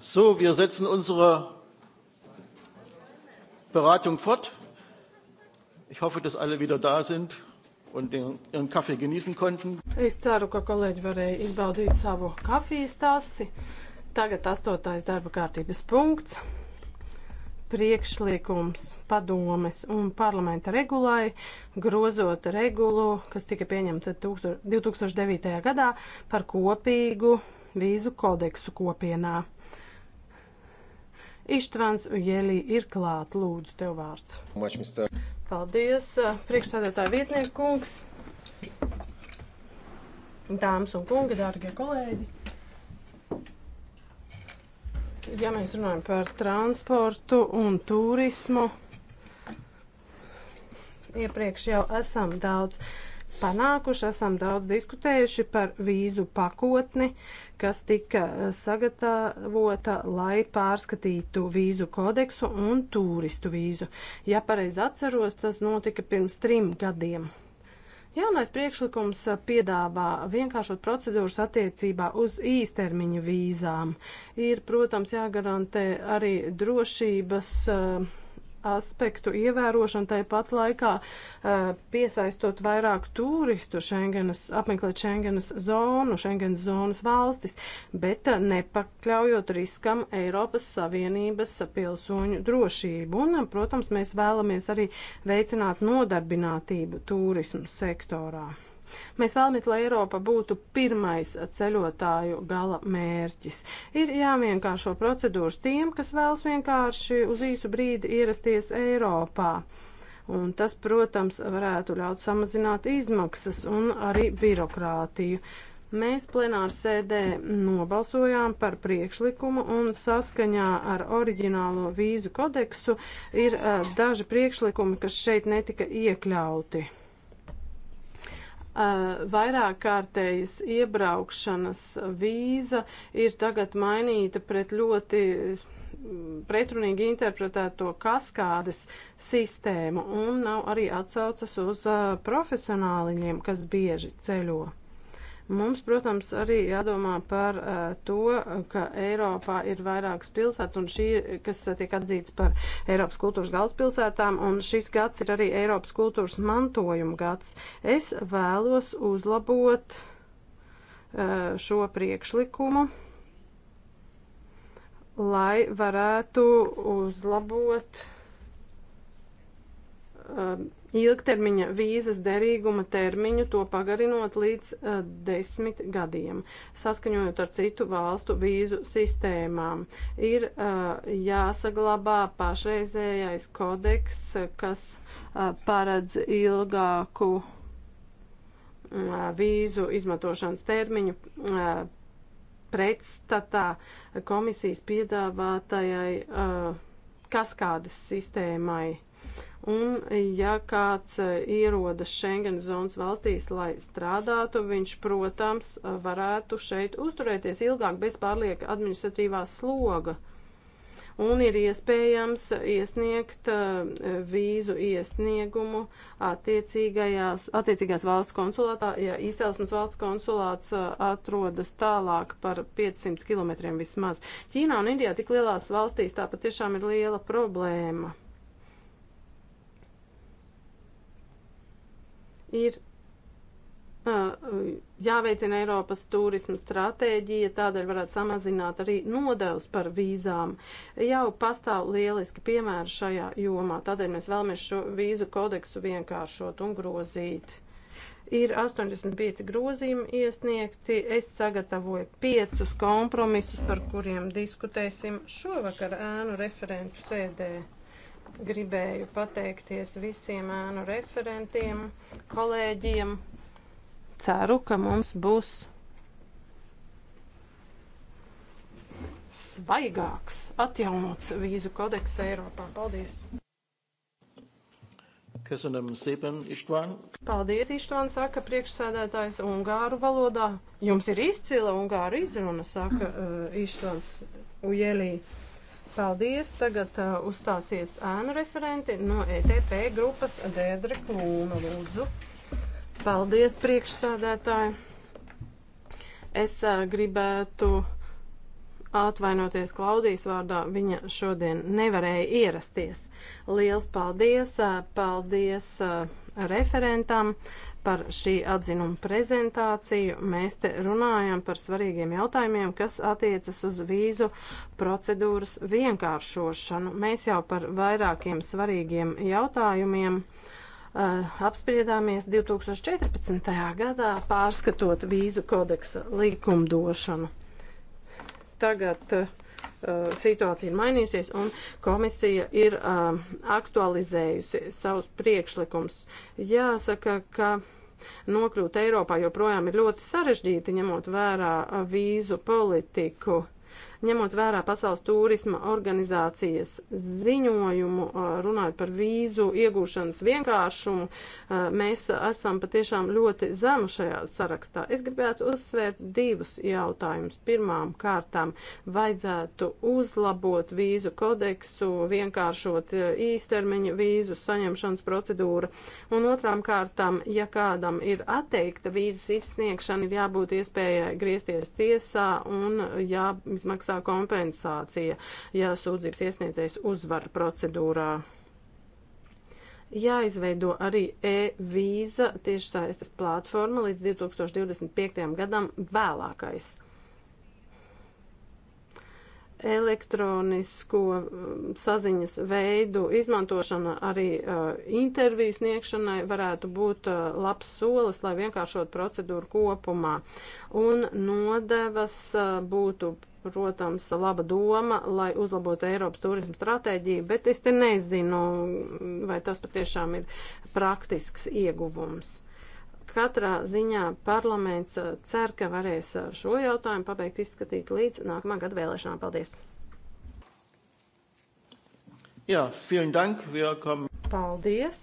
So, wir setzen unsere Beratung fort. Ich hoffe, dass alle wieder da sind un ihren Kaffee genießen konnten. Es ceru, ka kolēģi varēja izbaudīt savu kafijas tasi. Tagad astotais darba kārtības punkts - priekšlikums padomes un parlamenta regulai, grozot regulu, kas tika pieņemta 2009. gadā par kopīgu vīzu kodeksu kopienā. Ištvans Ujelī ir klāt. Lūdzu, tev vārds. Paldies, priekšsēdētāja vietnieku kungs. Dāmas un kungi, dārgie kolēģi. Ja mēs runājam par transportu un turismu, iepriekš jau esam daudz panākuši. Esam daudz diskutējuši par vīzu pakotni, kas tika eh, sagatavota, lai pārskatītu vīzu kodeksu un turistu vīzu. Ja pareizi atceros, tas notika pirms trim gadiem. Jaunais priekšlikums eh, piedāvā vienkāršot procedūras attiecībā uz īstermiņa vīzām. Ir, protams, jāgarantē arī drošības uh, aspektu ievērošanu, tāpat laikā piesaistot vairāk turistu Schengenas, apmeklēt Schengenas zonu, Schengenas zonas valstis, bet nepakļaujot riskam Eiropas Savienības pilsoņu drošību. Un, protams, mēs vēlamies arī veicināt nodarbinātību turismu sektorā. Mēs vēlamies, lai Eiropa būtu pirmais ceļotāju gala mērķis. Ir jāvienkāršo procedūras tiem, kas vēlas vienkārši uz īsu brīdi ierasties Eiropā. Un tas, protams, varētu ļaut samazināt izmaksas un arī birokrātiju. Mēs plenāru sēdē nobalsojām par priekšlikumu un saskaņā ar oriģinālo vīzu kodeksu ir uh, daži priekšlikumi, kas šeit netika iekļauti. Eh, vairāk kārtējas iebraukšanas vīza ir tagad mainīta pret ļoti mm, pretrunīgi interpretēto kaskādes sistēmu un nav arī atsaucas uz eh, profesionāliņiem, kas bieži ceļo. Mums, protams, arī jādomā par uh, to, ka Eiropā ir vairākas pilsētas, un šī, kas tiek atzīts par Eiropas kultūras galvaspilsētām, un šis gads ir arī Eiropas kultūras mantojuma gads. Es vēlos uzlabot uh, šo priekšlikumu lai varētu uzlabot um, ilgtermiņa vīzas derīguma termiņu, to pagarinot līdz uh, desmit gadiem, saskaņojot ar citu valstu vīzu sistēmām. Ir uh, jāsaglabā pašreizējais kodeks, kas uh, paredz ilgāku uh, vīzu izmantošanas termiņu. Uh, pretstatā komisijas piedāvātajai uh, kaskādas sistēmai. Un, ja kāds e, ierodas Schengen zonas valstīs, lai strādātu, viņš, protams, e, varētu šeit uzturēties ilgāk bez pārlieka administratīvā sloga. Un ir iespējams iesniegt e, vīzu iesniegumu attiecīgās valsts konsulātā, ja izcelsmes valsts konsulāts atrodas tālāk par 500 km vismaz. Ķīnā un Indijā tik lielās valstīs tā patiešām ir liela problēma. Ir jāveicina Eiropas turismu stratēģija, tādēļ varētu samazināt arī nodevs par vīzām. Jau pastāv lieliski piemēri šajā jomā, tādēļ mēs vēlamies šo vīzu kodeksu vienkāršot un grozīt. Ir 85 grozījumi iesniegti, es sagatavoju piecus kompromisus, par kuriem diskutēsim šovakar ēnu referentu sēdē. Gribēju pateikties visiem ēnu referentiem, kolēģiem. Ceru, ka mums būs svaigāks, atjaunots vīzu kodeks Eiropā. Paldies! Köszönöm szépen, István. Paldies, István, saka priekšsēdētājs Ungāru valodā. Jums ir izcila Ungāru izruna, saka uh, Istvāns Ujelī. Uh, Paldies. Tagad uh, uzstāsies ēnu referenti no ETP grupas Dēdra Klūna lūdzu. Paldies, priekšsādētāji. Es uh, gribētu atvainoties Klaudijas vārdā, viņa šodien nevarēja ierasties. Liels paldies, uh, paldies uh, referentam. Uh, par šī atzinuma prezentāciju. Mēs te runājam par svarīgiem jautājumiem, kas attiecas uz vīzu procedūras vienkāršošanu. Mēs jau par vairākiem svarīgiem jautājumiem uh, apspriedāmies 2014. gadā, pārskatot vīzu kodeksa likumdošanu. Tagad uh, Uh, situācija ir mainījusies un komisija ir um, aktualizējusi savus priekšlikums. Jāsaka, ka nokļūt Eiropā joprojām ir ļoti sarežģīti, ņemot vērā uh, vīzu politiku ņemot vērā Pasaules turisma organizācijas ziņojumu, runājot par vīzu iegūšanas vienkāršumu, mēs esam patiešām ļoti zemu šajā sarakstā. Es gribētu uzsvērt divus jautājumus. Pirmām kārtām vajadzētu uzlabot vīzu kodeksu, vienkāršot īstermiņa vīzu saņemšanas procedūru. Un otrām kārtām, ja kādam ir atteikta vīzas izsniegšana, ir jābūt iespējai griezties tiesā un jāizmaksā jāmaksā kompensācija, ja sūdzības iesniedzējs uzvar procedūrā jāizveido arī e-vīza tiešsaistes platforma līdz 2025. gadam vēlākais. Elektronisko mm, saziņas veidu izmantošana arī uh, interviju sniegšanai varētu būt uh, labs solis, lai vienkāršot procedūru kopumā. Un nodevas uh, būtu protams, laba doma, lai uzlabotu Eiropas turismu stratēģiju, bet es te nezinu, vai tas patiešām ir praktisks ieguvums. Katrā ziņā parlaments uh, cer, ka varēs uh, šo jautājumu pabeigt izskatīt līdz nākamā gada vēlēšanām. Paldies! Jā, vielen dank, wir kommen. Paldies!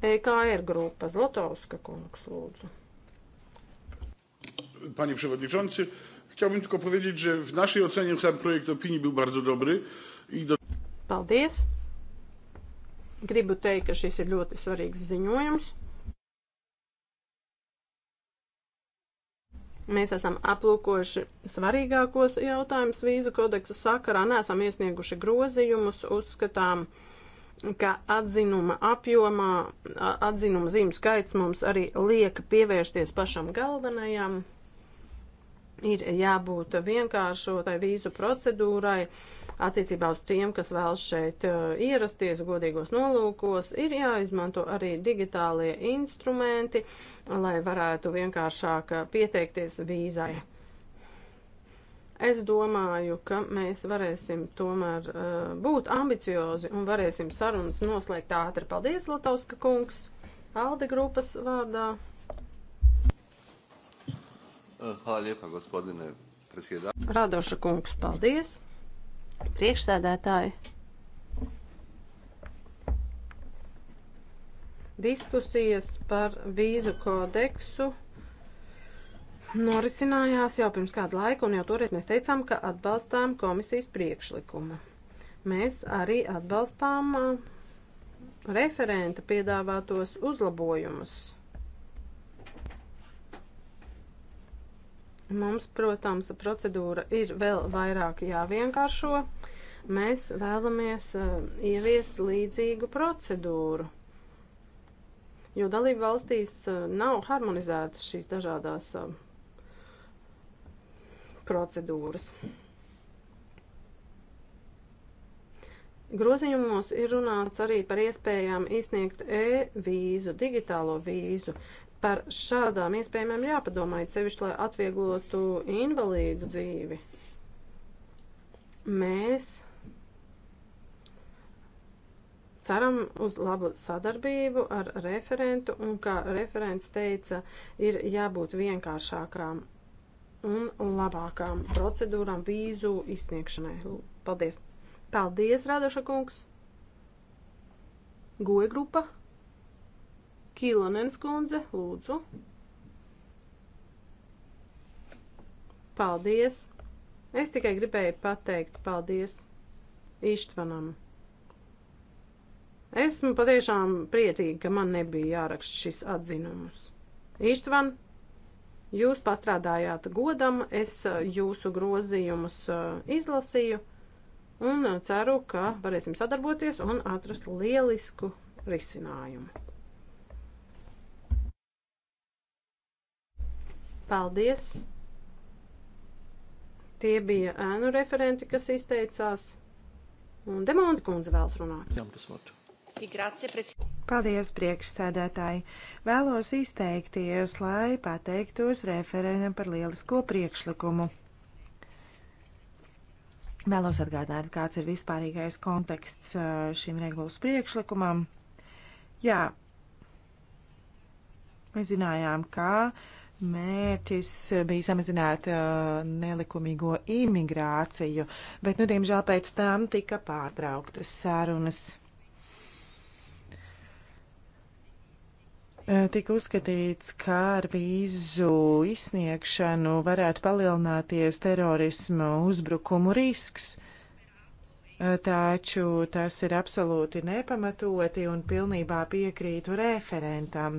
EKR grupa Zlotowska kungs lūdzu. Panie Przewodniczący, Chciałbym tylko powiedzieć, że w naszej ocenie sam projekt opinii był bardzo dobry. I do... Paldies! Gribu teikt, ka šis ir ļoti svarīgs ziņojums. Mēs esam aplūkojuši svarīgākos jautājumus vīzu kodeksa sakarā, neesam iesnieguši grozījumus, uzskatām, ka atzinuma apjomā, atzinuma zīmju skaits mums arī lieka pievērsties pašam galvenajam ir jābūt vienkāršotai vīzu procedūrai attiecībā uz tiem, kas vēlas šeit uh, ierasties godīgos nolūkos, ir jāizmanto arī digitālie instrumenti, lai varētu vienkāršāk uh, pieteikties vīzai. Es domāju, ka mēs varēsim tomēr uh, būt ambiciozi un varēsim sarunas noslēgt ātri. Paldies, Lotovska kungs, Alde grupas vārdā. Eh, hvala lijepa, gospodine predsjedavajući. Radoša kungs, paldies. Priekšsēdētāji. Diskusijas par vīzu kodeksu norisinājās jau pirms kādu laiku, un jau toreiz mēs teicām, ka atbalstām komisijas priekšlikumu. Mēs arī atbalstām eh, referenta piedāvātos uzlabojumus. Mums, protams, procedūra ir vēl vairāk jāvienkāršo. Mēs vēlamies eh, ieviest līdzīgu procedūru, jo dalību valstīs eh, nav harmonizētas šīs dažādās eh, procedūras. Grozījumos ir runāts arī par iespējām izsniegt e-vīzu, digitālo vīzu. Par šādām iespējām jāpadomā, it sevišķi, lai atvieglotu invalīdu dzīvi. Mēs ceram uz labu sadarbību ar referentu, un kā referents teica, ir jābūt vienkāršākām un labākām procedūrām vīzu izsniegšanai. Paldies! Paldies, Rādoša kungs! Goja grupa! Kilonens kundze, lūdzu. Paldies. Es tikai gribēju pateikt paldies Ištvanam. Esmu patiešām priecīga, ka man nebija jāraksta šis atzinums. Ištvan, jūs pastrādājāt godam, es uh, jūsu grozījumus uh, izlasīju un uh, ceru, ka varēsim sadarboties un atrast lielisku risinājumu. Paldies! Tie bija ēnu referenti, kas izteicās, un Demonta kundze vēlas runāt. Paldies, priekšsēdētāji! Vēlos izteikties, lai pateiktos referentam par lielisko priekšlikumu. Vēlos atgādināt, kāds ir vispārīgais konteksts šim regulas priekšlikumam. Jā, mēs zinājām, ka. Kā Mērķis bija samazināt uh, nelikumīgo imigrāciju, bet, nu, diemžēl pēc tam tika pārtrauktas sarunas. Uh, tika uzskatīts, ka ar vīzu izsniegšanu varētu palielināties terorismu uzbrukumu risks. Uh, taču tas ir absolūti nepamatoti un pilnībā piekrītu referentam.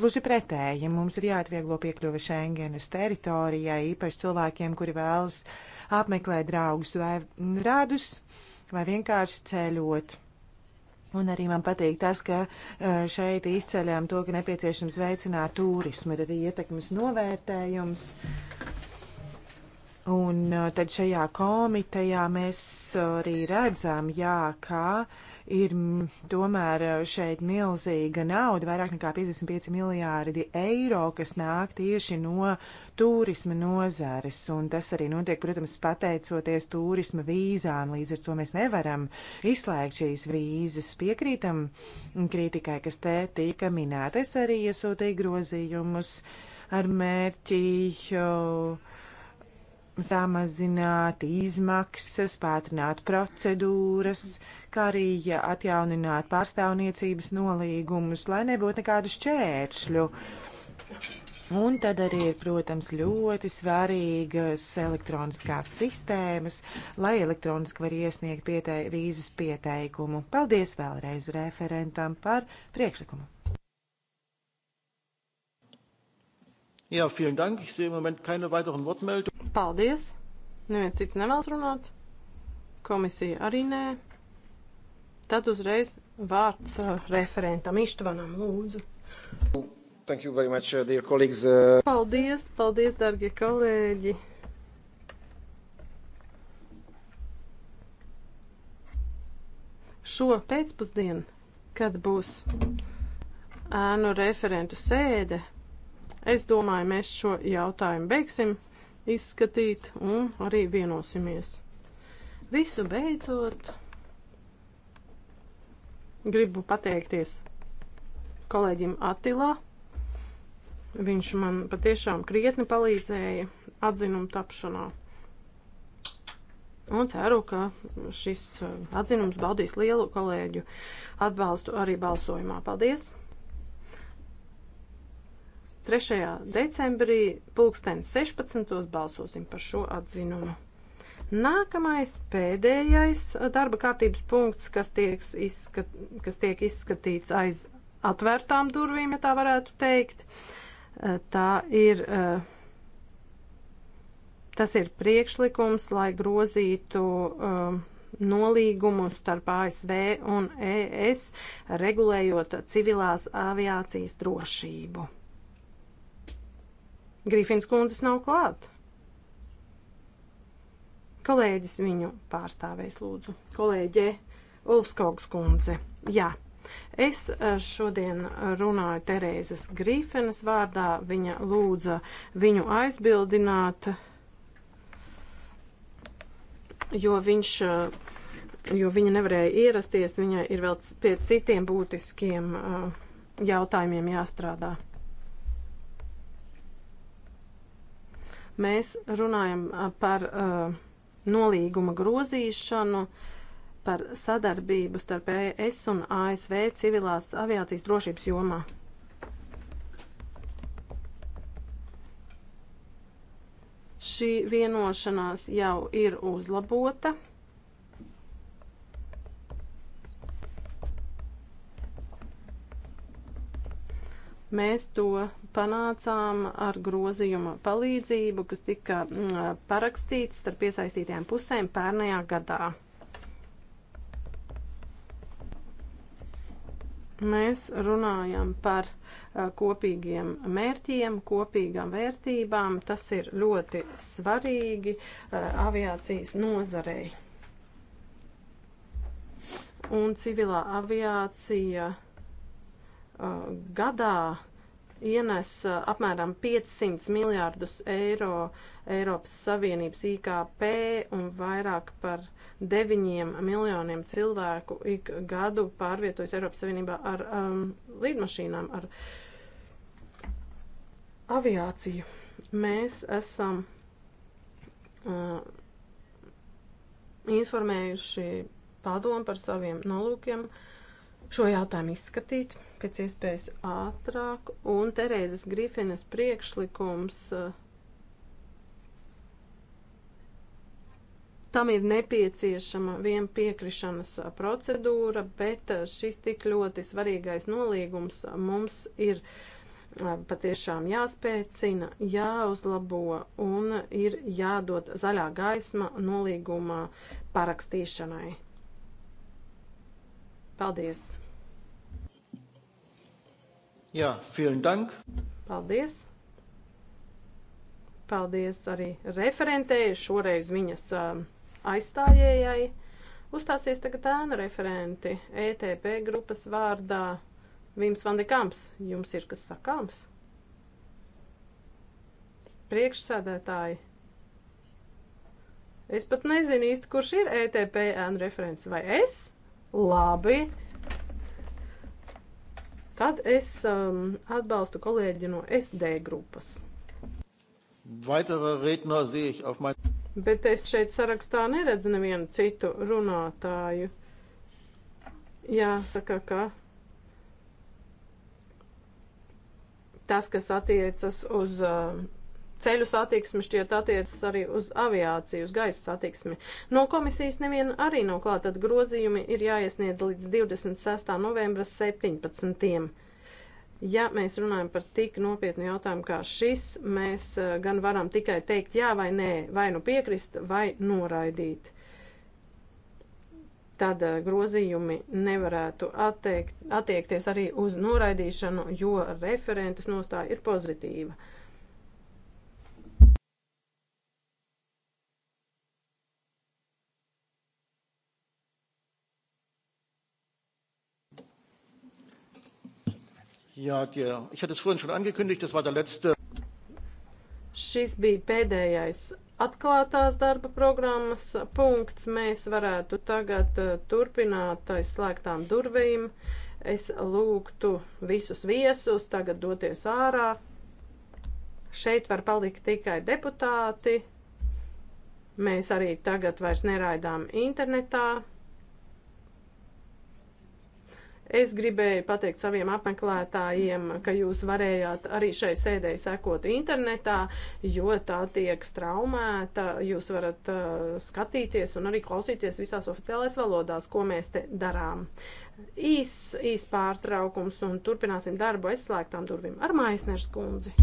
Gluži pretēji, mums ir jāatvieglo piekļuve Schengenas teritorijai, īpaši cilvēkiem, kuri vēlas apmeklēt draugus vai radus vai vienkārši ceļot. Un arī man patīk tas, ka e, šeit izceļām to, ka nepieciešams veicināt turismu, ir arī ietekmes novērtējums. Un uh, tad šajā komitejā mēs arī redzam, jā, kā ir tomēr uh, šeit milzīga nauda, vairāk nekā 55 miljārdi eiro, kas nāk tieši no turisma nozares. Un tas arī notiek, protams, pateicoties turisma vīzām. Līdz ar to mēs nevaram izslēgt šīs vīzas. Piekrītam kritikai, kas te tika minēta. Es arī iesūtīju grozījumus ar mērķi. Uh, samazināt izmaksas, pātrināt procedūras, kā arī atjaunināt pārstāvniecības nolīgumus, lai nebūtu nekādu šķēršļu. Un tad arī ir, protams, ļoti svarīgas elektroniskās sistēmas, lai elektroniski var iesniegt pietei, vīzas pieteikumu. Paldies vēlreiz referentam par priekšlikumu. Jā, vielen dank. Ich sehe im Moment keine weiteren Wortmeldungen. Paldies. Neviens cits nevēlas runāt. Komisija arī nē. Tad uzreiz vārds uh, referentam Ištvanam lūdzu. Thank you very much, uh, dear colleagues. Uh, paldies, paldies, dargie kolēģi. Šo pēcpusdienu, kad būs ēnu referentu sēde, Es domāju, mēs šo jautājumu beigsim izskatīt un arī vienosimies. Visu beidzot, gribu pateikties kolēģim Atilā. Viņš man patiešām krietni palīdzēja atzinumu tapšanā. Un ceru, ka šis uh, atzinums baudīs lielu kolēģu atbalstu arī balsojumā. Paldies! 3. decembrī pulksten 16. balsosim par šo atzinumu. Nākamais, pēdējais darba kārtības punkts, kas tiek, izskat, kas tiek izskatīts aiz atvērtām durvīm, ja tā varētu teikt, eh, tā ir uh, tas ir priekšlikums, lai grozītu um, nolīgumu starp ASV un ES, regulējot civilās aviācijas drošību. Grifins kundzes nav klāt. Kolēģis viņu pārstāvēs, lūdzu. Kolēģe Ulfskogs kundze. Jā. Es eh, šodien runāju Terēzes Grīfenes vārdā. Viņa lūdza viņu aizbildināt, jo viņš eh, jo viņa nevarēja ierasties, viņai ir vēl pie citiem būtiskiem uh, jautājumiem jāstrādā. Mēs runājam par uh, nolīguma grozīšanu, par sadarbību starp ES un ASV civilās aviācijas drošības jomā. Šī vienošanās jau ir uzlabota. Mēs to panācām ar grozījuma palīdzību, kas tika mm, parakstīts starp iesaistītajām pusēm pērnajā gadā. Mēs runājam par eh, kopīgiem mērķiem, kopīgām vērtībām. Tas ir ļoti svarīgi eh, aviācijas nozarei. Un civilā aviācija Eh, gadā ienes eh, apmēram 500 miljārdus eiro Eiropas Savienības IKP un vairāk par 9 miljoniem cilvēku ik gadu pārvietojas Eiropas Savienībā ar um, ehm, līdmašīnām, ar aviāciju. Mēs esam uh, informējuši padomu par saviem nolūkiem. Uh, šo jautājumu izskatīt pēc iespējas ātrāk, un Terēzes Grifinas priekšlikums eh, tam ir nepieciešama vien piekrišanas procedūra, bet eh, šis tik ļoti svarīgais nolīgums mums ir eh, patiešām jāspēcina, jāuzlabo un ir jādod zaļā gaisma nolīgumā parakstīšanai. Paldies! Jā, vielen dank. Paldies. Paldies arī referentēju, šoreiz viņas um, aizstājējai. Uzstāsies tagad ēnu referenti ETP grupas vārdā Vims Vandekams. Jums ir kas sakāms? Priekšsēdētāji. Es pat nezinu īsti, kurš ir ETP ēnu referents. Vai es? Labi. Tad es um, atbalstu kolēģi no SD grupas. Weitere Redner sehe ich auf mein. Bet es šeit sarakstā neredzu nevienu citu runātāju. Jāsaka, ka tas, kas attiecas uz uh, ceļu satiksmi šķiet attiecas arī uz aviāciju, uz gaisa satiksmi. No komisijas neviena arī nav klāt, tad grozījumi ir jāiesniedz līdz 26. novembra 17. Ja mēs runājam par tik nopietnu jautājumu kā šis, mēs eh, gan varam tikai teikt jā vai nē, vai nu piekrist, vai noraidīt tad eh, grozījumi nevarētu atteikt, attiekties arī uz noraidīšanu, jo referentes nostāja ir pozitīva. Jā, jā. Ich hatte es vorhin schon angekündigt, das war der letzte. Šis bija pēdējais atklātās darba programmas punkts. Mēs varētu tagad eh, turpināt aiz slēgtām durvīm. Es lūgtu visus viesus tagad doties ārā. Šeit var palikt tikai deputāti. Mēs arī tagad vairs neraidām internetā. Es gribēju pateikt saviem apmeklētājiem, ka jūs varējāt arī šai sēdēji sekot internetā, jo tā tiek straumēta. Jūs varat uh, skatīties un arī klausīties visās oficiālais valodās, ko mēs te darām. Īs, īs pārtraukums un turpināsim darbu aizslēgtām durvīm ar Maisners kundzi.